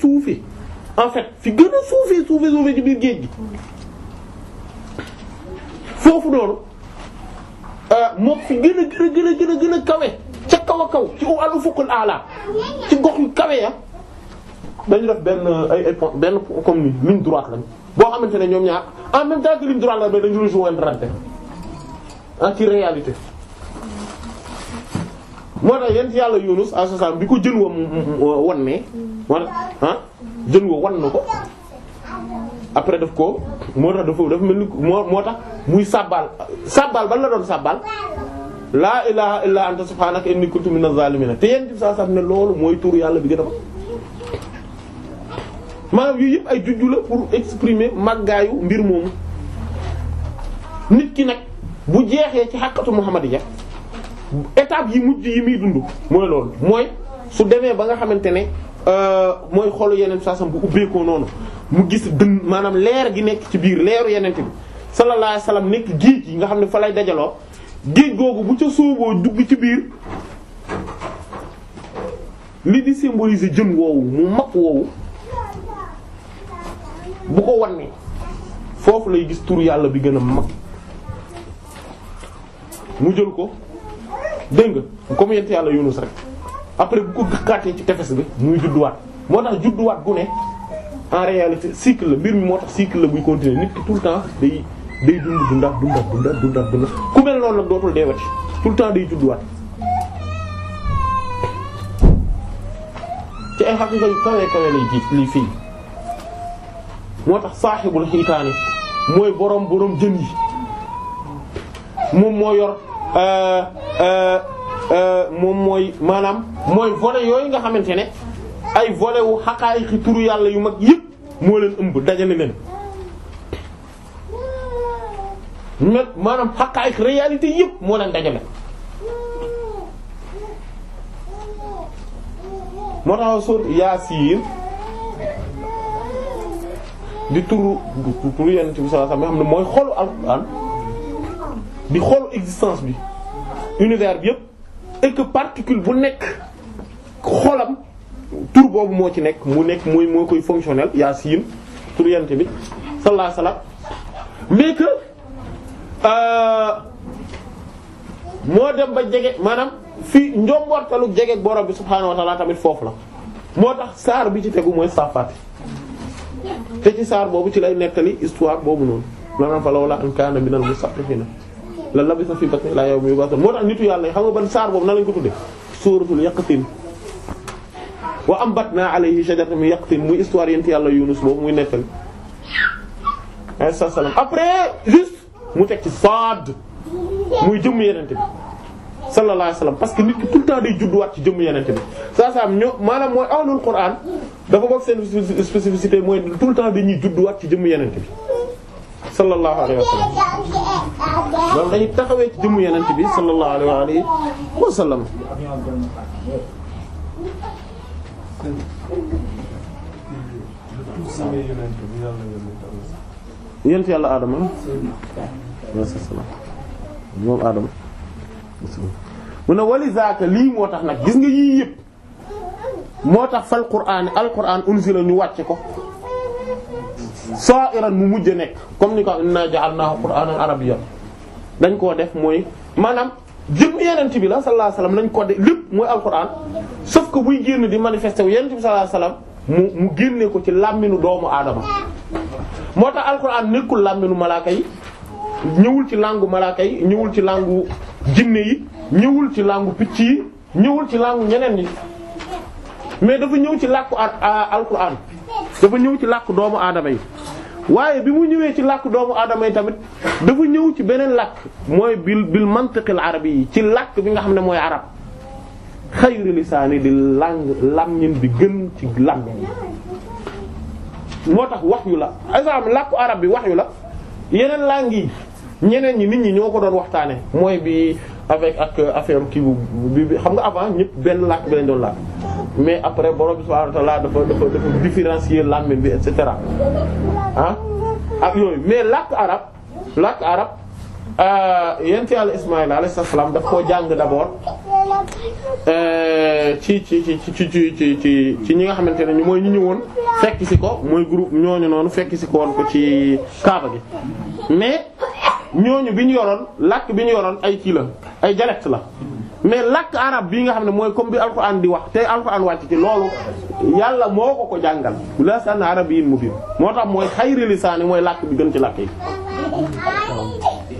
a en fait fi gën a suufee suufee suufee ci biir géej gi foofu noonu euh, moom fi gën a gën a gën a gën a gën kawe ca kaw a kaw ci u al ufuqul ala ci gox yu kawe ya dañu def benn ay benn comme ni ligne la lañ boo xamante ne ñoom ñaar en même temps que ligne droite la mais dañu rejoindre ah ci réalité. moo tax yent yàlla Yunus alayhi bi ko jën wa wan ne moo tax jën wa wan na ko après daf ko moo tax dafa mel ni moo tax muy sàbbaal sàbbaal ban la doon sàbbaal laa ilaha illa anta subhanaka inni kuntu minaz zalimin te yent saa sax ne loolu mooy tur yàlla bi gën a mag maanaam yooyu yëpp ay jujju la pour exprimer màggaayu mbir moomu nit ki nag bu jeexee ci xàqatu muhammadiyya étape yi mujj yi muy dund mooy lool mooy su demee ba nga xamante ne euh, mooy xolu yeneen saasam bu ubbeekoo noonu mu gis dën maanaam leer gi nekk ci biir leeru yeneen bi sallallahu alayhi wasallam nekk géej yi nga xam ne fa lay dajaloo géej googu bu ca sóoboo dugg ci biir li di symboliser jën woowu mu mag woowu bu ko wannee foofu lay gis tur yàlla bi gën a mag mu jël ko dégg nga comme yent yàlla Yunus rek après bu ko gëkkaatee ci tefes bi muy judduwaat moo tax judduwaat gu ne en réalité cycle la mbir mi moo tax cycle la buy continuer nit ki tout le temps day day dund dundaat dundaat dundaat dundaat dundaat ku mel noonu nag dootul deewati tout le temps day judduwaat ci ay xaqiqa yu kawe kawe lay ji lii fii moo tax saaxibul xiitaani mooy borom boroom jën yi moom moo yor euh, euh, euh, moom mooy maanaam mooy vole yooyu nga xamante ne ay volet wu xaqaayixi turu yàlla yu mag yëpp moo leen ëmb dajale leen mais maanaam xaqaayix réalité yëpp moo leen dajale moo tax sóor Yaasiin di turu turu yenn ci bi sallallahu alayhi wasallam xam mooy xolu alxuraan di xolu existence bi univers bi yëpp et particule bu nekk xolam tur boobu moo ci nekk mu nekk mooy moo koy fonctionnel yaa siin turu yenn bi sallallahu alayhi wasallam mais que euh, moo dem ba jege maanaam fii njombortalu jege borom bi subhaanahu wa tamit foofu la moo tax saar bi ci tegu mooy saafaati te ci saar boobu ci lay nettali histoire boobu noonu maanaam fa lawlaa an kaana minal musaffifiina la labisa fii batnihi ilaa yawmi yub'athuun moo tax nitu yàlla yi xam nga ban saar boobu na lañ ko tudde suuratul yaqtiin wa ambatnaa alayhi shajaratan min yaqtiin muy histoire yent yàlla Yunus boobu muy nettali alayhi salaam après juste mu teg ci saad muy jëmm yenente bi sallallahu alayhi wa parce que nit ki tout temps day judduwaat ci jëmm yenente bi saa saa ñoo maanaam mooy ahlul Qur'an dafa bokk seen spécificité mooy tout le temps dañuy judduwaat ci jëmm yenente bi sallallahu alayhi wa sallam loolu dañuy taxawee ci jëmm yenente bi sallallahu alayhi wa sallam yent yàlla moom Adama mu ne wali zaaka lii moo tax nag gis nga yii yëpp moo tax fal qur'aan alqur'aan unzila ñu wàcce ko sa'iran mu mujj a nekk comme ni ko naa inna ja'alnahu qur'aanan arabiyyan dañ koo def mooy maanaam jëm yenent bi la sallallahu alayhi wasallam lañ ko def lépp mooy alqur'aan sauf ko buy génn di manifester wu yenent bi sallallahu alayhi wasallam mu mu génne ko ci làmminu doomu aadama moo tax alqur'aan nekkul làmminu malaaka yi ñëwul ci langu malaaka yi ñëwul ci langu jinne yi ñëwul ci langu picc yi ñëwul ci langu ñeneen yi mais dafa ñëw ci làkku alquran dafa ñëw ci làkku doomu aadama yi waaye bi mu ñëwee ci làkk doomu aadama yi tamit dafa ñëw ci beneen làkk mooy bil bil mantiqil arabi yi ci làkk bi nga xam ne mooy arab xayri lisaani di langue làmmiñ bi gën ci làmmiñ moo tax wax yu la exemple làkku arab bi wax yu la yeneen langue yi ñeneen ñi nit ñi ñoo ko doon waxtaane mooy bi avec ak affaire kii bi bi xam nga avant ñëpp benn làkk bi lañ doon làkk mais après borom subhanahu wa ta'ala dafa dafa différencier làmmiñ bi et cetera ah ak yooyu mais làkk arab làkk arab euh, yent yàlla Ismaïl alayhi salaam daf koo jàng d'abord euh, ci ci ci ci ci ci ci ñi nga xamante ne mooy ñu ñëwoon fekk si ko mooy group groupe ñooñu noonu fekk si ko woon ko ci Kaaba gi mais. ñooñu bi ñu yoroon làkk bi ñu yoroon ay kii la ay dialecte la mais làkk arab bii nga xam ne mooy comme bi alxuraan di wax te alxuraan wàcc ci loolu yàlla moo ko ko jàngal lisaanu arabiyyin mubiin moo tax mooy xayri lisaan mooy làkk bi gën ci làkk yi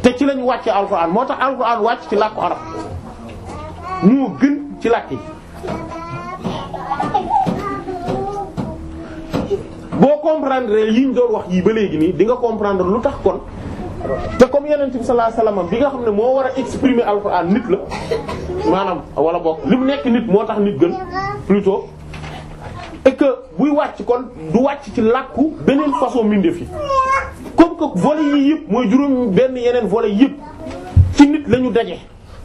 te ci lañu wàcce alxuraan moo tax alxuraan wàcc ci làkk arab moo gën ci làkk yi boo comprendre yiñ doon wax yii ba léegi nii di nga comprendre lu tax kon te comme yeneen bi sallallahu alayhi bi nga xam ne moo war a exprimer alxuraan nit la maanaam wala bokk li mu nekk nit moo tax nit gën plutôt et que buy wàcc kon du wàcc ci làkku beneen façon mbindeef yi comme que vole yii yëpp mooy juróom benn yeneen volets yëpp ci nit la ñu daje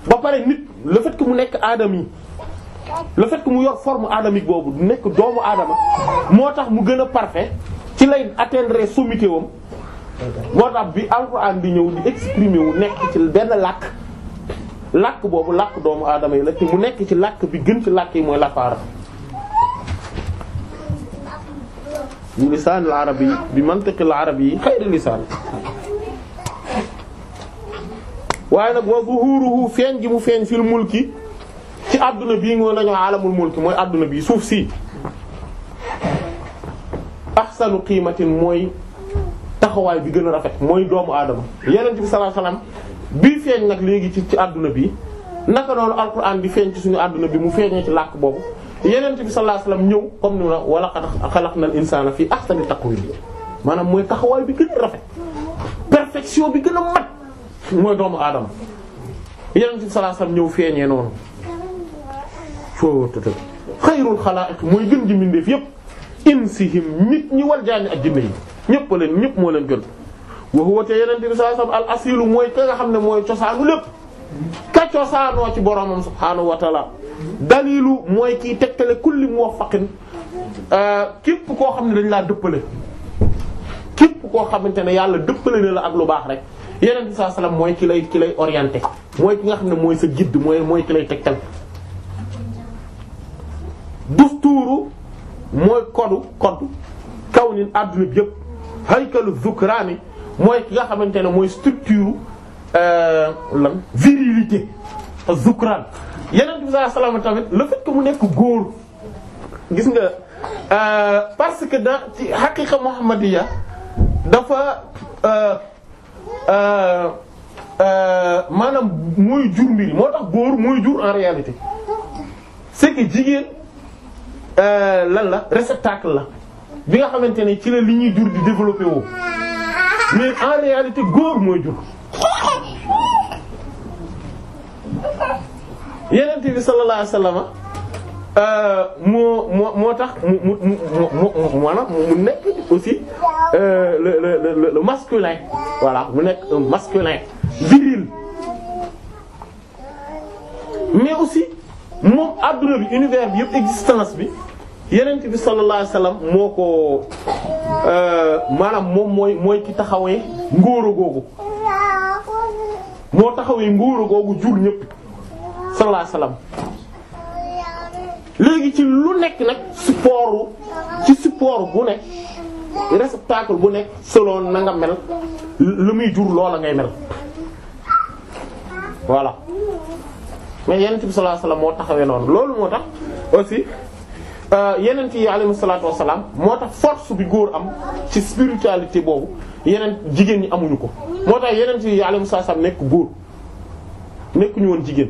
ba pare nit le fait mu nekk aadam yi le fait mu yor forme adamique boobu nekk doomu aadama moo tax mu gën a parfait ci lay atteindre sommité wam moo tax bi alxuraan di ñëw di exprimer nekk ci benn làkk làkk boobu làkk doomu aadama yi la ci mu nekk ci làkk bi gën ci làkk yi mooy làkku arab mu lisaanil arab yi bi mantiqil arab yi xayri lisaan waaye nag wa zuhuruhu feeñ gi mu feeñ fil mulki ci àdduna bii nga lañu alamul mulki mooy àdduna bii suuf si ahsanu qiimatin mooy taxawaay bi gën a rafet mooy doomu aadama yeneen bi sallallahu alayhi wasallam bii feeñ nag léegi ci ci àdduna bi naka noonu alquran di feeñ ci suñu àdduna bi mu feeñee ci làkk boobu yeneen bi sallallahu alayhi wasallam ñëw comme ni ma wala xalaqnal insaana fii ahsani taqwiim maanaam mooy taxawaay bi gën a rafet perfection bi gën a mat mooy doomu aadama yeneen bi sallallahu alayhi ñëw feeñee noonu foo tëtë xayrul xalaa'iq mooy gën ji mbindeef yépp insihim nit ñi wal ak jinne yi ñëpp a leen ñëpp moo leen gën wa huwa yeneen bi sallallahu alayhi al asilu mooy ka nga xam ne mooy cosaanu lépp ka cosaanoo ci boromam subhaanahu wa taala dalilu mooy kiy tegtale kulli muwaffaqin euh, képp koo xam ne dañ laa dëppale képp koo xamante ne yàlla dëppale na la ak lu baax rek yeneen bi sallallahu alayhi wasallam mooy ki lay ki lay orienté mooy ki nga xam ne mooy sa guide mooy mooy ki lay tegtal dustuuru mooy kodu kodu kaw nin àdduna bi yëpp haykalu zukraani mooy ki nga xamante ne mooy structure euh, lan virilité ak zukraan yeneen bi sallallahu tamit le fait que mu nekk góor gis nga euh, parce que da ci xaqiqa muhammadiya dafa euh, maanaam mooy jur mbiri moo tax góor mooy jur en réalité c'est que jigéen lan la réceptacle la bi nga xamante ne ci la li ñuy jur di développer woo mais en réalité góor mooy jur. yenent bi sallallahu alayhi euh, moo moo moo tax mu mu mu maanaam mu nekk aussi euh, le le le masculin voilà mu nekk un masculin mais aussi moom adduna bi univers bi yëpp existence bi yenent bi sallallahu alayhi wasallam moo ko euh, maanaam moom mooy mooy ki taxawee ngóor googu moo taxawee ngóor googu jur ñépp sallallahu alayhi léegi ci lu nekk nag support ci support bu nekk réceptacle bu nekk selon na nga mel lu muy jur loola ngay mel voilà mais yenent bi sallallahu alayhi moo taxawee noonu loolu moo tax aussi Euh, yenent yi alayhi salaatu wassalaam moo tax force bi góor am ci spiritualité boobu yeneen jigéen ñi amuñu ko moo tax yenent yi alayhi salaatu wassalaam nekk góor nekkuñu woon jigéen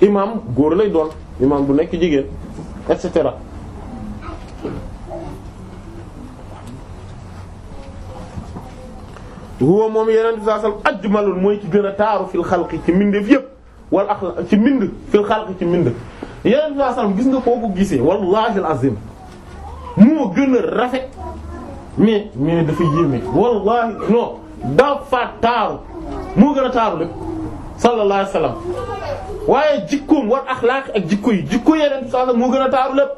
imaam góor lay doon imaam bu nekk jigéen et cetera moom yeneen saa sal ajmalul mooy ci gën a taaru fil xalqi ci mbind yëpp wal axlaq ci mbind fil xalqi ci mbind yeneen saa sallam gis nga kooku gisee wallahi alazim moo gën a rafet mais mais dafa yéeme wallahi non dafa taaru moo gën a taaru lépp sallallahu alayhi wasallam waaye jikkoom war axlaaq ak jikko yi jikko yeneen saa sallam moo gën a taaru lépp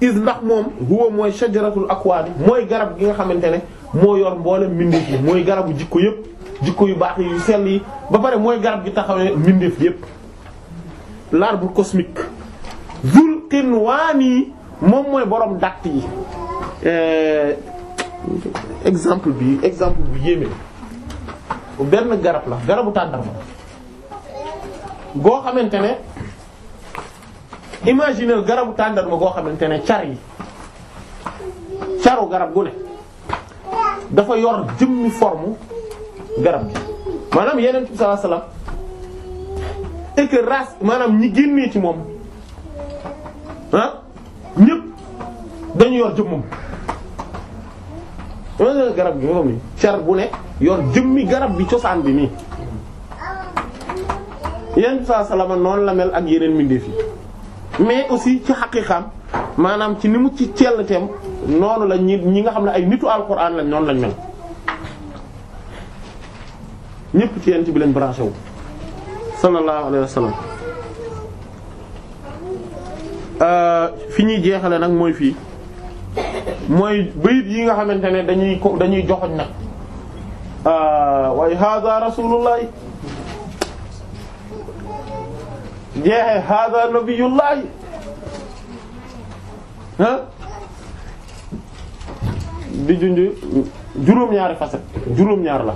is ndax moom huwa mooy shajaratul akwaani mooy garab gi nga xamante ne moo yor mboolem mbindeef yi mooy garabu jikko yëpp jikko yu baax yi yu sell yi ba pare mooy garab gi taxawee mbindeef yëpp l'arbre cosmique Zul Qinwani moom mooy boroom dàtt yi eh, exemple bi exemple bi yéeme benn garab la garabu tàndarma goo xamante ne imaginez garabu tàndarma goo xamante ne car yi caru garab gu ne dafa yor jëmmi forme garab gi maanaam yeneen bi sallallahu et que maanaam ñi génnee ci moom ah ñëpp dañu yor jëmmam moom garab gi moom car bu ne yor jëmmi garab bi cosaan bi nii yenn saa salama noonu la mel ak yeneen mbindeef yi mais aussi ci xaqiiqaam maanaam ci ni mu ci cell teem noonu la ñi ñi nga xam ne ay nitu alquran lañ noonu lañ mel ñëpp ci yent bi lañ branché wu sallallahu alayhi wa euh, fi ñuy jeexale nag mooy fii mooy bayit yi nga xamante ne dañuy dañuy joxoñ na euh, waaye hada rasulullahi jeexe hada nabiyullahi ah di junj juróom-ñaari facette juróom-ñaar la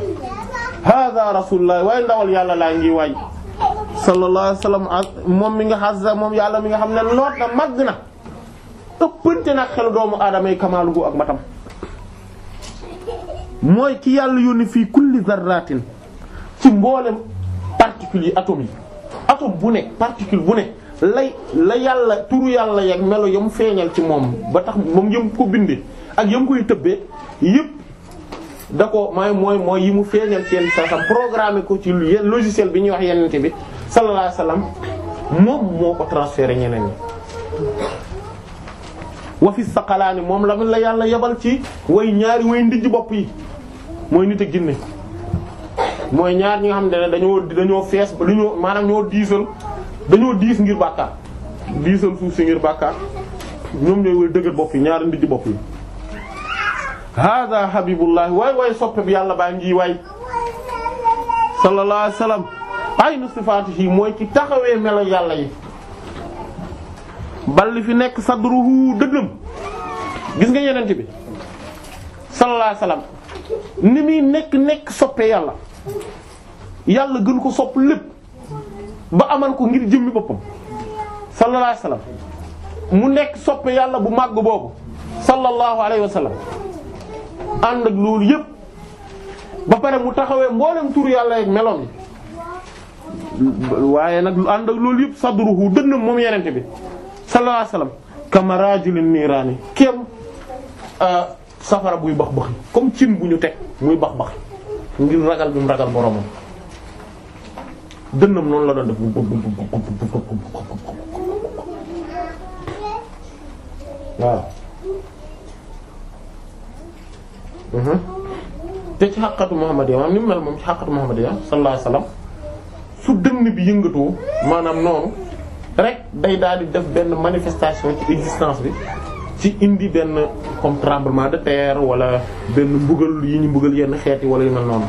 hada rasulullahi waaye ndawal yàlla laa ngiy waay sallallahu alayhi wasallam moom mi nga xas moom yàlla mi nga xam ne noot na màgg na ëppante nag xelu doomu aadama yi kamaalu gu ak matam mooy ki yàlla yónni fii kulli zarratin ci mboolem particules yi atomes yi atome bu ne particule bu ne lay la yàlla turu yàlla yeeg melo yam feeñal ci moom ba tax moom yam ko bindee ak yam koy tëbbee yépp da ko mooy mooy mooy yi mu feeñal seen saxam programme ko ci logiciel bi ñuy wax yenente bi sallallahu alayhi wasallam moom moo ko transféré ñeneen ñi wa fi saqalaani moom la la yàlla yebal ci way ñaari way ndijj bopp yi mooy nit ak jinne mooy ñaar ñi nga xam ne dañoo dañoo fees lu ñoo maanaam ñoo diisal dañoo diis ngir bàkkaar diisal suuf si ngir bàkkaar ñoom ñooy way dëgër bopp yi ñaari ndijj bopp yi hada habibullah waay waay soppe bi yàlla baa ngi waay sallallahu alayhi ay nu sifaati yi mooy ci taxawee melo yàlla yi bal li fi nekk sadruhu dëglam gis nga yenent bi sallallahu alayhi ni muy nekk nekk soppe yàlla yàlla gën ko sopp lépp ba amal ko ngir jëmmi boppam sallallahu alayhi mu nekk soppe yàlla bu màgg boobu sallallahu alayhi wasallam ànd ak loolu yépp ba pare mu taxawee mboolem tur yàlla ak meloom waaye nag lu ànd ak loolu yëpp sadruhu dënnam moom yenente bi sallallahu alayhi wasallam kama rajulin niiraani kéem euh, safara buy bax baxi comme cin bu ñu teg muy bax baxi ngir ragal bi mu ragal boromam dënnam noonu la doon def waaw mhm. te ci xaqatu Muhammad ya maanaam ni mu mel moom ci xaqatu Muhammad ya sallallahu alayhi wasallam su dënn bi yëngatoo maanaam noonu rek day daal di def benn manifestation ci existence bi ci indi benn comme tremblement de terre wala benn mbugal yi ñu mbugal yenn xeet yi wala yu mel noonu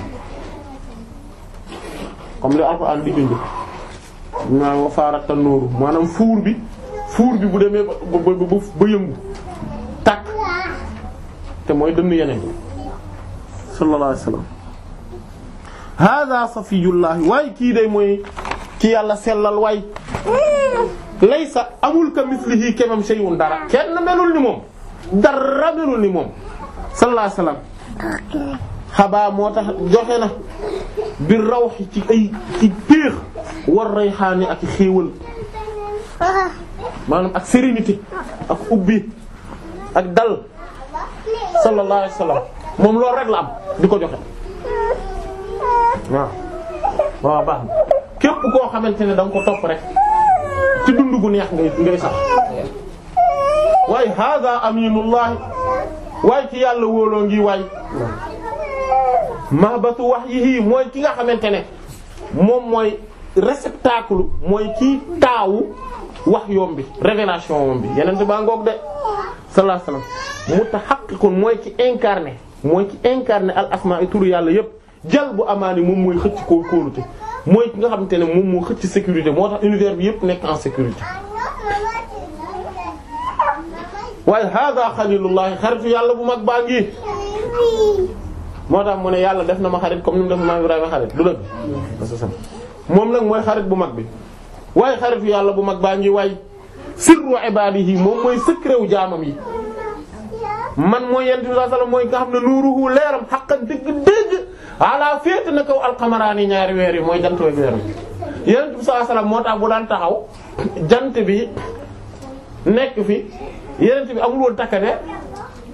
comme li alxuraan di junj naa wa faarata nooru maanaam fuur bi fuur bi bu demee ba ba ba yëngu tàkk te mooy dënn yeneen sallallahu alayhi wasallam hada safiyullahi waaye kii day mooy ki yàlla sellal waay laysa amul ka mislihi kemam shay'un dara kenn melul ni moom dara melul ni moom sallallahu alayhi wasallam xabaa moo tax joxe na bi raw ci ay ci péex war rayxaani ak xéewal maanaam ak sérénité ak ubbi ak dal sallallahu alayhi wasallam moom loolu rek la am di ko joxe waaw waaw baax na képp koo xamante ne da ko topp rek ci dund gu neex ngay ngay sax waaye hada aminullahi waaye ci yàlla wóoloo ngi waay ma basu wax yii mooy ki nga xamante ne moom mooy réceptacle mooy ci taawu wax yoom bi révélation moom bi yeneen baa ngoog de sallallahu alayhi wasallam mooy ci incarné mooy ci incarné al asma i turu yàlla yépp jal bu yi moom mooy xëcc koo kóolute mooy ki nga xamante ne moom moo xëcc sécurité moo tax univers bi yëpp nekk en sécurité waaye hada xalilullahi xaritu yàlla bu mag baa ngi moo tax mu ne yàlla def na ma xarit comme ni mu def maam Ibrahima xarit du dëgg moom nag mooy xarit bu mag bi waaye xaritu yàlla bu mag baa ngi waaye sirru ibaadihi moom mooy secret wu jaamam yi man mooy yonent bi sallallahu alayhi mooy nga xam ne nuuruhu leeram xaqan dëgg-dëgg ala féete na kaw alqamaraani ñaari weer yi mooy jant weeg weer yi yonent bi sallallahu alayhi moo tax bu daan taxaw jant bi nekk fi yonent bi amul woon takkadeer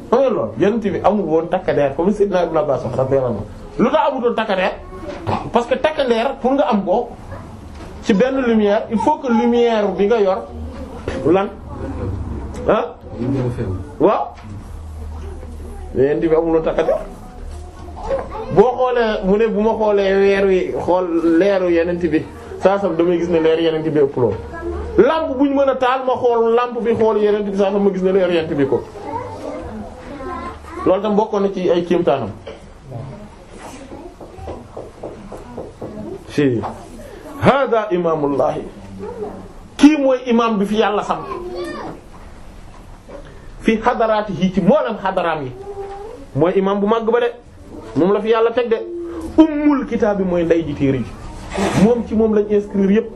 xam nga loolu yonent bi amul woon takkadeer comme Seydina Ibn Abbas radiyallahu takkadeer parce que takkadeer pour nga am ko ci benn lumière il faut que lumière bi nga yor lan ah waaw yonent bi amul takkate boo xoolee mu ne bu ma xoolee weer wi xool leeru yonent bi saa sam damay gis ne leer yonent bi ëpp lool lampe bu ñu mën a taal ma xool lampe bi xool yonent bi saa sam ma gis ne leer yonent bi ko loolu tam bokkoon na ci ay kéemtaanam si hada imaamullahi kii mooy imaam bi fi yàlla sam fi xadaraati yi ci mboolem xadaraam yi mooy imam bu màgg ba de moom la fi yàlla teg de ummul kitaab bi mooy nday ji téere ji moom ci moom lañ inscrire yépp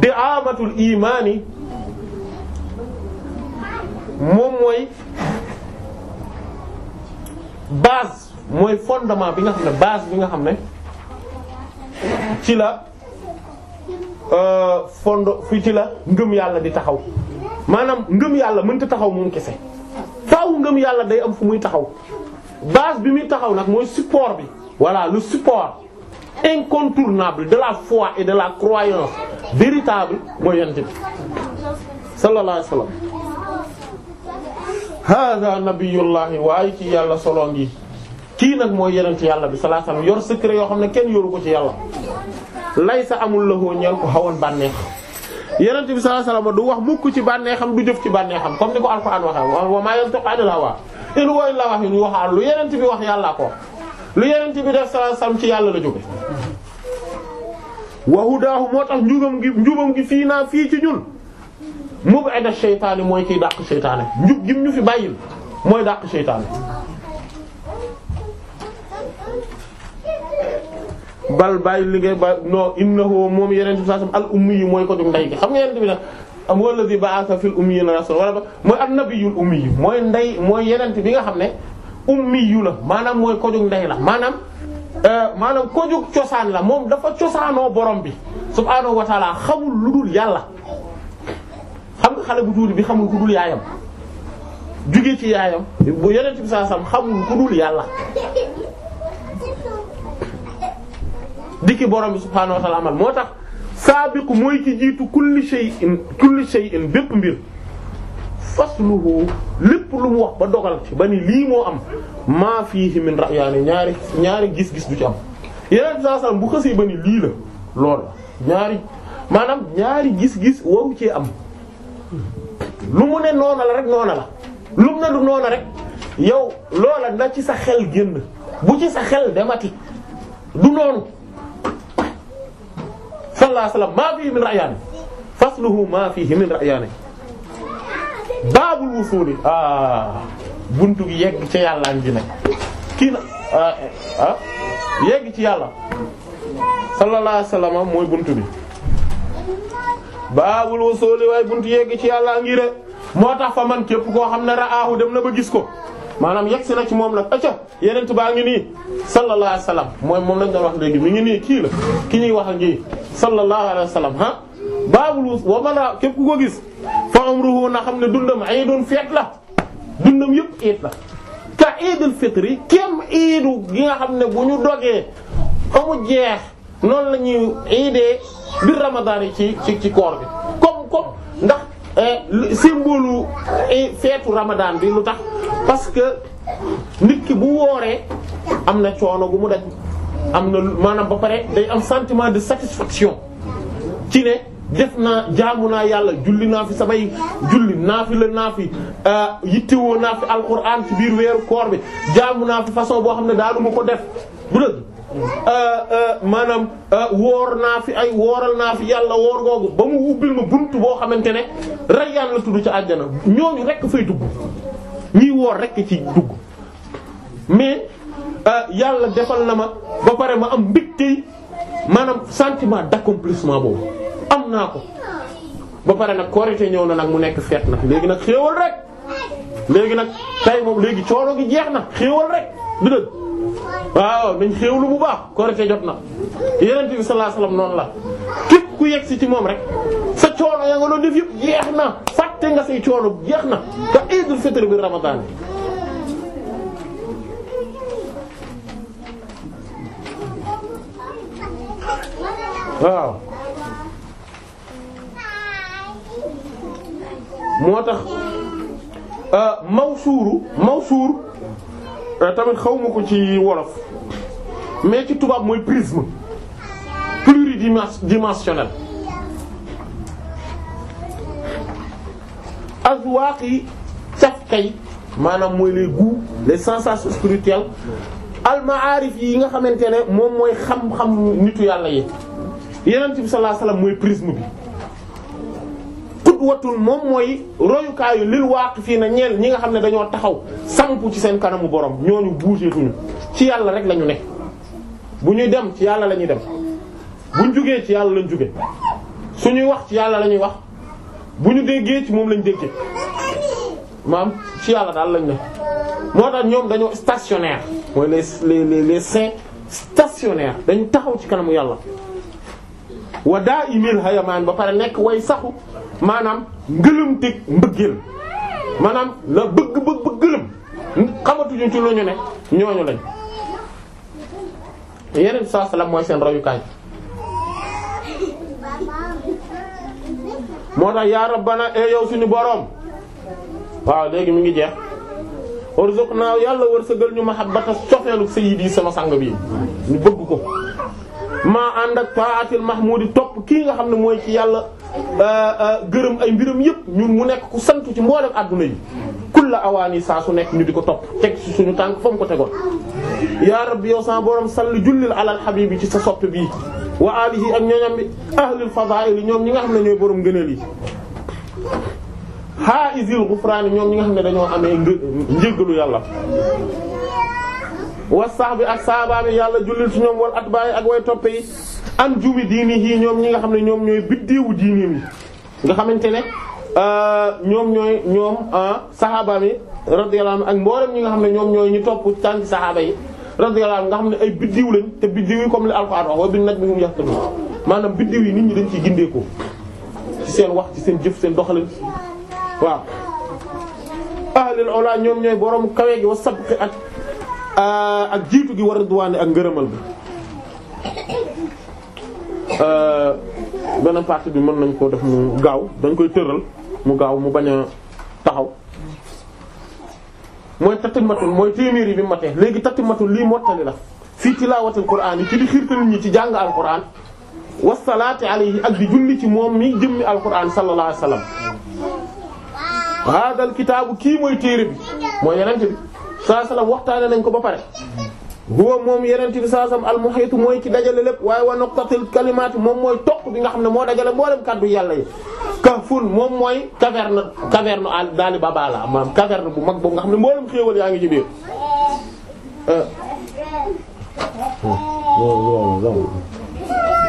di amatul imaan yi moom mooy base mooy fondement bi nga xam ne base bi nga xam ne ci la euh, fond fi ci la ngëm yàlla di taxaw maanaam ngëm yàlla mënta taxaw moom kese faaw ngëm yàlla day am fu muy taxaw base bi muy taxaw nag mooy support bi voilà le support incontournable de la foi et de la croyance véritable mooy yonent bi sallallahu alayhi wasallam hada nabiyullahi waaye ci yàlla solo ngi kii nag mooy ci yàlla bi sallallahu yor secret yoo xam ne kenn yoru ko ci yàlla laysa amul la ñeel ko xawoon bànneex yeneen yonent bi sallallahu alayhi wasallam du wax mukk ci bànneexam du jëf ci bànneexam comme ni ko alxuraan waxee wa maa yantiqu anil hawaa in huwa illaa wahyun yuuhaa lu yonent bi wax yàllaa ko lu yonent bi def sallallahu alayhi ci yàlla la jóge wa hudaahu moo tax njubam gi njubam gi fii naa fii ci ñun mub'ida sheytaani mooy kii dàq sheytaane njub gi mu ñu fi bàyyil mooy dàq sheytaane bal bàyyi li ngay ba non innahu moom yeneen bi sallallahu alayhi al ummi yi mooy ko dug ndey gi xam nga yeneen bi nag am wallazi ba'atha fil ummiyina rasul wala ba mooy an ummi yi mooy ndey mooy yeneen bi nga xam ne la maanaam mooy ko dug ndey la maanaam euh, maanaam ko cosaan la moom dafa cosaanoo borom bi subhaanahu wa ta'ala xamul lu dul yàlla xam nga xale bu tuuti bi xamul ku dul yaayam jugee ci yaayam bu yeneen bi sallallahu alayhi xamul ku dul yàlla di ki borom bi subhaanahu wa moo tax saabiqu mooy ki jiitu kulli shay'in kulli bépp mbir fasluhu lépp lu mu wax ba dogal ci ba ni lii moo am maa fiihi min ra'yaani ñaari ñaari gis-gis du ci am yeneen saa saa bu xësee ba ni lii la lool ñaari maanaam ñaari gis-gis waru ci am lu mu ne noona la rek noona la lu mu ne du noona rek yow loola na ci sa xel génn bu ci sa xel demati du noonu sallallahu alayhi wa sallam maa fihi min ra'yaani fasluhu maa fihi min ra'yaani baabul wusuuli ah buntu yegg ci yàlla ngi ne kii ah, ah, yegg ci yàlla sallallahu alayhi mooy bunt bi baabul wusuuli waaye bunt yegg ci yàlla ngi ne moo tax fa man képp koo xam ne ra'aahu dem na ba gis ko. maanaam yegsi na ci moom nag acca yenent baa ngi nii sallallahu alayhi wa sallam mooy moom lañ doon wax léegi mu ngi nii kii la ki ñuy wax ngi sallallahu alayhi wa sallam ah baabul wa mala képp ku ko gis fa umruhu na xam ne dundam iidun feet la dundam yëpp iid la ka iidul fitri kem iidu gi nga xam ne bu ñu dogee amu jeex noonu la ñuy iidee bir ramadaan ci ci ci koor bi comme comme ndax Euh, symbole e, feetu Ramadan bi lu tax parce que nit ki bu wooree am na coono gu mu def am na maanaam ba pare day am sentiment de satisfaction ci ne def na jaamu naa yàlla julli naa fi samay julli naa naafila naa fi euh, yittewoo naa fi alxuraan ci biir weeru koor bi jaamu naa fi façon boo xam ne daanu ma ko def bu dëgg Euh, euh, maanaam euh, woor naa fi ay wooral naa fi yàlla woor googu ba mu ubbil ma bunt boo xamante ne rayyaan la tudd ca àjjana ñooñu rekk fay dugg ñiy woor rekk ci dugg mais yàlla defal na ma ba pare ma am mbégte maanaam sentiment d'accomplissement boobu am naa ko ba pare nag korite ñëw na nag mu nekk feet na léegi nag xéewal rek léegi nag tay moom léegi coono gi jeex na xéewal rek du waaw dañ xéewlu bu baax korite jot na yenente bi sallallahu alayhi wasallam noonu la képp ku yegg si ci moom rek sa coono ya nga doon def yëpp jeex na fàtte nga say coono jeex na te Iidul Fitr bi Ramadan waaw moo tax euh, mawsuuru mawsuur Euh, tamit xaw ma ko ci wolof mais ci tubaab mooy prisme pluridimensionnel azwaaq yi cafkay maanaam mooy les goûts les sensations spirituelles almaarif yi nga xamante ne moom mooy xam-xam nitu yàlla yi yeneen ti sallallahu alayhi wasallam mooy prisme bi qudwatun moom mooy royukaayu lil waaqifiina ñeel ñi nga xam ne dañoo taxaw sampu ci seen kanamu borom ñooñu bougeetuñu ci yàlla rek lañu ne bu ñuy dem ci yàlla la ñuy dem bu ñu jugee ci yàlla lañ jugee suñuy wax ci yàlla la ñuy wax bu ñu déggee ci moom lañ déggee maam ci yàlla daal lañ ne moo tax ñoom dañoo stationnaire mooy les les les saints stationnaires dañu taxaw ci kanamu yàlla. wa daa imil hayamaan ba pare nekk way saxu maanaam ngëlëm teg mbëggeel maanaam la bëgg bëgg bëgg gëlëm xamatuñu ci lu ñu ne ñooñu lañ yeneen saa salaam mooy seen royukaay moo tax yaa rabbana e yow suñu boroom waaw léegi mu ngi jeex warzuqna yàlla wërsëgal ñu mahabbata cofeelu sayyidi sama sang bi ñu bëgg ko maa ànd ak taatil mahmudi topp kii nga xam ne mooy ci yàlla euh, euh, gërëm ay mbiram yëpp ñun mu nekk ku sant ci mboolem adduna yi kulla awaani saa su nekk ñu di ko topp teg ci suñu tànk fa mu ko tegoon yaa rabbi yow sa borom salli jullil alal habibi ci sa soppe bi wa alihi ak ñooñam bi ahlil fadaa'il ñoom ñi nga xam ne ñooy borom gëneel yi haa isil ghufraan ñoom ñi nga xam ne dañoo amee njéggalu yàlla wa sax bi ak saabaa bi yàlla jullit ci ñoom wal atbaay ak way toppe yi an jumi diini yi ñoom ñi nga xam ne ñoom ñooy biddeewu diineem yi nga xamante ne euh, ñoom ñooy ñoom euh, saxaaba mi radiyallahu ak mboolem ñi nga xam ne ñoom ñooy ñu topp tànk saaba yi radiyallahu nga xam ne ay biddiw lañ te biddiw yi comme li Alxuraan wax wa bin najmi hum yahtadun maanaam biddiw yi nit ñi dañ ciy gindeeku ci seen wax ci seen jëf seen doxalin waaw ahlul ulaa ñoom ñooy borom kawe gi wa sabq ak Ah, ak jiitu gi war ridwaani ak ngërëmal bi ah, beneen partie bi mën nañ koo def mu gaaw dañ koy tëral mu gaaw mu bañ a taxaw mooy tatimatul mooy téeméer bi matee léegi tatimatul lii mottali la fii tilaawatil qur'aan yi ci di xiirtal ñi ci jàng alqur'aan wasalaati alayhi ak di julli ci moom mi jëmmi alqur'aan sallallahu alayhi wa sallam kitaabu kii mooy téere bi mooy yeneen bi saa salaam waxtaane nañ ko ba pare huwa moom yeneen bi saa salaam almuhiitu mooy ci dajale lépp waaye wa nuqtatil kalimaat moom mooy toq bi nga xam ne moo dajale mboolem kàddu yàlla yi kahfun moom mooy caverne caverne al daali baba la maanaam caverne bu mag boobu nga xam ne mboolem xéewal yaa ngi ci biir euh. hmm. Hmm. Hmm.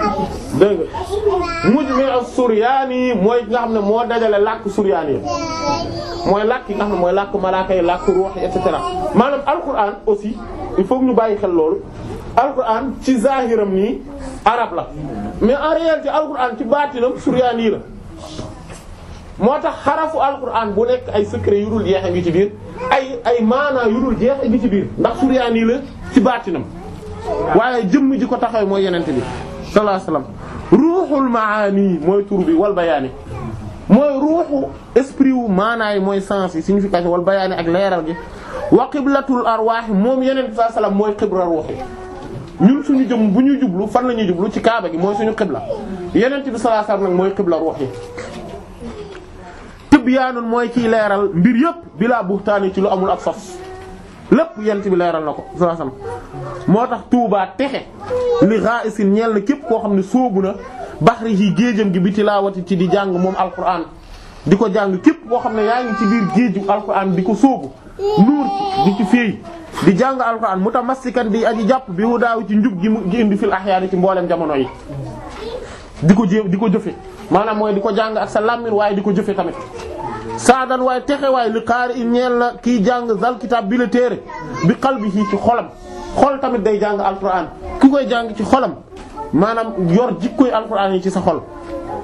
dégg nga mujmi as-suryaani mooy nga xam ne moo dajale làkk suryaani mooy làkk yi nga xam ne mooy lakk malaaka yi làkk ruux te cetera maanaam alquran aussi il faut ñu bàyyi xel loolu alquran ci zahiram nii arab la mais en réalité alquran ci baatinam suryaani la moo tax xarafu alquran bu nekk ay secret yu dul jeexe ngi ci biir ay ay maanaa yu dul jeexe ngi ci biir ndax suryaani la ci baatinam waaye jëmm ji ko mooy yenente bi sallallahu alayhi wasallam ruuxul maani mooy tur wal bayaani mooy ruuxu esprit wu maanaay mooy sens signification wal bayaani ak leeral gi wa qiblatul arwaax moom yeneen bi sallallahu mooy qibla ruux yi ñun suñu jëm bu ñu jublu fan la ñuy jublu ci kaaba gi mooy suñu qibla yeneen bi sallallahu alayhi nag mooy qibla ruux yi tibyaanun mooy ciy leeral mbir yëpp bilaa buxtaani ci lu amul ak sos lépp yent bi leeral na ko sallallahu moo tax Touba texe li ghaisin ñeel na képp koo xam ne sóobu na baxri yi géejam gi bi tilaawati ci di jàng moom alquran di ko jàng képp koo xam ne yaa ci biir géeju alquran di ko sóobu nuur di ci féey di jàng tax mutamassikan di aji jàpp bi wu daaw ci njub gi mu gi indi fil ahyaani ci mboolem jamono yi di ko jéem di ko jofe maanaam mooy di ko jàng ak sa làmmiñ waaye di ko jëfe tamit saadan waaye texe waay li xaari i ñeel na kiy jàng zal kitaab bi la téere bi qalbihi ci xolam xol tamit day jàng alquran ki koy jàng ci xolam maanaam yor jikkoy alquran yi ci sa xol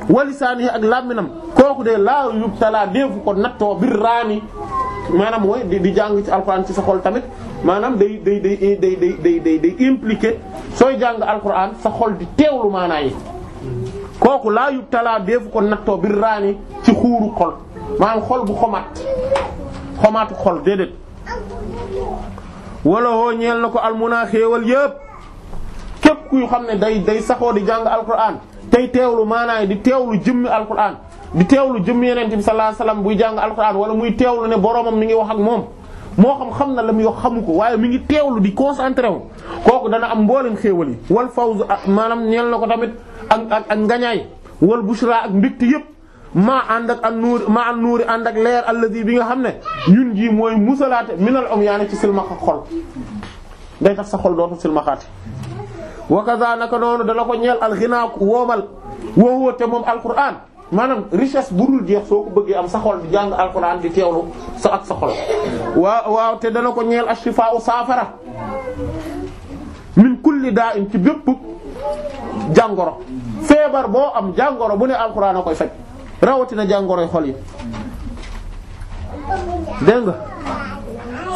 walisaani yi ak làmbinam kooku de laa yubtala deefu ko nattoo bir raani maanaam mooy di jàng ci alquran ci sa xol tamit maanaam day day day day day day day impliqué sooy jàng alquran sa xol di teewlu maanaa yi kooku laa yub talaa deefu ko nattoo bi raani ci xuuru xol maanaam xol bu xomaat xomaatu xol déedéet walla woo ñeel na ko almunaa xéewal yépp képp kuy xam ne day day saxoo di jàng alquran tey teewlu maanaay di teewlu jëmmi alquran di teewlu jëmmi yeneen bi sallallahu alayhi buy jàng alquran wala muy teewlu ne boromam mi ngi wax ak moom moo xam xam na la muy wax xamu ko waaye mi ngi teewlu di concentré wu kooku dana am mboolem xéewal yi wal fawz maanaam ñeel ko tamit ak ak ak ngañaay wal bushra ak mbégte yépp maa ànd ak an nuuri ànd ak leer alladi bi nga xam ne ñun ji mooy musalaate minal umyaani ci silmaxa xol day tax sa xol dootu silmaxaate wakaza naka noonu dala ko ñeel alxinaa woomal woowu te moom alquran maanaam richesse bu dul jeex soo ko bëggee am sa xol di jàng alquran di teewlu sa ak sa xol waaw te dana ko ñeel ashifaa u saafara min kulli daa in ci bépp jàngoro feebar boo am jàngoro bu ne alxuraan koy faj rawatina jàngoroy xol yi dégg nga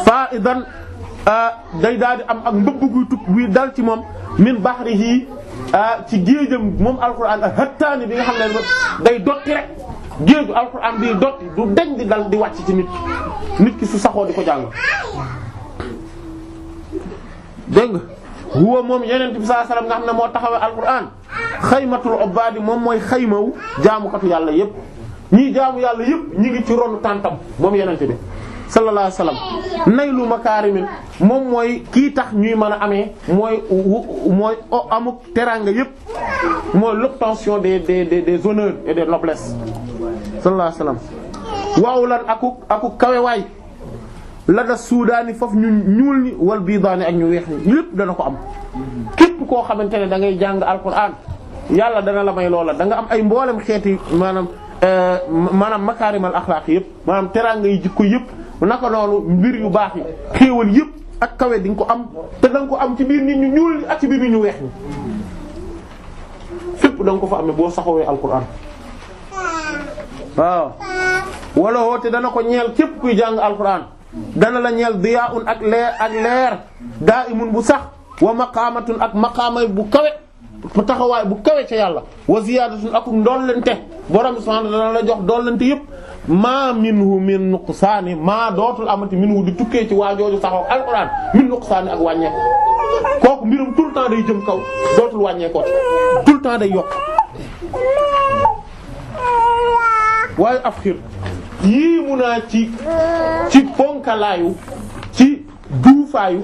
faa idan day daal di am ak mbëbb guy tukk guy dal ci moom min bahrihi ci géejam moom alxuraan ak hattaani bi nga xam ne day dotti rek géeju alxuraan bi dotti du deñ di dal di wàcc ci nit nit ki su saxoo di ko jàng dégg nga huwa moom yeneen bi saa salaam nga xam ne moo taxawee alquran xaymatul obbaadi moom mooy xaymawu jaamukatu yàlla yépp ñii jaamu yàlla yépp ñi ngi ci ronu tàntam moom yeneen bi sallallahu alayhi wasallam naylu makaarimin moom mooy kii tax ñuy man a amee mooy mooy amuk teraanga yépp mooy l'obtention des des des des honneurs et des noblesses sallallahu alayhi wasallam waaw lan kawewaay la da suudaani foofu ñu ñuul ñi wal biidaani ak ñu weex ñi lépp dana ko am képp koo xamante ne da ngay jàng alquran yàlla dana la may loola danga am ay mboolem xeeti maanaam eh, maanaam makaarimal axlaaq yëpp maanaam teraanga yi jikko yëpp naka noonu mbir yu baax yi xéewal yëpp ak kawe di nga ko am te da ko am ci biir nit ñu ñuul ñi ak ci biir nit ñu weex ñi fépp da nga ko fa amee boo saxawee alquran waaw wala woote dana ko ñeel képp kuy jàng alquran dana la ñeel diyaa un ak leer daa imun bu sax wa maqaamatun ak maqaamay bu kawe bu taxawaay bu kawe ca yàlla wa ziyaadatun ak ndollente borom subhaanahu dana la jox ndollente yëpp maa minhu min nuqsaani maa dootul amati minhu di tukkee ci waa jooju saxoo alxuraan min nuqsaani ak wàññeeku kooku mbirum tout le temps day jëm dootul wàññeekoo tout le day yokk waaye af xir yéemu naa ci ci ponkalaayu ci duufaayu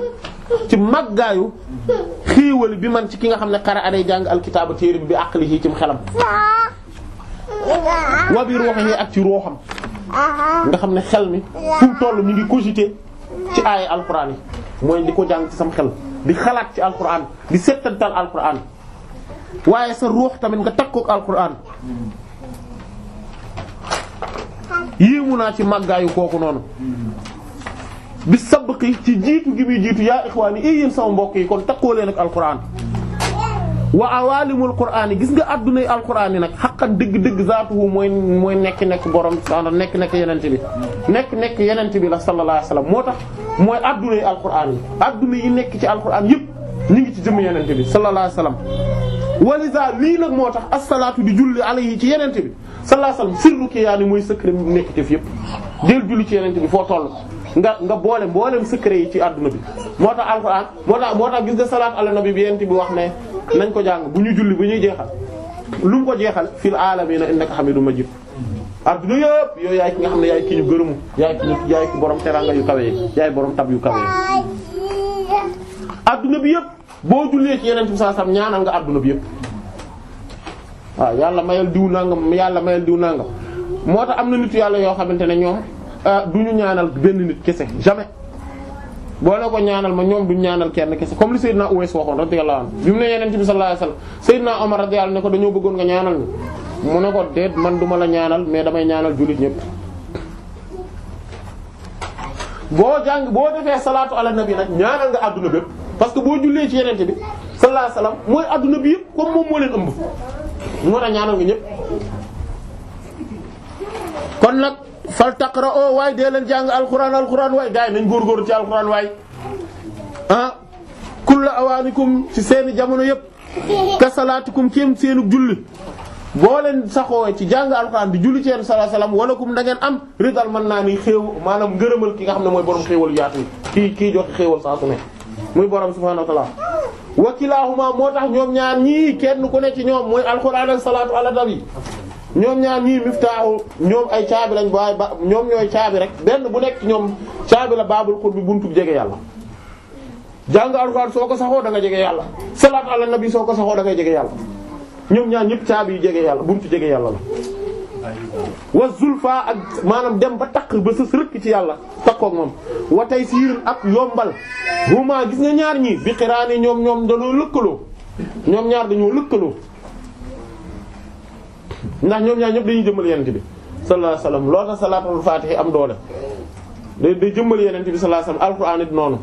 ci màggaayu xiiwal bi man ci ki nga xam ne xara aday jàng alkitaaba téere bi bi àqli yi cim xelam wa bi ruuhi ak ci ruuxam nga xam ne xel mi fu mu toll mi ngi cogiter ci ay alquran mooy di ko jàng ci sam xel di xalaat ci alquran di settantal alquran waaye sa ruux tamit nga takkook alquran yéemu naa ci màggaayu kooku noonu bi sabqi ci jiitu gi muy jiitu yaa ixwaani i eh, yéen sama mbokk yi kon takkoo leen ak alquran wa awaalimul qur'aan yi gis nga addunay alqur'aan yi nag xaqan dëgg-dëgg zaatuhu mooy mooy nekk nekk borom subhaanahu nekk nekk yenente bi nekk nekk yenent bi la sallallahu alayhi wasallam moo tax mooy addunay alqur'aan yi adduna yi nekk ci alqur'aan yëpp ñu ngi ci jëm yenente bi sallallahu alayhi wasallam walisa lii nag moo tax a asalaatu di julli alayhi ci yeneen bi sallallahu alayhi wasallam sirru kiyaani mooy secret mu nekk ci yëpp del julli ci yeneen bi foo toll. nga nga boole mboolem secret yi ci àdduna bi moo tax alxuraan moo tax moo tax gis nga salaatu ala nabi bi yeneen bi wax ne nañ ko jàng bu ñuy julli bu ñuy jeexal lum ko jeexal fil aalamiina innaka hamidum majid adduna yëpp yooyu yaay ki nga xam ne yaay ki ñu gërëmu yaay ki ñu yaay ki borom teranga yu kawe yaay borom tab yu adduna bi yëpp. boo jullee ci yeneen bi saa sam ñaanal nga àdduna bi yëpp waaw yàlla mayal diw nangam yàlla mayal diw nangam moo tax am na nit yàlla yoo xamante ne ñoom euh, du ñu ñaanal benn nit kese jamais boo ne ko ñaanal ma ñoom du ñaanal kenn kese comme li Seydina Uwais waxoon radiyallahu anhu bi mu ne yeneen bi sallallahu alayhi wasallam Seydina Omar radiyallahu ko dañoo bëggoon nga ñaanal ñu mu ne ko déet man duma la ñaanal mais damay ñaanal jullit ñëpp. boo jàng boo defee salaatu ala nabi nag ñaanal nga àdduna bépp parce que boo jullee ci yeneen bi sallallahu alayhi mooy adduna bi yëpp comme moom moo leen ëmb moo tax ñaanal nga ñëpp. kon nag fal taqra o waay dee leen jàng alquran alquran waay gars yi nañ góorgóorlu ci alquran waay ah kulla awaanikum ci seeni jamono yëpp ka salaatikum kéem seenu julli boo leen saxoo ci jàng alxuraan bi julli ci yéen sallallahu alayhi wasallam walakum da ngeen am ridal mën naa ni xéew maanaam ngërëmal ki nga xam ne mooy borom xéewal yaatu muy borom subhaanahu wa ta'ala wa moo tax ñoom ñaar ñii kenn ku ne ci ñoom mooy alxuraan ak salaatu ala nabi ñoom ñaar ñii miftaahu ñoom ay caabi lañ waaye ba ñoom ñooy caabi rek benn bu nekk ñoom caabi la baabul qurbi buntu jege yàlla. jàng alxuraan soo ko saxoo da nga jege yàlla salaatu ala nabi soo ko saxoo da ngay jege yàlla ñoom ñaan ñëpp caabi yu jege yàlla buntu jege yàlla la. wa zulfa ak maanaam dem ba takk ba sës rëkk ci yàlla takkoog moom wa tey siir ak yombal huma gis nga ñaar ñi bi xiraani ñoom ñoom dañoo lëkkaloo ñoom ñaar dañoo lëkkaloo ndax ñoom ñaar ñëpp dañuy jëmmal yenente bi sallallahu alayhi wasallam loolu tax salaatul faatihi am doole day day jëmmal yenente bi sallallahu alayhi wasallam alxuraan it noonu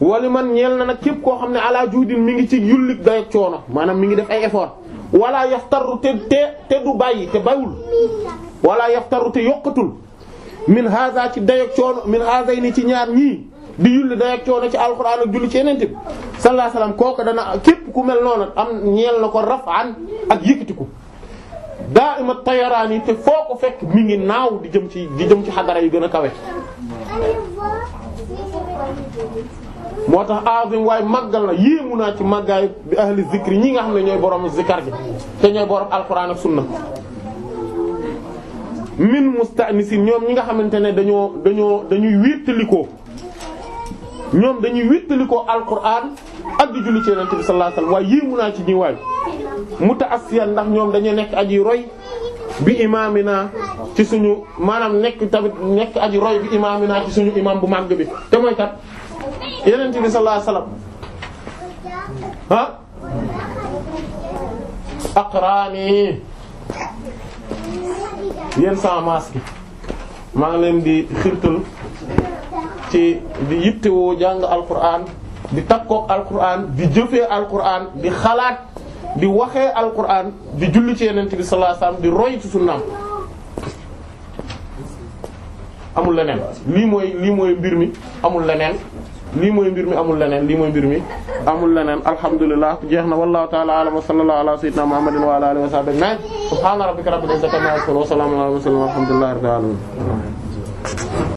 wali man ñeel na nag képp koo xam ne ala juudin mi ngi ci yullik day coono maanaam mi ngi def ay effort wala yaftaru te te te du te bàyyul wala yaftaru te yokkatul min haza ci dayok coono min haza ni ci ñaar ñii di yulli dayok coono ci alxuraan ak julli ci yeneen bi sallallahu alayhi dana képp ku mel noonu am ñeel na ko rafaan ak yëkkatiku daa ima tayaraan yi te foo fekk mi ngi naaw di jëm ci di jëm ci xadara yu gën a kawe moo tax azim waaye màggal na yéemu naa ci màggaay bi ahli zikri ñi nga xam ne ñooy borom zikar gi te ñooy borom alquran ak sunna min musta'nisin ñoom ñi nga xamante ne dañoo dañoo dañuy wéttalikoo ñoom dañuy wéttalikoo alquran ak di julli ci yonent naa ci ñi waay mutaassiyan ndax ñoom dañuy nekk aji roy bi naa ci suñu maanaam nekk tamit nekk aji roy bi naa ci suñu imam bu màgg bi te mooy kat yenent bi sallallahu alayhi wasallam ah aqraani yéen sans maa ngi leen di xirtal ci di yittewoo jàng alquran di takkook alquran di jëfee alquran di xalaat di waxee alquran di julli ci yenent bi sallallahu di roy ci sunnaam amul leneen lii mooy lii mooy mbir mi amul leneen lii mooy mbir mi amul leneen lii mooy mbir mi amul leneen alhamdulilah jeex na ta'ala alam wa sallallahu ala sayyidina muhammadin wa ala alihi wa sahbihi mais subhana rabbika rabbil izzati amma yasifun